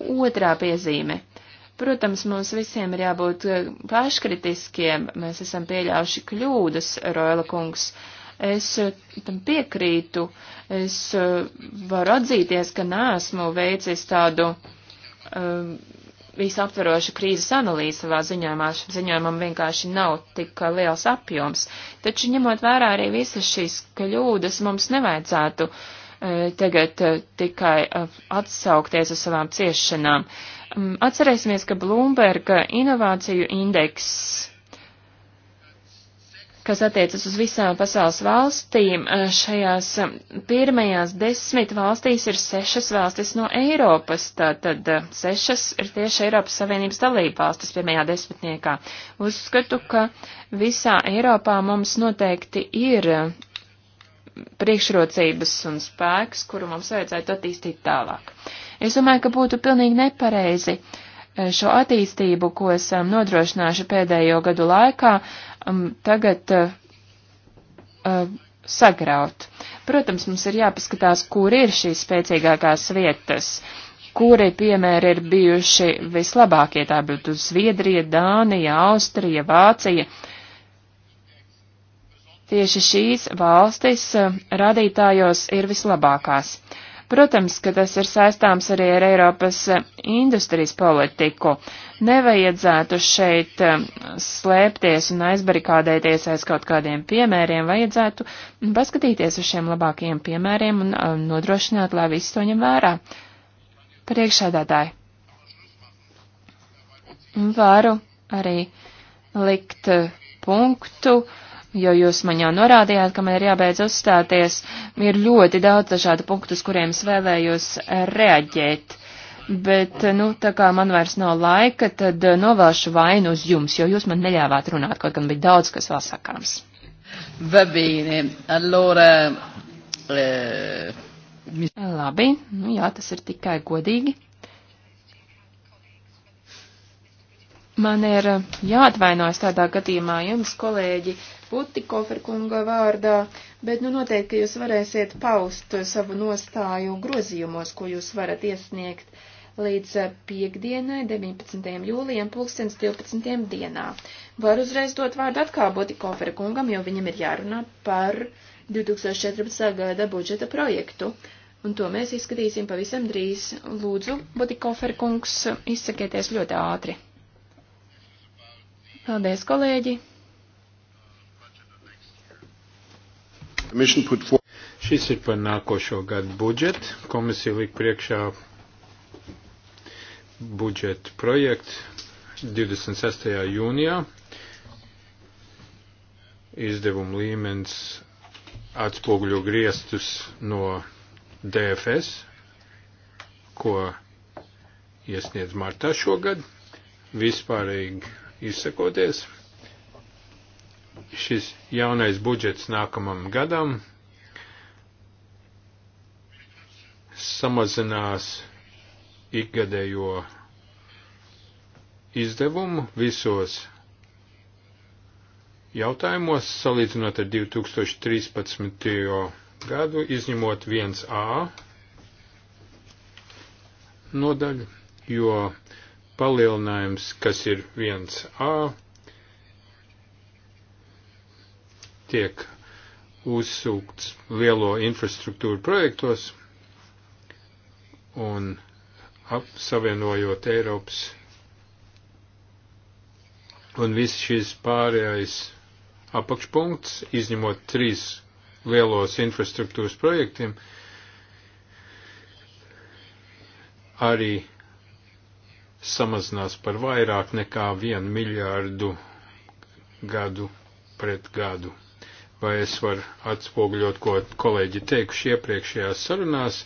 Otrā piezīme. Protams, mums visiem ir jābūt eh, paškritiskiem. Mēs esam pieļāvuši kļūdas, Roila kungs. Es eh, tam piekrītu. Es varu atzīties, ka neesmu veicis tādu um, visaptveroša krīzes analīze savā ziņojumā. Šim ziņojumam vienkārši nav tik liels apjoms. Taču ņemot vērā arī visas šīs kļūdas, mums nevajadzētu uh, tagad uh, tikai uh, atsaukties uz savām ciešanām. Um, atcerēsimies, ka Bloomberg inovāciju indeks kas attiecas uz visām pasaules valstīm, eh, šajās eh, pirmajās desmit valstīs ir sešas valstis no Eiropas, tātad eh, sešas ir tieši Eiropas Savienības dalība valstis pirmajā desmitniekā. Uzskatu, ka visā Eiropā mums noteikti ir priekšrocības un spēks, kuru mums vajadzētu attīstīt tālāk. Es domāju, ka būtu pilnīgi nepareizi šo attīstību, ko esam nodrošinājuši pēdējo gadu laikā, uh, um, tagad uh, uh, sagraut. Protams, mums ir jāpaskatās, kur ir šīs spēcīgākās vietas, kuri piemēri ir bijuši vislabākie. Tā būtu Zviedrija, Dānija, Austrija, Vācija. Tieši šīs valstis uh, rādītājos ir vislabākās. Uh, Protams, ka tas ir saistāms arī ar Eiropas eh, industrijas politiku. Nevajadzētu šeit eh, slēpties un aizbarikādēties aiz kaut kādiem piemēriem, vajadzētu paskatīties uz šiem labākajiem piemēriem un eh, nodrošināt, lai visi to ņem vērā. Priekšādātāji. Varu arī likt punktu jo jūs man jau norādījāt, ka man ir jābeidz uzstāties. Ir ļoti daudz dažādu punktu, uz kuriem es vēlējos reaģēt. Bet, nu, tā kā man vairs nav laika, tad eh, novēlšu vainu uz jums, jo jūs man neļāvāt runāt, kaut gan bija daudz, kas vēl sakāms. Va bene, allora. Eh... Labi, nu jā, tas ir tikai godīgi. Man ir eh, jāatvainojas tādā gadījumā jums, kolēģi, Putikoferkunga vārdā, bet nu noteikti jūs varēsiet paust savu nostāju grozījumos, ko jūs varat iesniegt līdz eh, piekdienai, 19. jūlijam, 2012. dienā. Var uzreiz dot vārdu atkal Putikoferkungam, jo viņam ir jārunā par 2014. gada budžeta projektu. Un to mēs izskatīsim pavisam drīz. Lūdzu, Butikoferkungs, izsakieties ļoti ātri. Paldies, kolēģi! Šis ir par nākošo gadu budžetu. Komisija lika priekšā budžetu projektu 26. jūnijā. Izdevuma līmenis atspoguļo griestus no DFS, ko iesniedz martā šogad. Vispārīgi izsakoties. Šis jaunais budžets nākamam gadam samazinās ikgadējo izdevumu visos jautājumos, salīdzinot ar 2013. gadu, izņemot 1A nodaļu, jo palielinājums, kas ir 1A, tiek uzsūkts lielo infrastruktūru projektos un apsavienojot Eiropas un viss šis pārējais apakšpunkts, izņemot trīs lielos infrastruktūras projektiem, arī samazinās par vairāk nekā 1 miljārdu gadu pret gadu. Vai es varu atspogļot, ko kolēģi teikuši iepriekšējās sarunās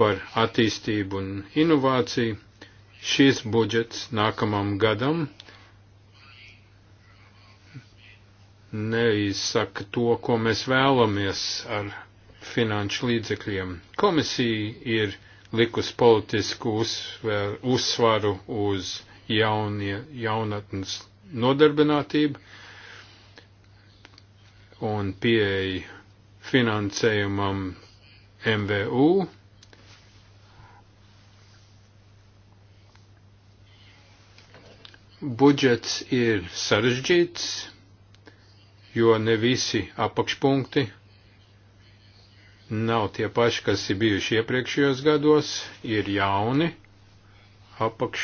par attīstību un inovāciju? Šis budžets nākamam gadam neizsaka to, ko mēs vēlamies ar finanšu līdzekļiem. Komisija ir likus politisku uzsver, uzsvaru uz jaunie, jaunatnes nodarbinātību un pieeja finansējumam MVU. Budžets ir sarežģīts, jo ne visi apakšpunkti nav tie paši, kas ir bijuši iepriekšējos gados, ir jauni apakš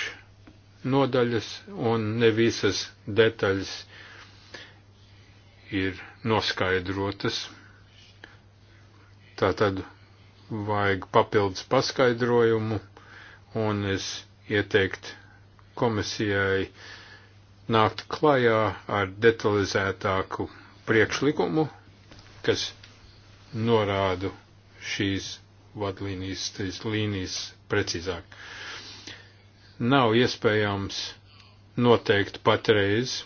nodaļas un ne visas detaļas ir noskaidrotas. Tā tad vajag papildus paskaidrojumu, un es ieteiktu komisijai nākt klajā ar detalizētāku priekšlikumu, kas norādu šīs vadlīnijas, šīs līnijas precīzāk. Nav iespējams noteikt patreiz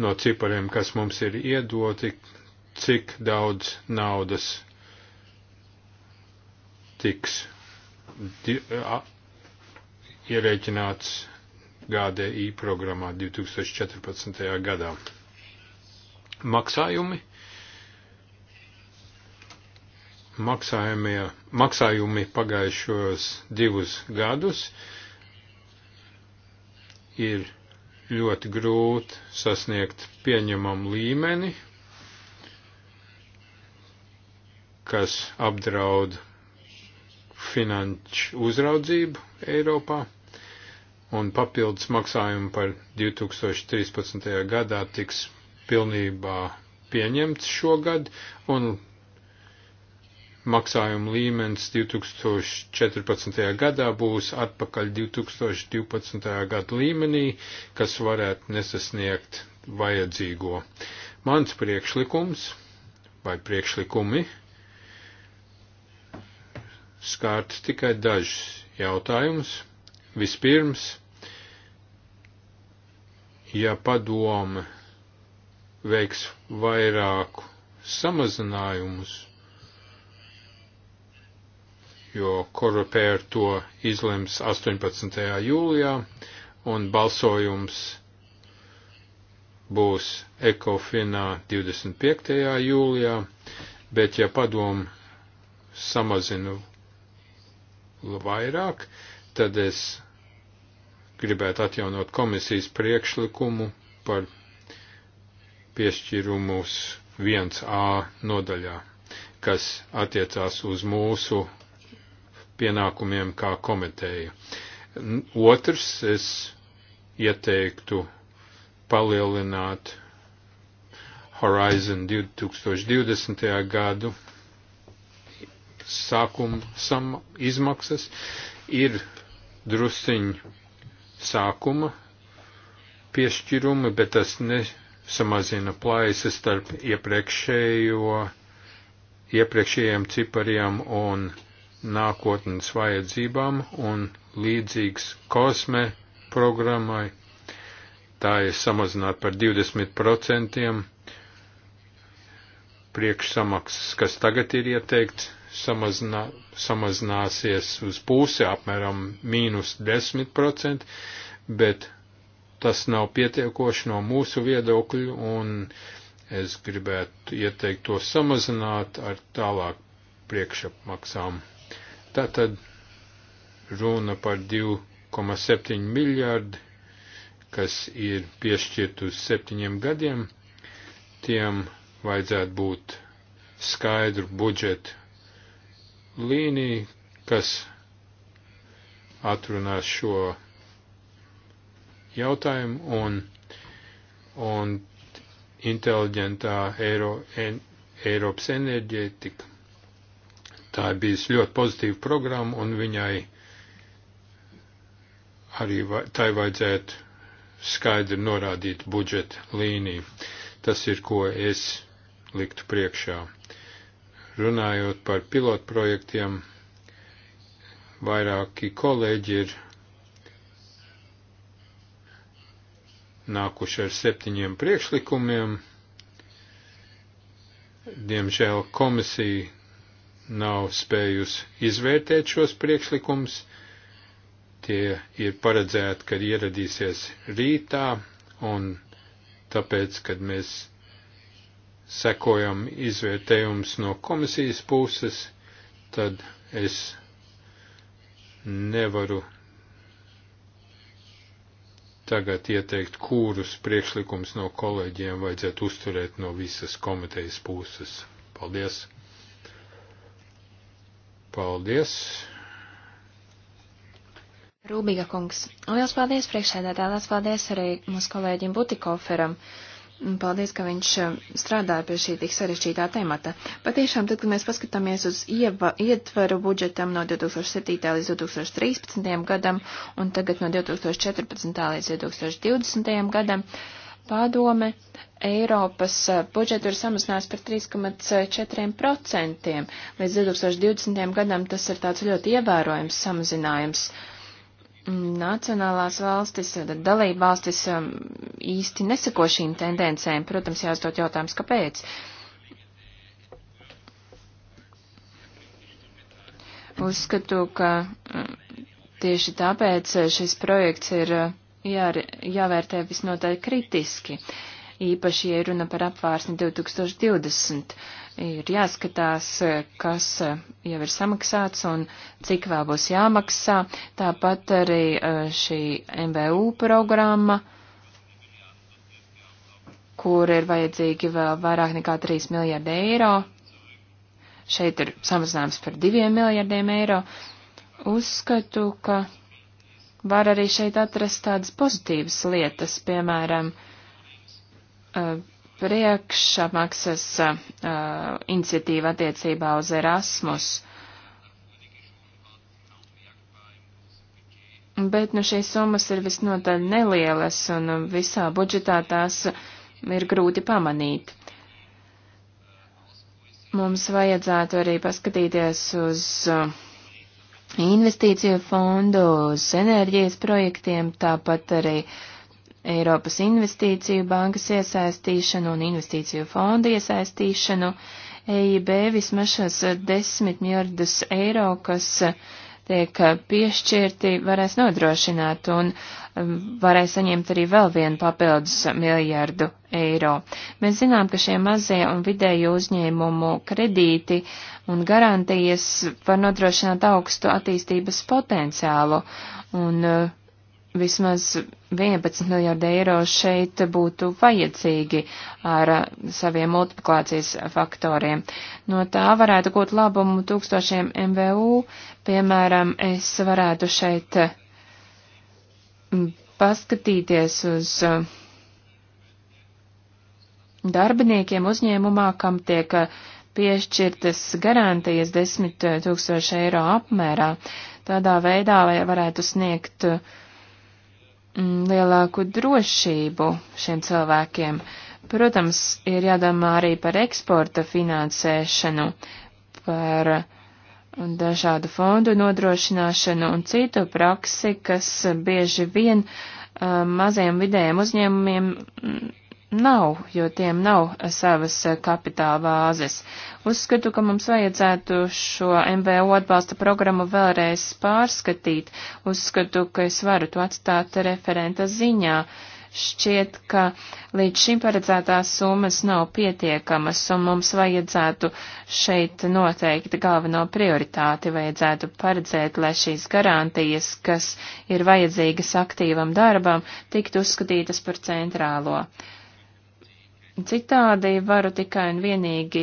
no cipariem, kas mums ir iedoti, cik daudz naudas tiks ierēķināts GDI programmā 2014. gadā. Maksājumi maksājumi pagājušos divus gadus ir ļoti grūti sasniegt pieņemamu līmeni, kas apdraud finanšu uzraudzību Eiropā, un papildus maksājumi par 2013. gadā tiks pilnībā pieņemts šogad, un maksājuma līmenis 2014. gadā būs atpakaļ 2012. gada līmenī, kas varētu nesasniegt vajadzīgo. Mans priekšlikums vai priekšlikumi skārt tikai dažus jautājumus. Vispirms, ja padome veiks vairāku samazinājumus jo Korupēr to izlems 18. jūlijā, un balsojums būs Ekofinā 25. jūlijā, bet ja padomu samazinu vairāk, tad es gribētu atjaunot komisijas priekšlikumu par piešķirumus 1A nodaļā, kas attiecās uz mūsu pienākumiem kā komiteja. Otrs, es ieteiktu palielināt Horizon 2020. gadu sākuma sam, izmaksas ir drusciņ sākuma piešķirumi, bet tas nesamazina plaisas starp iepriekšējo, iepriekšējiem cipariem un nākotnes vajadzībām un līdzīgs kosme programmai. Tā ir samazināta par 20% priekšsamaksas, kas tagad ir ieteikts, samazinā, samazināsies uz pusi apmēram mīnus 10%, bet tas nav pietiekoši no mūsu viedokļu, un es gribētu ieteikt to samazināt ar tālāk priekšapmaksām. Tātad runa par 2,7 miljārdu, kas ir piešķirt uz septiņiem gadiem, tiem vajadzētu būt skaidru budžetu līniju, kas atrunās šo jautājumu un, un inteliģentā Eiro, en, Eiropas enerģētika tā ir bijusi ļoti pozitīva programma, un viņai arī tai vajadzētu skaidri norādīt budžeta līniju. Tas ir, ko es liktu priekšā. Runājot par pilotprojektiem, vairāki kolēģi ir nākuši ar septiņiem priekšlikumiem. Diemžēl komisija nav spējusi izvērtēt šos priekšlikumus. Tie ir paredzēti, kad ieradīsies rītā, un tāpēc, kad mēs sekojam izvērtējums no komisijas puses, tad es nevaru tagad ieteikt, kurus priekšlikums no kolēģiem vajadzētu uzturēt no visas komitejas puses. Paldies! Paldies! Rūbīga kungs. Liels paldies priekšsēdētā, liels paldies arī mūsu kolēģim Butikoferam. Paldies, ka viņš eh, strādāja pie šī tik sarežģītā temata. Patiešām, tad, kad mēs paskatāmies uz ieva, ietveru budžetam no 2007. līdz 2013. gadam un tagad no 2014. līdz 2020. gadam, Padome Eiropas eh, budžetu ir samazinājusi par 3,4%. Līdz 2020. gadam tas ir tāds ļoti ievērojams samazinājums. Mm, nacionālās valstis, eh, dalība valstis eh, īsti neseko šīm tendencēm. Protams, jāuzdot jautājums, kāpēc. Uzskatu, ka mm, tieši tāpēc šis projekts ir jā, jāvērtē visnotaļ kritiski. Īpaši, ja runa par apvārsni 2020, ir jāskatās, kas jau ir samaksāts un cik vēl būs jāmaksā. Tāpat arī eh, šī MBU programma, kur ir vajadzīgi vēl vairāk nekā 3 miljārdi eiro. Šeit ir samazinājums par 2 miljārdiem eiro. Uzskatu, ka var arī šeit atrast tādas pozitīvas lietas, piemēram, eh, priekšamaksas eh, iniciatīva attiecībā uz Erasmus. Bet nu, šīs summas ir visnotaļ nelielas, un visā budžetā tās ir grūti pamanīt. Mums vajadzētu arī paskatīties uz uh, investīciju fondu, uz enerģijas projektiem, tāpat arī Eiropas investīciju bankas iesaistīšanu un investīciju fondu iesaistīšanu. EIB vismaz šos 10 miljardus eiro, kas tiek eh, piešķirti, varēs nodrošināt un eh, varēs saņemt arī vēl vienu papildus miljardu eiro. Mēs zinām, ka šie mazie un vidēju uzņēmumu kredīti un garantijas var nodrošināt augstu attīstības potenciālu un uh, vismaz 11 miljardi eiro šeit būtu vajadzīgi ar saviem multiplikācijas faktoriem. No tā varētu gūt labumu tūkstošiem MVU, piemēram, es varētu šeit paskatīties uz darbiniekiem uzņēmumā, kam tiek piešķirtas garantijas 10 tūkstoši eiro apmērā. Tādā veidā varētu sniegt uh, Mm, lielāku drošību šiem cilvēkiem. Protams, ir jādomā arī par eksporta finansēšanu, par dažādu fondu nodrošināšanu un citu praksi, kas bieži vien uh, maziem vidējiem uzņēmumiem mm, nav, jo tiem nav savas eh, kapitāla vāzes. Uzskatu, ka mums vajadzētu šo MBO atbalsta programmu vēlreiz pārskatīt. Uzskatu, ka es varu to atstāt referenta ziņā. Šķiet, ka līdz šim paredzētās summas nav pietiekamas, un mums vajadzētu šeit noteikti galveno prioritāti, vajadzētu paredzēt, lai šīs garantijas, kas ir vajadzīgas aktīvam darbam, tiktu uzskatītas par centrālo. Citādi varu tikai un vienīgi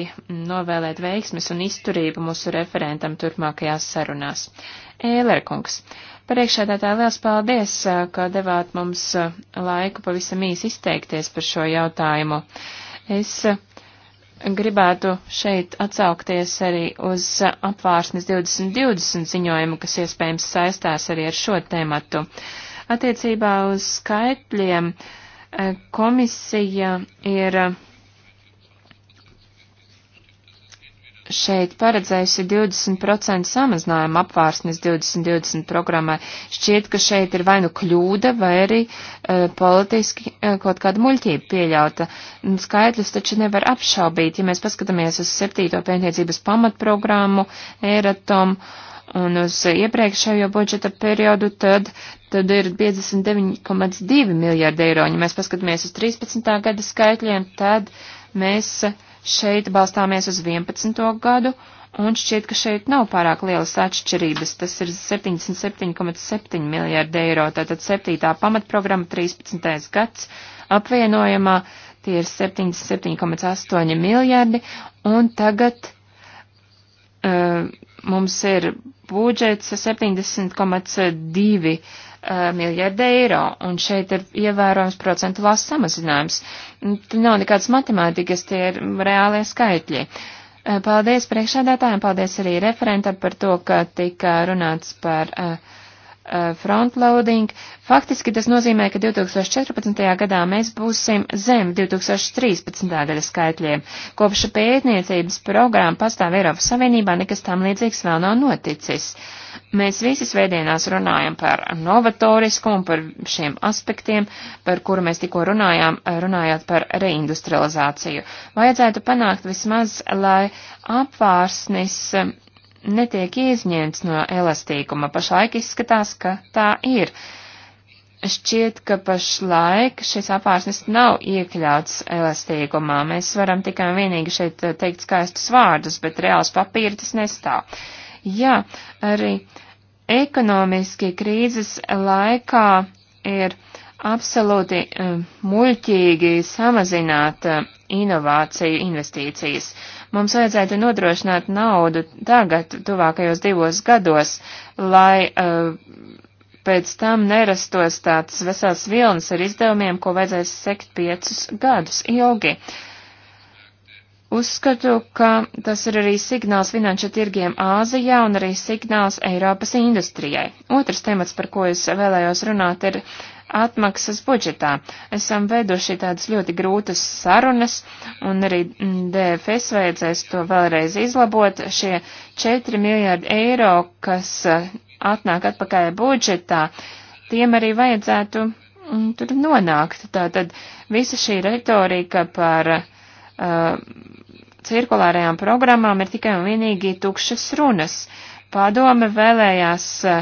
novēlēt veiksmes un izturību mūsu referentam turpmākajās sarunās. Ēlerkungs, priekšādātāji liels paldies, ka devāt mums laiku pavisam īsi izteikties par šo jautājumu. Es gribētu šeit atsaukties arī uz apvārsnes 2020 ziņojumu, kas iespējams saistās arī ar šo tēmatu. Attiecībā uz skaitļiem. Uh, Komisija ir šeit paredzējusi 20% samazinājumu apvārsnes 2020 programmai. Šķiet, ka šeit ir vai nu kļūda, vai arī e, politiski e, kaut kāda muļķība pieļauta. Nu, Skaitļus taču nevar apšaubīt. Ja mēs paskatāmies uz 7. pētniecības pamatprogrammu, Eiratom, e, un uz iepriekšējo budžeta periodu, tad, tad ir 59,2 miljārdi eiro. Ja mēs paskatāmies uz 13. gada skaitļiem, tad mēs šeit balstāmies uz 11. gadu, un šķiet, ka šeit nav pārāk lielas atšķirības. Tas ir 77,7 miljārdi eiro, tātad 7. pamatprogramma 13. gads apvienojumā. Tie ir 77,8 miljārdi, un tagad uh, mums ir budžets 70,2 eh, miljardi eiro, un šeit ir ievērojams procentuāls samazinājums. Tur nav nekādas matemātikas, tie ir reālie skaitļi. Eh, paldies priekšādātājiem, paldies arī referentam par to, ka tika runāts par uh, Eh, frontloading. Faktiski tas nozīmē, ka 2014. gadā mēs būsim zem 2013. gada skaitļiem. Kopš pētniecības programma pastāv Eiropas Savienībā, nekas tam līdzīgs vēl nav noticis. Mēs visi svētdienās runājam par novatoriskumu, par šiem aspektiem, par kuru mēs tikko runājām, eh, runājot par reindustrializāciju. Vajadzētu panākt vismaz, lai apvārsnis eh, netiek izņemts no elastīguma. Pašlaik izskatās, ka tā ir. Šķiet, ka pašlaik šis apārsnis nav iekļauts elastīgumā. Mēs varam tikai un vienīgi šeit eh, teikt skaistus vārdus, bet reāls papīra tas nestāv. Jā, arī ekonomiski krīzes laikā ir absolūti eh, muļķīgi samazināt eh, inovāciju investīcijas. Uh, Mums vajadzētu nodrošināt naudu tagad, tuvākajos divos gados, lai uh, pēc tam nerastos tāds vesels vilnis ar izdevumiem, ko vajadzēs sekt piecus gadus ilgi. Uzskatu, ka tas ir arī signāls finanšu tirgiem Āzijā un arī signāls Eiropas industrijai. Otrs temats, par ko es vēlējos runāt, ir atmaksas budžetā. Esam veidoši tādas ļoti grūtas sarunas, un arī mm, DFS vajadzēs to vēlreiz izlabot. Šie 4 miljārdi eiro, kas eh, atnāk atpakaļ budžetā, tiem arī vajadzētu mm, tur nonākt. Tātad visa šī retorika par uh, cirkulārajām programmām ir tikai un vienīgi tukšas runas. Padome vēlējās uh,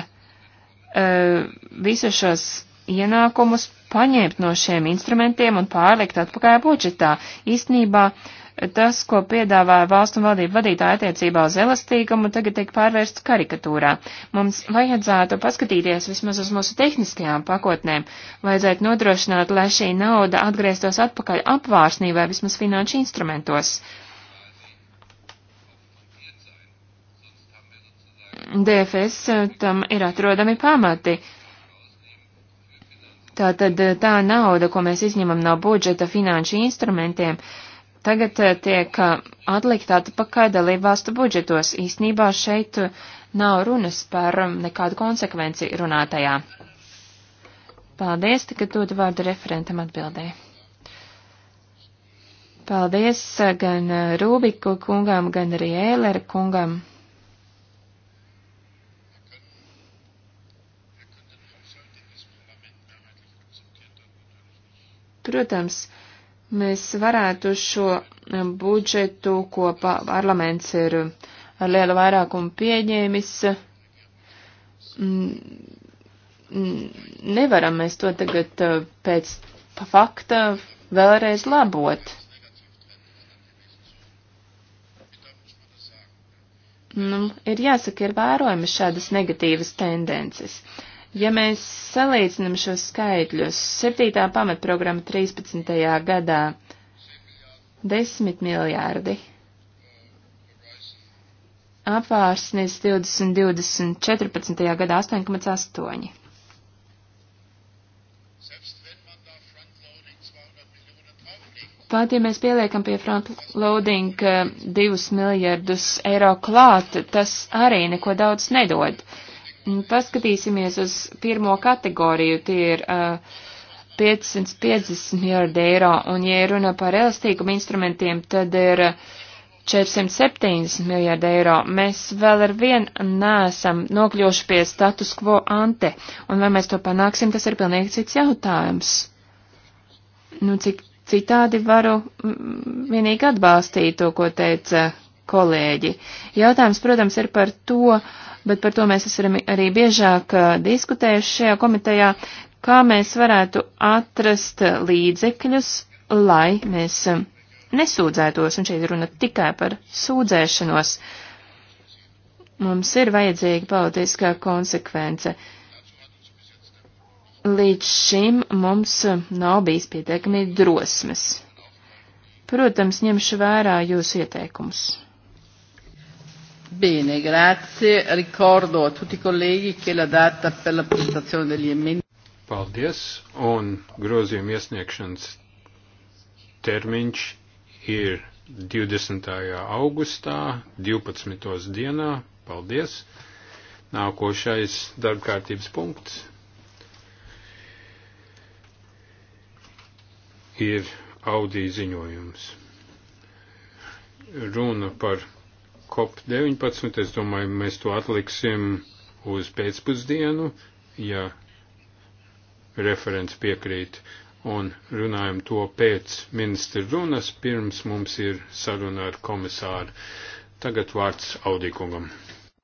eh, visus šos ienākumus paņemt no šiem instrumentiem un pārlikt atpakaļ budžetā. Īstenībā eh, tas, ko piedāvāja valstu un valdību vadītāja attiecībā uz elastīgumu, tagad tiek pārvērsts karikatūrā. Mums vajadzētu paskatīties vismaz uz mūsu tehniskajām pakotnēm, vajadzētu nodrošināt, lai šī nauda atgrieztos atpakaļ apvārsnī vai vismaz finanšu instrumentos. DFS eh, tam ir atrodami pamati. Uh, Tātad eh, tā nauda, ko mēs izņemam no budžeta finanšu instrumentiem, tagad eh, tiek eh, atlikta atpakaļ dalību valstu budžetos. Īsnībā šeit nav runas par um, nekādu konsekvenci runātajā. Paldies, tagad dodu vārdu referentam atbildēji. Paldies gan Rūbiku kungam, gan arī Ēlera kungam. Protams, mēs varētu šo budžetu, ko parlaments ir ar lielu vairākumu pieņēmis, nevaram mēs to tagad pēc fakta vēlreiz labot. Nu, ir jāsaka, ir vērojami šādas negatīvas tendences. Uh, Ja mēs salīdzinām šos skaitļus, 7. pamatprogramma 13. gadā 10 miljārdi, apvārsnes 2020 14. gadā 8,8. Pat ja mēs pieliekam pie frontloading 2 eh, miljardus eiro klāt, tas arī neko daudz nedod. Uh, Paskatīsimies uz pirmo kategoriju, tie ir uh, 550 miljardi eiro, un ja runa par elastīgumu instrumentiem, tad ir 470 miljardi eiro. Mēs vēl ar vien nesam nokļuvuši pie status quo ante, un vai mēs to panāksim, tas ir pilnīgi cits jautājums. Nu, cik citādi varu vienīgi atbalstīt to, ko teica kolēģi. Jautājums, protams, ir par to, bet par to mēs esam arī biežāk uh, diskutējuši šajā komitejā, kā mēs varētu atrast līdzekļus, lai mēs um, nesūdzētos, un šeit runa tikai par sūdzēšanos. Mums ir vajadzīga politiskā konsekvence. Līdz šim mums um, nav bijis pietiekami drosmes. Protams, ņemšu vērā jūsu ieteikumus. Bene, grazie. Ricordo a tutti i colleghi che la data per la presentazione degli emendamenti. Paldies, un grozījuma iesniegšanas termiņš ir 20. augustā, 12. dienā. Paldies. Nākošais darbkārtības punkts ir Audī ziņojums. Runa par COP19, es domāju, mēs to atliksim uz pēcpusdienu, ja referents piekrīt, un runājam to pēc ministra runas, pirms mums ir saruna ar komisāru. Tagad vārds Audīkungam.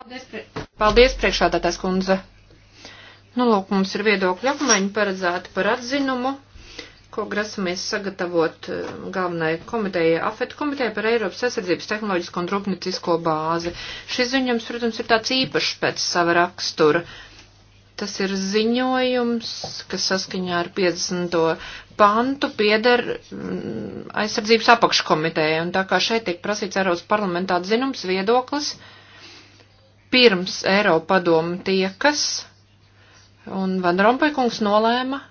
Paldies, prie... Paldies priekšādātās kundze. Nu, lūk, mums ir viedokļa apmaiņa paredzēta par atzinumu ko grasamies sagatavot eh, galvenai komitejai, AFET komitejai par Eiropas aizsardzības tehnoloģisko un rūpnicisko bāzi. Šis ziņojums, protams, ir tāds īpašs pēc sava rakstura. Tas ir ziņojums, kas saskaņā ar 50. pantu pieder mm, aizsardzības apakškomitejai, un tā kā šeit tiek prasīts Eiropas parlamentā zinums viedoklis, pirms Eiropa padomu tiekas, un Van Rompēkungs nolēma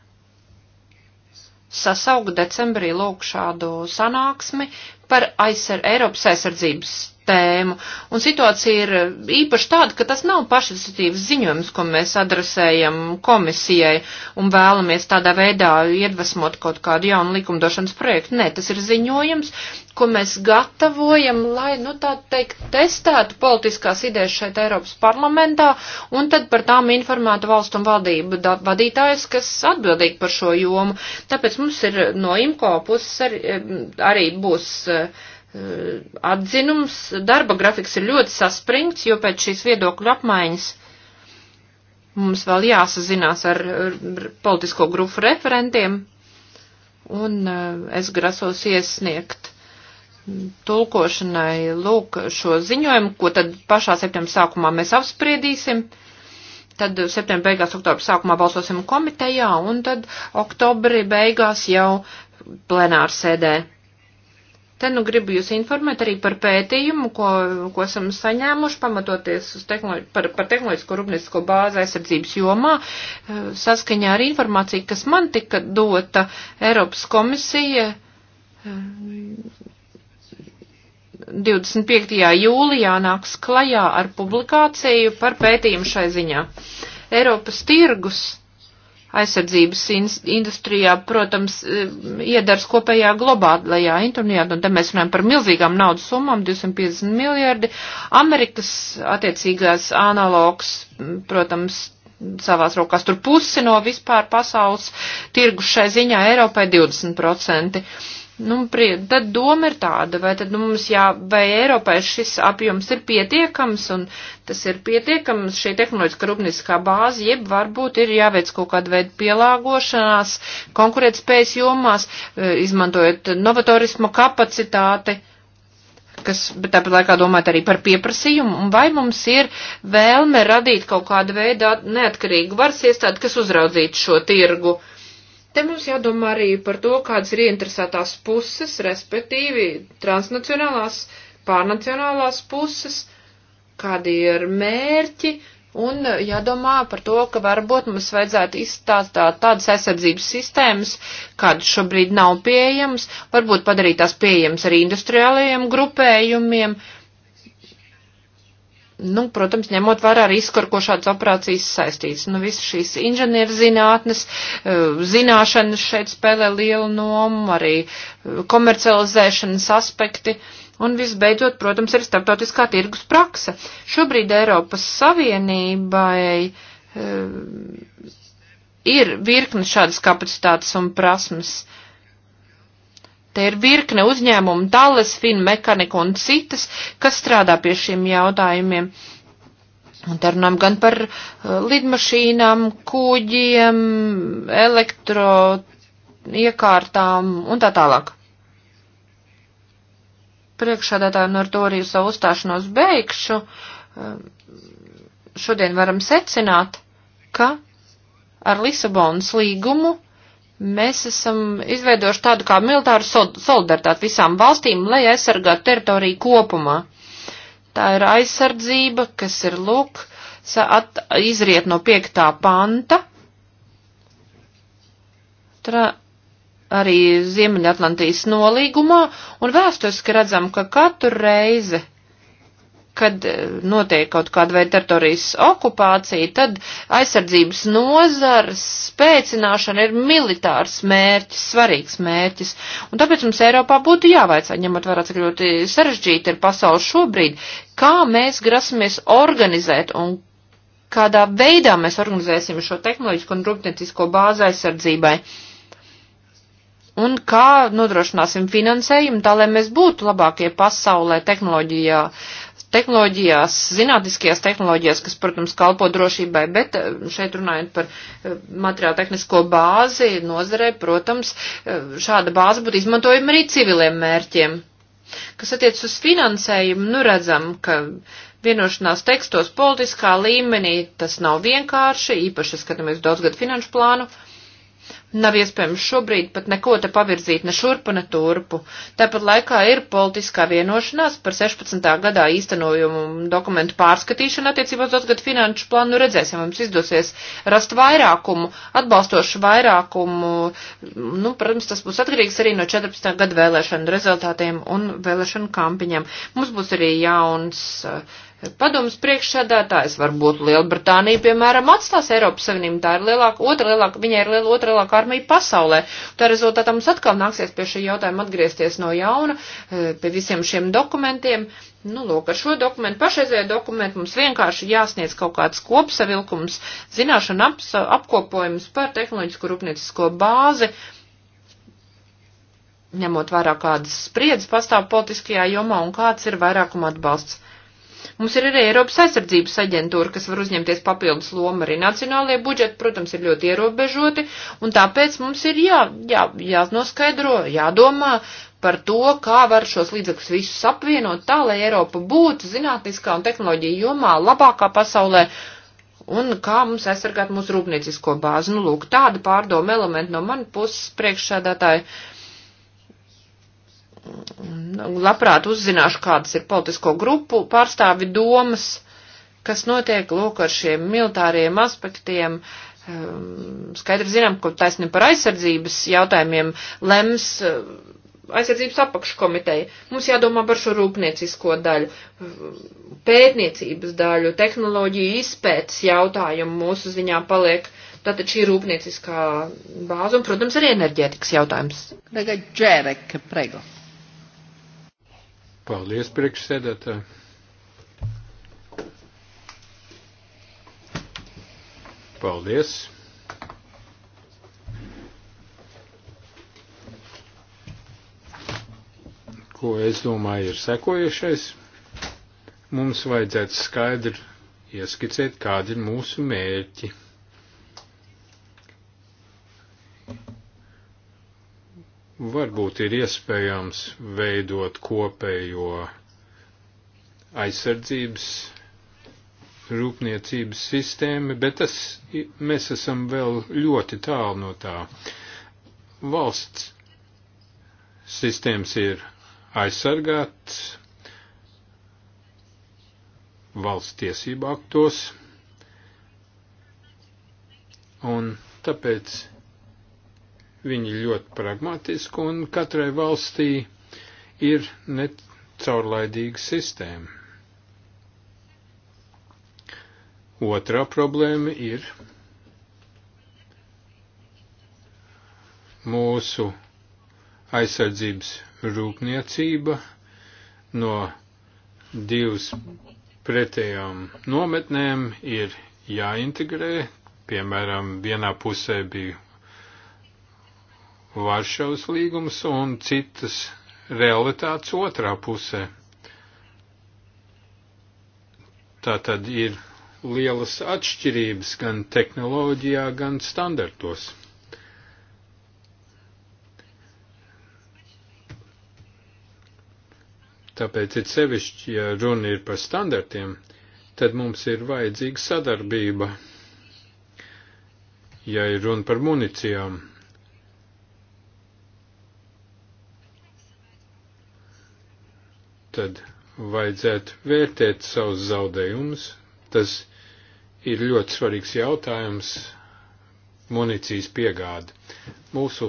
sasaukt decembrī lūk šādu sanāksmi par aizsar, Eiropas aizsardzības tēmu. Un situācija ir īpaši tāda, ka tas nav pašiniciatīvas ziņojums, ko mēs adresējam komisijai un vēlamies tādā veidā iedvesmot kaut kādu jaunu likumdošanas projektu. Nē, tas ir ziņojums, ko mēs gatavojam, lai, nu tā teikt, testētu politiskās idejas šeit Eiropas parlamentā un tad par tām informētu valstu un valdību vadītājus, kas atbildīgi par šo jomu. Tāpēc mums ir no IMCO puses arī, arī būs uh, Eh, atzinums. Darba grafiks ir ļoti saspringts, jo pēc šīs viedokļu apmaiņas mums vēl jāsazinās ar politisko grupu referentiem, un eh, es grasos iesniegt tulkošanai lūk šo ziņojumu, ko tad pašā septembra sākumā mēs apspriedīsim. Tad septembra beigās, oktobra sākumā balsosim komitejā, un tad oktobri beigās jau plenārsēdē. sēdē Te nu gribu jūs informēt arī par pētījumu, ko, ko esam saņēmuši, pamatoties uz tehnoloģi, par, par tehnoloģisko rūpniecisko bāzi aizsardzības jomā, eh, saskaņā ar informāciju, kas man tika dota Eiropas komisija 25. Eh, jūlijā nāks klajā ar publikāciju par pētījumu šai ziņā. Eiropas tirgus aizsardzības industrijā, protams, e, iedars kopējā globālajā internetā, un te mēs runājam par milzīgām naudas summām, 250 miljardi. Amerikas attiecīgās analogs, protams, savās rokās tur pusi no vispār pasaules tirgus šai ziņā Eiropai 20%. Nu, prie, tad doma ir tāda, vai tad nu, mums jā, vai Eiropai šis apjoms ir pietiekams un tas ir pietiekams šī tehnoloģiska rūpnieciskā bāze, jeb varbūt ir jāveic kaut kāda veida pielāgošanās konkurētspējas jomās, e, izmantojot novatorismu kapacitāti kas, bet tāpat laikā domāt arī par pieprasījumu, un vai mums ir vēlme radīt kaut kādu veidu neatkarīgu varas iestādi, kas uzraudzītu šo tirgu. Uh, Te mums jādomā arī par to, kādas ir interesētās puses, respektīvi transnacionālās, pārnacionālās puses, kādi ir mērķi, un e, jādomā par to, ka varbūt mums vajadzētu izstāstīt tādas aizsardzības sistēmas, kādas šobrīd nav pieejamas, varbūt padarīt tās pieejamas arī industriālajiem grupējumiem, uh, nu, protams, ņemot vērā risku, ar ko šādas operācijas saistīts. Nu, visas šīs inženierzinātnes, eh, zināšanas šeit spēlē lielu nomu, arī eh, komercializēšanas aspekti. Un visbeidzot, protams, ir starptautiskā tirgus prakse. Šobrīd Eiropas Savienībai eh, ir virkne šādas kapacitātes un prasmes. Uh, Te ir virkne uzņēmumu, Dallas, Fin, Mekanika un citas, kas strādā pie šiem jautājumiem. Un te runām gan par uh, lidmašīnām, kūģiem, elektro iekārtām un tā tālāk. Priekšādātāju no ar to arī savu uzstāšanos beigšu. Uh, šodien varam secināt, ka ar Lisabonas līgumu Mēs esam izveidojuši tādu kā militāru solidaritāti visām valstīm, lai aizsargātu teritoriju kopumā. Tā ir aizsardzība, kas ir lūk, at, izriet no piektā panta. Tra, arī Ziemeļatlantijas nolīgumā, un vēsturiski redzam, ka katru reizi, kad eh, notiek kaut kāda veida teritorijas okupācija, tad aizsardzības nozars spēcināšana ir militārs mērķis, svarīgs mērķis. Un tāpēc mums Eiropā būtu jāvaicā, ņemot vērā, cik ļoti sarežģīti ir pasauli šobrīd, kā mēs grasamies organizēt un kādā veidā mēs organizēsim šo tehnoloģisko un rūpniecisko bāzi aizsardzībai un kā nodrošināsim finansējumu, tā lai mēs būtu labākie pasaulē tehnoloģijā tehnoloģijās, zinātniskajās tehnoloģijās, kas, protams, kalpo drošībai, bet eh, šeit runājot par eh, materiālu tehnisko bāzi nozarē, protams, eh, šāda bāze būtu izmantojama arī civiliem mērķiem. Kas attiec uz finansējumu, nu redzam, ka vienošanās tekstos politiskā līmenī tas nav vienkārši, īpaši skatāmies daudzgad finanšu plānu. Uh, Nav iespējams šobrīd pat neko te pavirzīt ne šurpu, ne turpu. Tāpat laikā ir politiskā vienošanās par 16. gadā īstenojumu dokumentu pārskatīšanu attiecībā uz atgadu finanšu plānu. Redzēsim, mums izdosies rast vairākumu, atbalstošu vairākumu. Nu, protams, tas būs atkarīgs arī no 14. gada vēlēšanu rezultātiem un vēlēšanu kampiņam. Mums būs arī jauns. Uh, Padomas priekšsēdētājs varbūt Lielbritānija, piemēram, atstās Eiropas Savienību, tā ir lielāka, otra lielāka, viņai ir liela otra lielāka armija pasaulē. Tā rezultātā mums atkal nāksies pie šī jautājuma atgriezties no jauna, eh, pie visiem šiem dokumentiem. Nu, lūk, ar šo dokumentu, pašreizējo dokumentu mums vienkārši jāsniedz kaut kāds kopsavilkums, zināšana ap, apkopojums par tehnoloģisku rūpniecisko bāzi ņemot vērā kādas spriedzes pastāv politiskajā jomā un kāds ir vairākuma atbalsts. Mums ir arī Eiropas aizsardzības aģentūra, kas var uzņemties papildus lomu arī nacionālajie budžeti, protams, ir ļoti ierobežoti, un tāpēc mums ir jā, jā, jānoskaidro, jādomā par to, kā var šos līdzekļus visus apvienot tā, lai Eiropa būtu zinātniskā un tehnoloģija jomā labākā pasaulē un kā mums aizsargāt mūsu rūpniecisko bāzi. Nu, lūk, tāda pārdoma elementa no manas puses priekšsēdētāja. Uh, labprāt uzzināšu, kādas ir politisko grupu pārstāvi domas, kas notiek lūk ar šiem militāriem aspektiem. Ehm, skaidri zinām, ka taisnība par aizsardzības jautājumiem lems eh, aizsardzības apakškomiteja. Mums jādomā par šo rūpniecisko daļu, eh, pētniecības daļu, tehnoloģiju izpētes jautājumu mūsu ziņā paliek. Tātad šī rūpnieciskā bāze un, protams, arī enerģētikas jautājums. Tagad Džēreka prego. Paldies, priekšsēdētāji. Paldies. Ko es domāju ir sekojušais? Mums vajadzētu skaidri ieskicēt, kādi ir mūsu mērķi. varbūt ir iespējams veidot kopējo aizsardzības rūpniecības sistēmu, bet tas, mēs esam vēl ļoti tālu no tā. Valsts sistēmas ir aizsargāts valsts tiesību aktos, un tāpēc Viņi ir ļoti pragmatiski un katrai valstī ir necaurlaidīga sistēma. Otrā problēma ir mūsu aizsardzības rūpniecība no divas pretējām nometnēm ir jāintegrē. Piemēram, vienā pusē bija Varšavas līgums un citas realitātes otrā pusē. Tā tad ir lielas atšķirības gan tehnoloģijā, gan standartos. Tāpēc ir sevišķi, ja runa ir par standartiem, tad mums ir vajadzīga sadarbība, ja ir runa par municijām. tad vajadzētu vērtēt savus zaudējumus. Tas ir ļoti svarīgs jautājums - munīcijas piegāde. Mūsu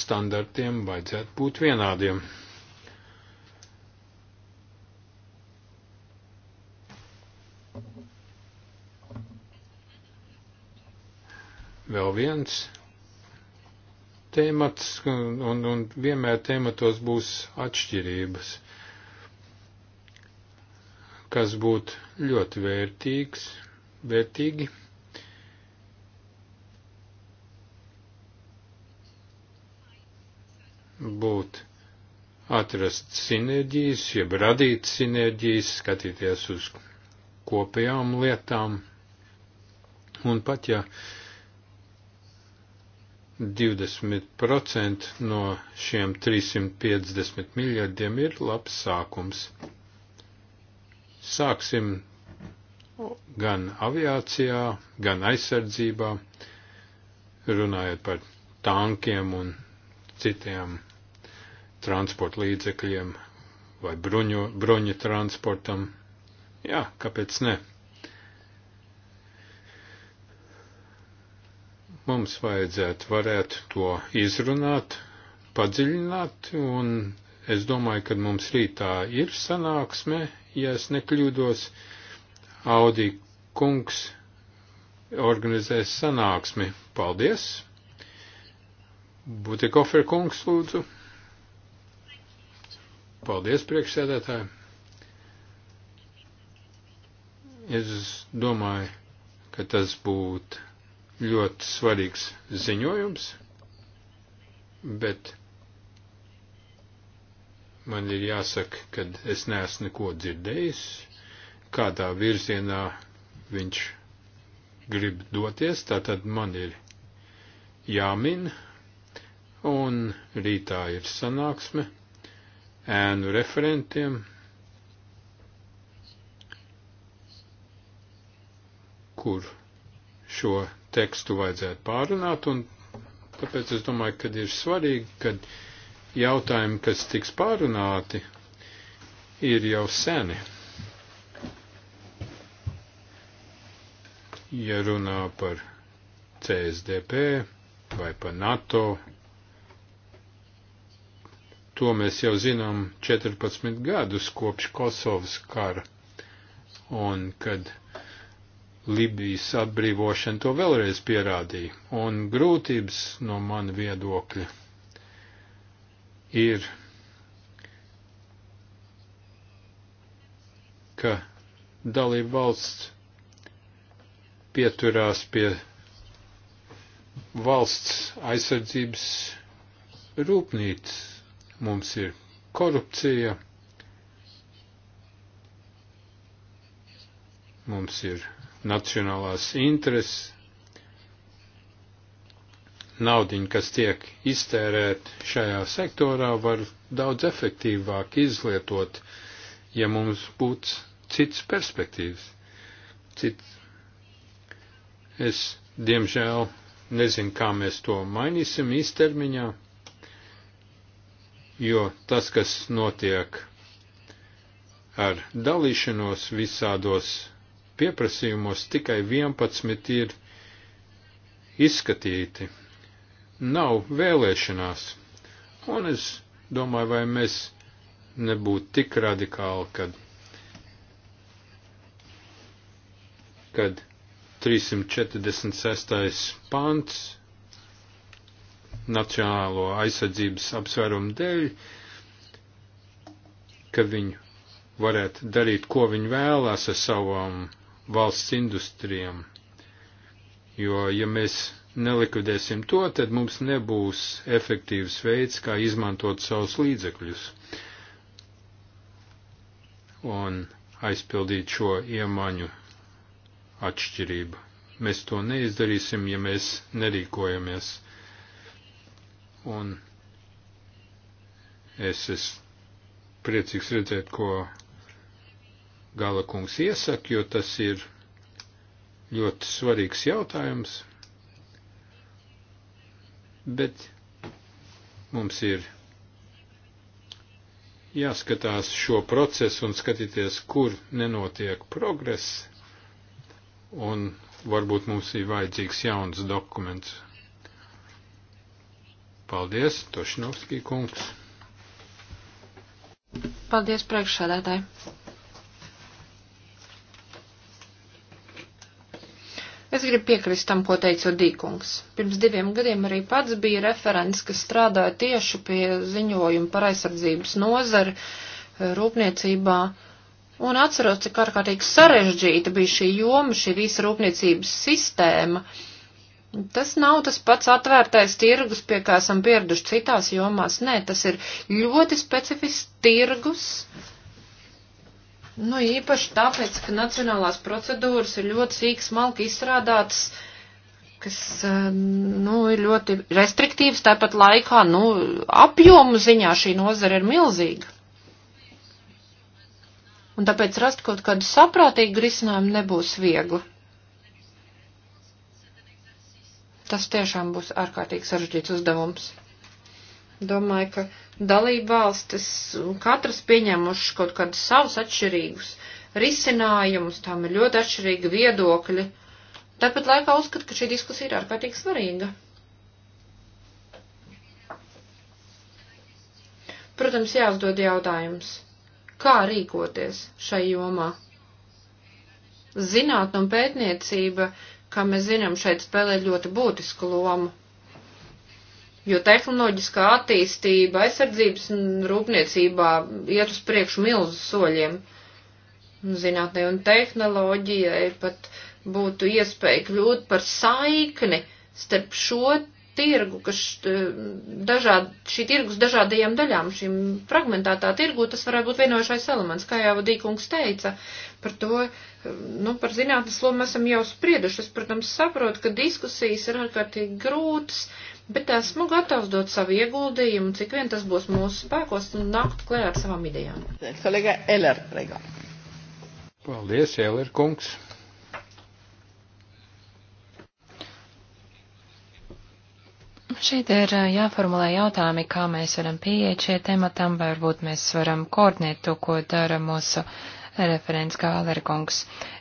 standartiem vajadzētu būt vienādiem. Vēl viens tēmats, un, un vienmēr tēmatos būs atšķirības kas būtu ļoti vērtīgs, vērtīgi. Būt atrast sinerģijas, jeb radīt sinerģijas, skatīties uz kopējām lietām. Un pat ja 20% no šiem 350 miljardiem ir labs sākums. Sāksim gan aviācijā, gan aizsardzībā, runājot par tankiem un citiem transporta līdzekļiem vai bruņu, bruņu transportam. Jā, kāpēc ne? Mums vajadzētu varētu to izrunāt, padziļināt, un es domāju, ka mums rītā ir sanāksme ja es nekļūdos, Audi kungs organizēs sanāksmi. Paldies! Butikofer kungs, lūdzu. Paldies, priekšsēdētāji. Es domāju, ka tas būtu ļoti svarīgs ziņojums, bet man ir jāsaka, ka es neesmu neko dzirdējis, kādā virzienā viņš grib doties, tātad man ir jāmin, un rītā ir sanāksme ēnu referentiem, kur šo tekstu vajadzētu pārunāt, un tāpēc es domāju, ka ir svarīgi, kad jautājumi, kas tiks pārunāti, ir jau seni. Ja runā par CSDP vai par NATO, to mēs jau zinām 14 gadus kopš Kosovas kara, un kad Libijas atbrīvošana to vēlreiz pierādīja, un grūtības no mana viedokļa ir, ka dalība valsts pieturās pie valsts aizsardzības rūpnīcas. Mums ir korupcija, mums ir nacionālās intereses, naudiņu, kas tiek iztērēt šajā sektorā, var daudz efektīvāk izlietot, ja mums būtu cits perspektīvs. Cits. Es, diemžēl, nezinu, kā mēs to mainīsim īstermiņā, jo tas, kas notiek ar dalīšanos visādos pieprasījumos, tikai 11 ir izskatīti nav vēlēšanās. Un es domāju, vai mēs nebūtu tik radikāli, kad, kad 346. pants nacionālo aizsardzības apsvērumu dēļ, ka viņi varētu darīt, ko viņi vēlās ar savām valsts industrijām. Jo, ja mēs nelikvidēsim to, tad mums nebūs efektīvs veids, kā izmantot savus līdzekļus un aizpildīt šo iemaņu atšķirību. Mēs to neizdarīsim, ja mēs nerīkojamies. Un es esmu priecīgs redzēt, ko gala kungs iesaka, jo tas ir ļoti svarīgs jautājums, bet mums ir jāskatās šo procesu un skatīties, kur nenotiek progress, un varbūt mums ir vajadzīgs jauns dokuments. Paldies, Tošinovskī kungs. Paldies, priekšsādātāji. Es gribu piekrist tam, ko teica Dīkungs. Pirms diviem gadiem arī pats bija referents, kas strādāja tieši pie ziņojuma par aizsardzības nozari eh, rūpniecībā. Un atceros, cik ārkārtīgi sarežģīta bija šī joma, šī visa rūpniecības sistēma. Tas nav tas pats atvērtais tirgus, pie kā esam pieraduši citās jomās. Nē, tas ir ļoti specifisks tirgus, uh, Nu, īpaši tāpēc, ka nacionālās procedūras ir ļoti sīk smalki izstrādātas, kas, eh, nu, ir ļoti restriktīvas, tāpat laikā, nu, apjomu ziņā šī nozara ir milzīga. Un tāpēc rast kaut kādu saprātīgu risinājumu nebūs viegli. Tas tiešām būs ārkārtīgi sarežģīts uzdevums. Domāju, ka dalībvalstis katras pieņēmušas kaut kādus savus atšķirīgus risinājumus, tām ir ļoti atšķirīgi viedokļi. Tāpat laikā uzskat, ka šī diskusija ir ārkārtīgi svarīga. Protams, jāuzdod jautājums, kā rīkoties šai jomā. Zinātne un pētniecība, kā mēs zinām, šeit spēlē ļoti būtisku lomu jo tehnoloģiskā attīstība aizsardzības rūpniecībā iet uz priekšu milzu soļiem. Zinātnē un tehnoloģijai pat būtu iespēja kļūt par saikni starp šo tirgu, ka dažād, šī tirgus dažādajām daļām, šīm fragmentētā tirgu, tas varētu būt vienošais elements, kā jau Dīkungs teica. Par to, nu, par zinātnes lomu esam jau sprieduši. Es, protams, saprotu, ka diskusijas ir ārkārtīgi grūtas, bet esmu gatavs dot savu ieguldījumu, cik vien tas būs mūsu spēkos un nākt klē ar savām idejām. Kolēģa Eller, Paldies, Eller kungs. šeit ir eh, jāformulē jautājumi, kā mēs varam pieiet šie tematam, varbūt mēs varam koordinēt to, ko dara mūsu referents Gālerkungs.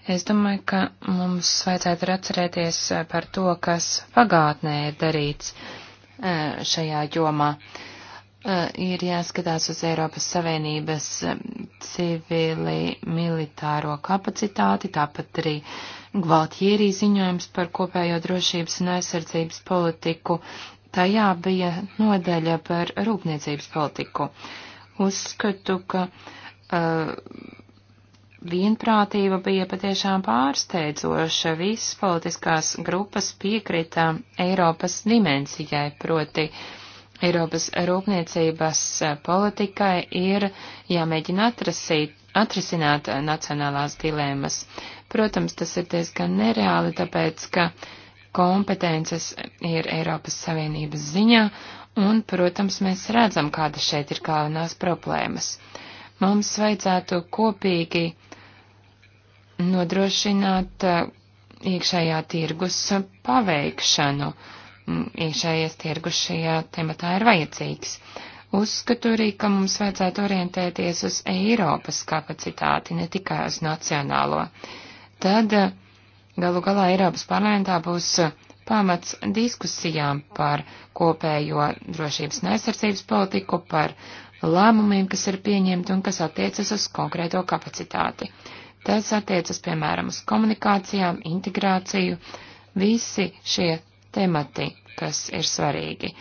Es domāju, ka mums vajadzētu atcerēties eh, par to, kas pagātnē ir darīts eh, šajā jomā. Ir jāskatās uz Eiropas Savienības civili militāro kapacitāti, tāpat arī Gvaltjērī ziņojums par kopējo drošības un aizsardzības politiku Tajā bija nodaļa par rūpniecības politiku. Uzskatu, ka uh, vienprātība bija patiešām pārsteidzoša. Visas politiskās grupas piekrita Eiropas dimensijai, proti Eiropas rūpniecības uh, politikai ir jāmēģina atrasīt, atrisināt uh, nacionālās dilēmas. Protams, tas ir diezgan nereāli, tāpēc, ka uh, kompetences ir Eiropas Savienības ziņā, un, protams, mēs redzam, kādas šeit ir galvenās problēmas. Mums vajadzētu kopīgi nodrošināt uh, iekšējā tirgus paveikšanu. Mm, iekšējais tirgus šajā tematā ir vajadzīgs. Uzskatu arī, ka mums vajadzētu orientēties uz Eiropas kapacitāti, ne tikai uz nacionālo. Tad uh, Galu galā Eiropas parlamentā būs uh, pamats diskusijām par kopējo drošības un aizsardzības politiku, par lēmumiem, kas ir pieņemti un kas attiecas uz konkrēto kapacitāti. Tas attiecas, piemēram, uz komunikācijām, integrāciju, visi šie temati, kas ir svarīgi.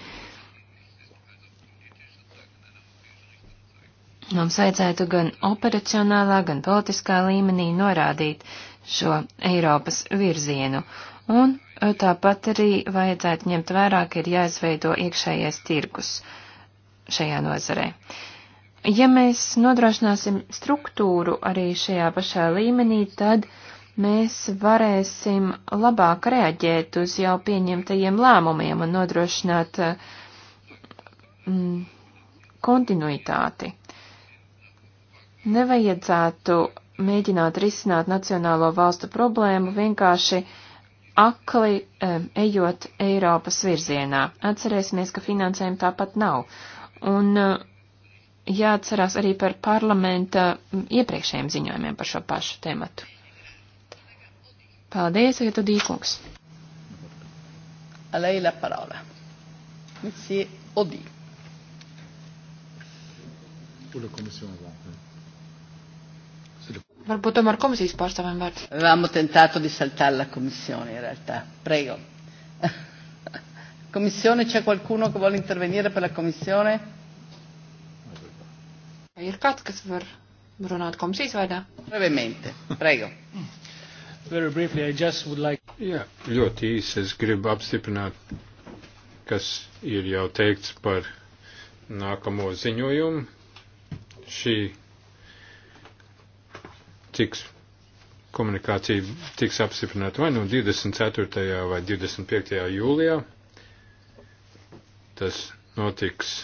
Mums vajadzētu gan operacionālā, gan politiskā līmenī norādīt, šo Eiropas virzienu. Un e, tāpat arī vajadzētu ņemt vērā, ka ir jāizveido iekšējais tirgus šajā nozarē. Ja mēs nodrošināsim struktūru arī šajā pašā līmenī, tad mēs varēsim labāk reaģēt uz jau pieņemtajiem lēmumiem un nodrošināt mm, kontinuitāti. Nevajadzētu mēģināt risināt nacionālo valstu problēmu vienkārši akli ejot Eiropas virzienā. Atcerēsimies, ka finansējuma tāpat nav. Un eh, jāatcerās arī par parlamenta iepriekšējiem ziņojumiem par šo pašu tematu. Paldies, Vietu Dīkungs. Alei la parola. Monsieur Odi. Pour la commission avant. Varbūt tomēr komisijas pārstāvēm vārds. Avevamo tentato di saltare la commissione in realtà. Prego. commissione, c'è qualcuno che vuole intervenire per la commissione? Vai ir kāds, kas var runāt komisijas vārdā? Brevemente. Prego. Very briefly, I just would like... Jā, ļoti īsi es gribu apstiprināt, kas ir jau teikts par nākamo ziņojumu. Šī tiks komunikācija tiks apstiprināta vai nu 24. vai 25. jūlijā. Tas notiks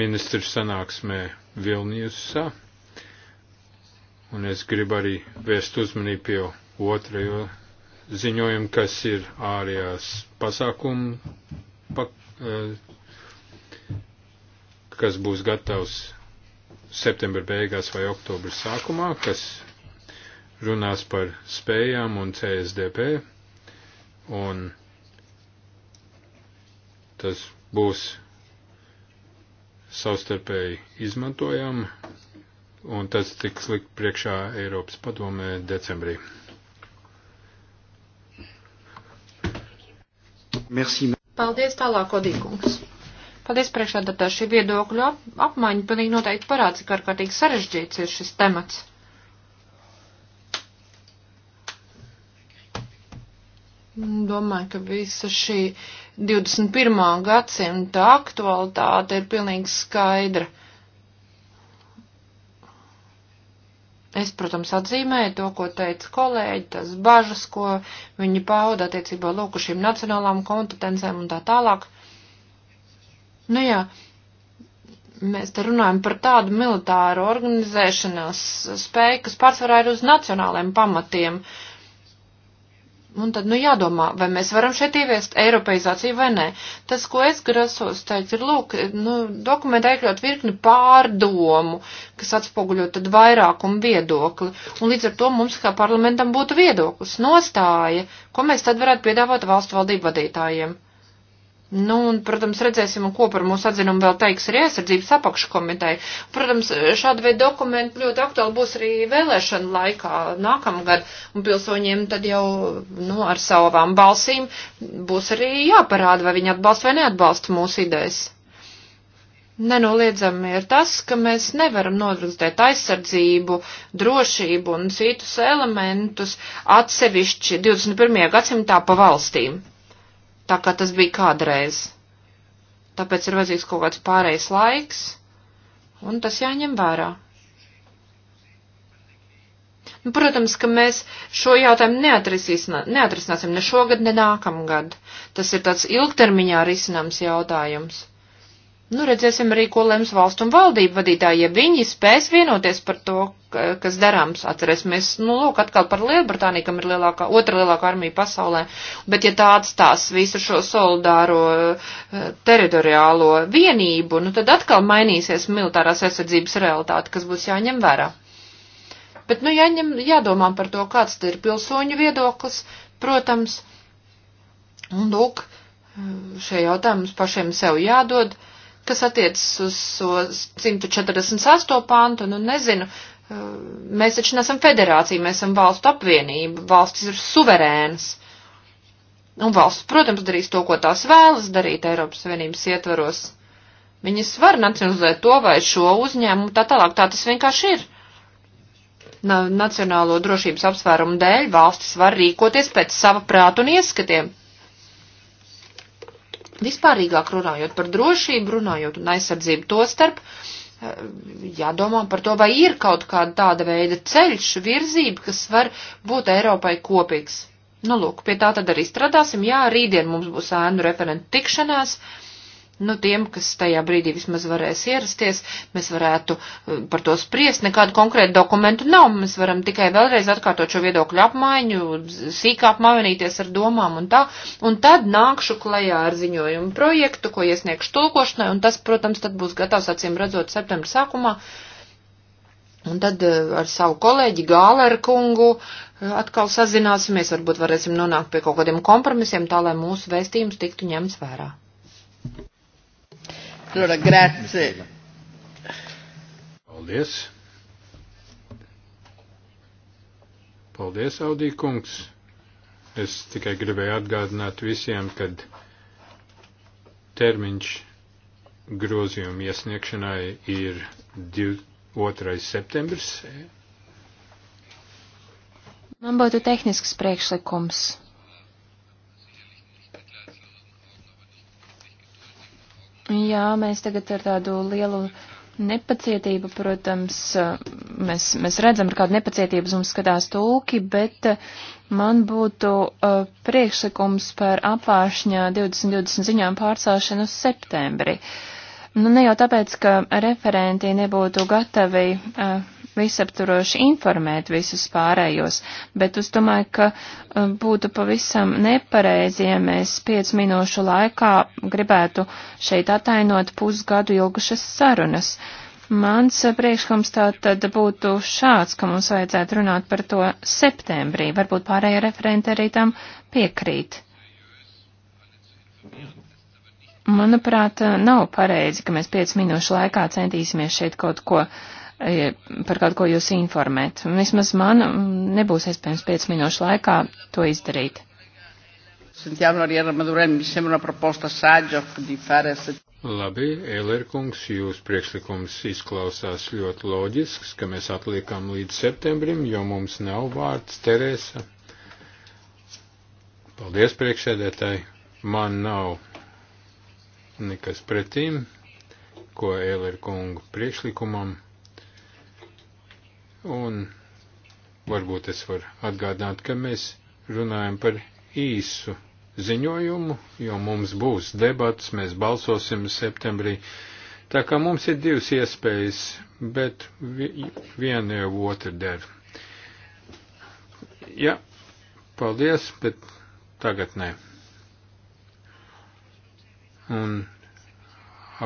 ministru sanāksmē Vilniusā. Un es gribu arī vērst uzmanību pie otrajo ziņojumu, kas ir ārējās pasākumu, pak, eh, kas būs gatavs septembra beigās vai oktobra sākumā, kas runās par spējām un CSDP, un tas būs savstarpēji izmantojam, un tas tiks likt priekšā Eiropas padomē decembrī. Merci. Paldies tālāk, Odīkungs. Paldies priekšādātā šī viedokļu ap, apmaiņa pilnīgi noteikti parāda, cik ārkārtīgi sarežģīts ir šis temats. Domāju, ka visa šī 21. gadsimta aktualitāte ir pilnīgi skaidra. Es, protams, atzīmēju to, ko teica kolēģi, tas bažas, ko viņi pauda attiecībā lūk uz šīm nacionālām kompetencēm un tā tālāk. Nu jā, mēs te runājam par tādu militāru organizēšanās spēju, kas pārsvarā ir uz nacionāliem pamatiem. Un tad, nu, jādomā, vai mēs varam šeit ieviest eiropeizāciju vai nē. Tas, ko es grasos teikt, ir, lūk, nu, dokumentā iekļaut virkni pārdomu, kas atspoguļo tad vairākumu viedokli. Un līdz ar to mums kā parlamentam būtu viedoklis, nostāja, ko mēs tad varētu piedāvāt valstu valdību vadītājiem. Nu, un, protams, redzēsim, ko par mūsu atzinumu vēl teiks arī aizsardzības apakškomiteja. Protams, šāda veida dokumenti ļoti aktuāli būs arī vēlēšana laikā nākamgad, un pilsoņiem tad jau, nu, ar savām balsīm būs arī jāparāda, vai viņi atbalsta vai neatbalsta mūsu idejas. Nenoliedzami ir tas, ka mēs nevaram nodrukstēt aizsardzību, drošību un citus elementus atsevišķi 21. gadsimtā pa valstīm tā kā tas bija kādreiz. Tāpēc ir vajadzīgs kaut kāds pārējais laiks, un tas jāņem vērā. Nu, protams, ka mēs šo jautājumu neatrisināsim ne šogad, ne nākamgad. Tas ir tāds ilgtermiņā risināms jautājums. Nu, redzēsim arī, ko lems valstu un valdību vadītāji, ja viņi spēs vienoties par to, kas darāms. Atcerēsimies, nu, lūk, atkal par Lielbritāniju, kam ir lielākā, otra lielākā armija pasaulē. Bet, ja tā atstās visu šo solidāro eh, teritoriālo vienību, nu, tad atkal mainīsies militārās aizsardzības realitāte, kas būs jāņem vērā. Bet, nu, jāņem, jādomā par to, kāds ir pilsoņu viedoklis, protams. Un, lūk, eh, šie jautājumi pašiem sev jādod. Uh, kas attiecas uz so 148. pantu, nu nezinu, uh, mēs taču nesam federācija, mēs esam valstu apvienība, valstis ir suverēnas. Un valsts, protams, darīs to, ko tās vēlas darīt Eiropas Savienības ietvaros. Viņas var nacionalizēt to vai šo uzņēmumu, tā tālāk, tā tas vienkārši ir. Na, nacionālo drošības apsvērumu dēļ valstis var rīkoties pēc sava prāta un ieskatiem. Vispārīgāk runājot par drošību, runājot un aizsardzību to starp, eh, jādomā par to, vai ir kaut kāda tāda veida ceļš, virzība, kas var būt Eiropai kopīgs. Nu, lūk, pie tā tad arī strādāsim. Jā, rītdien mums būs ēnu referentu tikšanās. Uh, nu, tiem, kas tajā brīdī vismaz varēs ierasties, mēs varētu uh, par to spriest. Nekādu konkrētu dokumentu nav. Mēs varam tikai vēlreiz atkārtot šo viedokļu apmaiņu, sīkā apmainīties ar domām un tā. Un tad nākšu klajā ar ziņojumu projektu, ko iesniegšu tulkošanai, un tas, protams, tad būs gatavs acīm redzot septembra sākumā. Un tad uh, ar savu kolēģi Gāleru kungu uh, atkal sazināsimies, varbūt varēsim nonākt pie kaut kādiem kompromisiem, tā lai mūsu vēstījums tiktu ņemts vērā. Allora, grazie. Paldies. Paldies, Audī kungs. Es tikai gribēju atgādināt visiem, kad termiņš grozījumu iesniegšanai ir 2. septembris. Man būtu tehnisks priekšlikums. Jā, mēs tagad ar tādu lielu nepacietību, protams, mēs, mēs redzam, ar kādu nepacietību mums skatās tulki, bet eh, man būtu uh, priekšlikums par apvāršņā 2020 ziņām pārcelšanu uz septembri. Nu, ne jau tāpēc, ka referenti nebūtu gatavi uh, visapturoši informēt visus pārējos, bet es domāju, ka um, būtu pavisam nepareizi, ja mēs 5 minūšu laikā gribētu šeit atainot pusgadu ilgušas sarunas. Mans priekšlikums tā tad būtu šāds, ka mums vajadzētu runāt par to septembrī, varbūt pārējie referenti arī tam piekrīt. Manuprāt, nav pareizi, ka mēs 5 minūšu laikā centīsimies šeit kaut ko uh, E, par kaut ko jūs informēt. Vismaz man mm, nebūs iespējams 5 minūšu laikā to izdarīt. Labi, Eilerkungs, jūs priekšlikums izklausās ļoti loģisks, ka mēs atliekam līdz septembrim, jo mums nav vārds Teresa. Paldies priekšsēdētāji. Man nav nekas pretīm, ko Eilerkungu priekšlikumam. Un varbūt es varu atgādināt, ka mēs runājam par īsu ziņojumu, jo mums būs debats, mēs balsosim septembrī. Tā kā mums ir divas iespējas, bet viena jau otru der. Jā, paldies, bet tagad nē. Un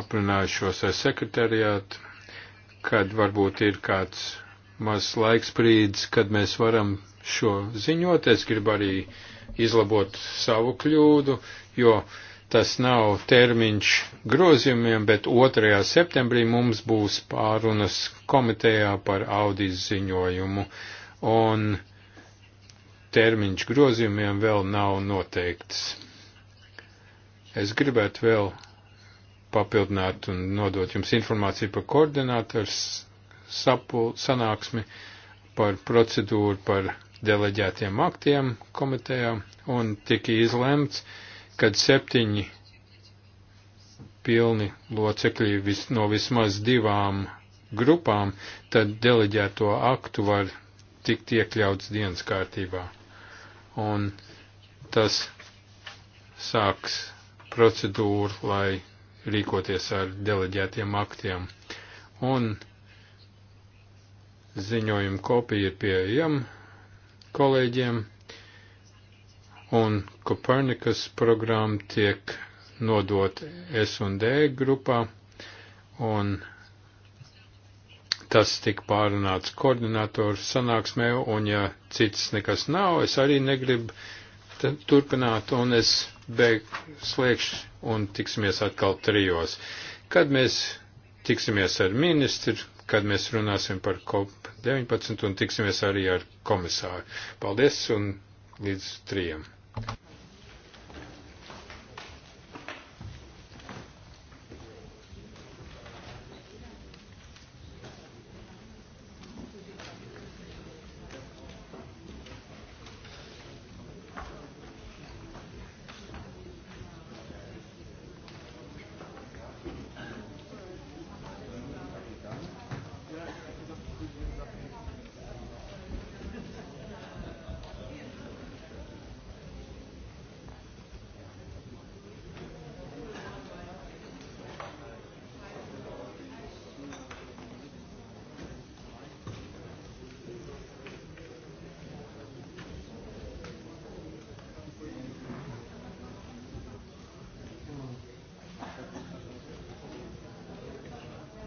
aprunājušos ar sekretariātu, kad varbūt ir kāds maz laiks brīdis, kad mēs varam šo ziņot. Es gribu arī izlabot savu kļūdu, jo tas nav termiņš grozījumiem, bet 2. septembrī mums būs pārunas komitejā par audijas ziņojumu, un termiņš grozījumiem vēl nav noteikts. Es gribētu vēl papildināt un nodot jums informāciju par koordinātors sapul, sanāksmi par procedūru par deleģētiem aktiem komitejā un tika izlemts, kad septiņi pilni locekļi vis, no vismaz divām grupām, tad deleģēto aktu var tikt iekļauts dienas kārtībā. Un tas sāks procedūru, lai rīkoties ar deleģētiem aktiem. Un Ziņojuma kopija ir pieejama kolēģiem, un Kopernikas programma tiek nodot S&D grupā, un tas tika pārunāts koordinatoru sanāksmē, un ja cits nekas nav, es arī negribu turpināt, un es beigšu un tiksimies atkal trijos, kad mēs tiksimies ar ministru, kad mēs runāsim par COP19 un tiksimies arī ar komisāru. Paldies un līdz trijiem!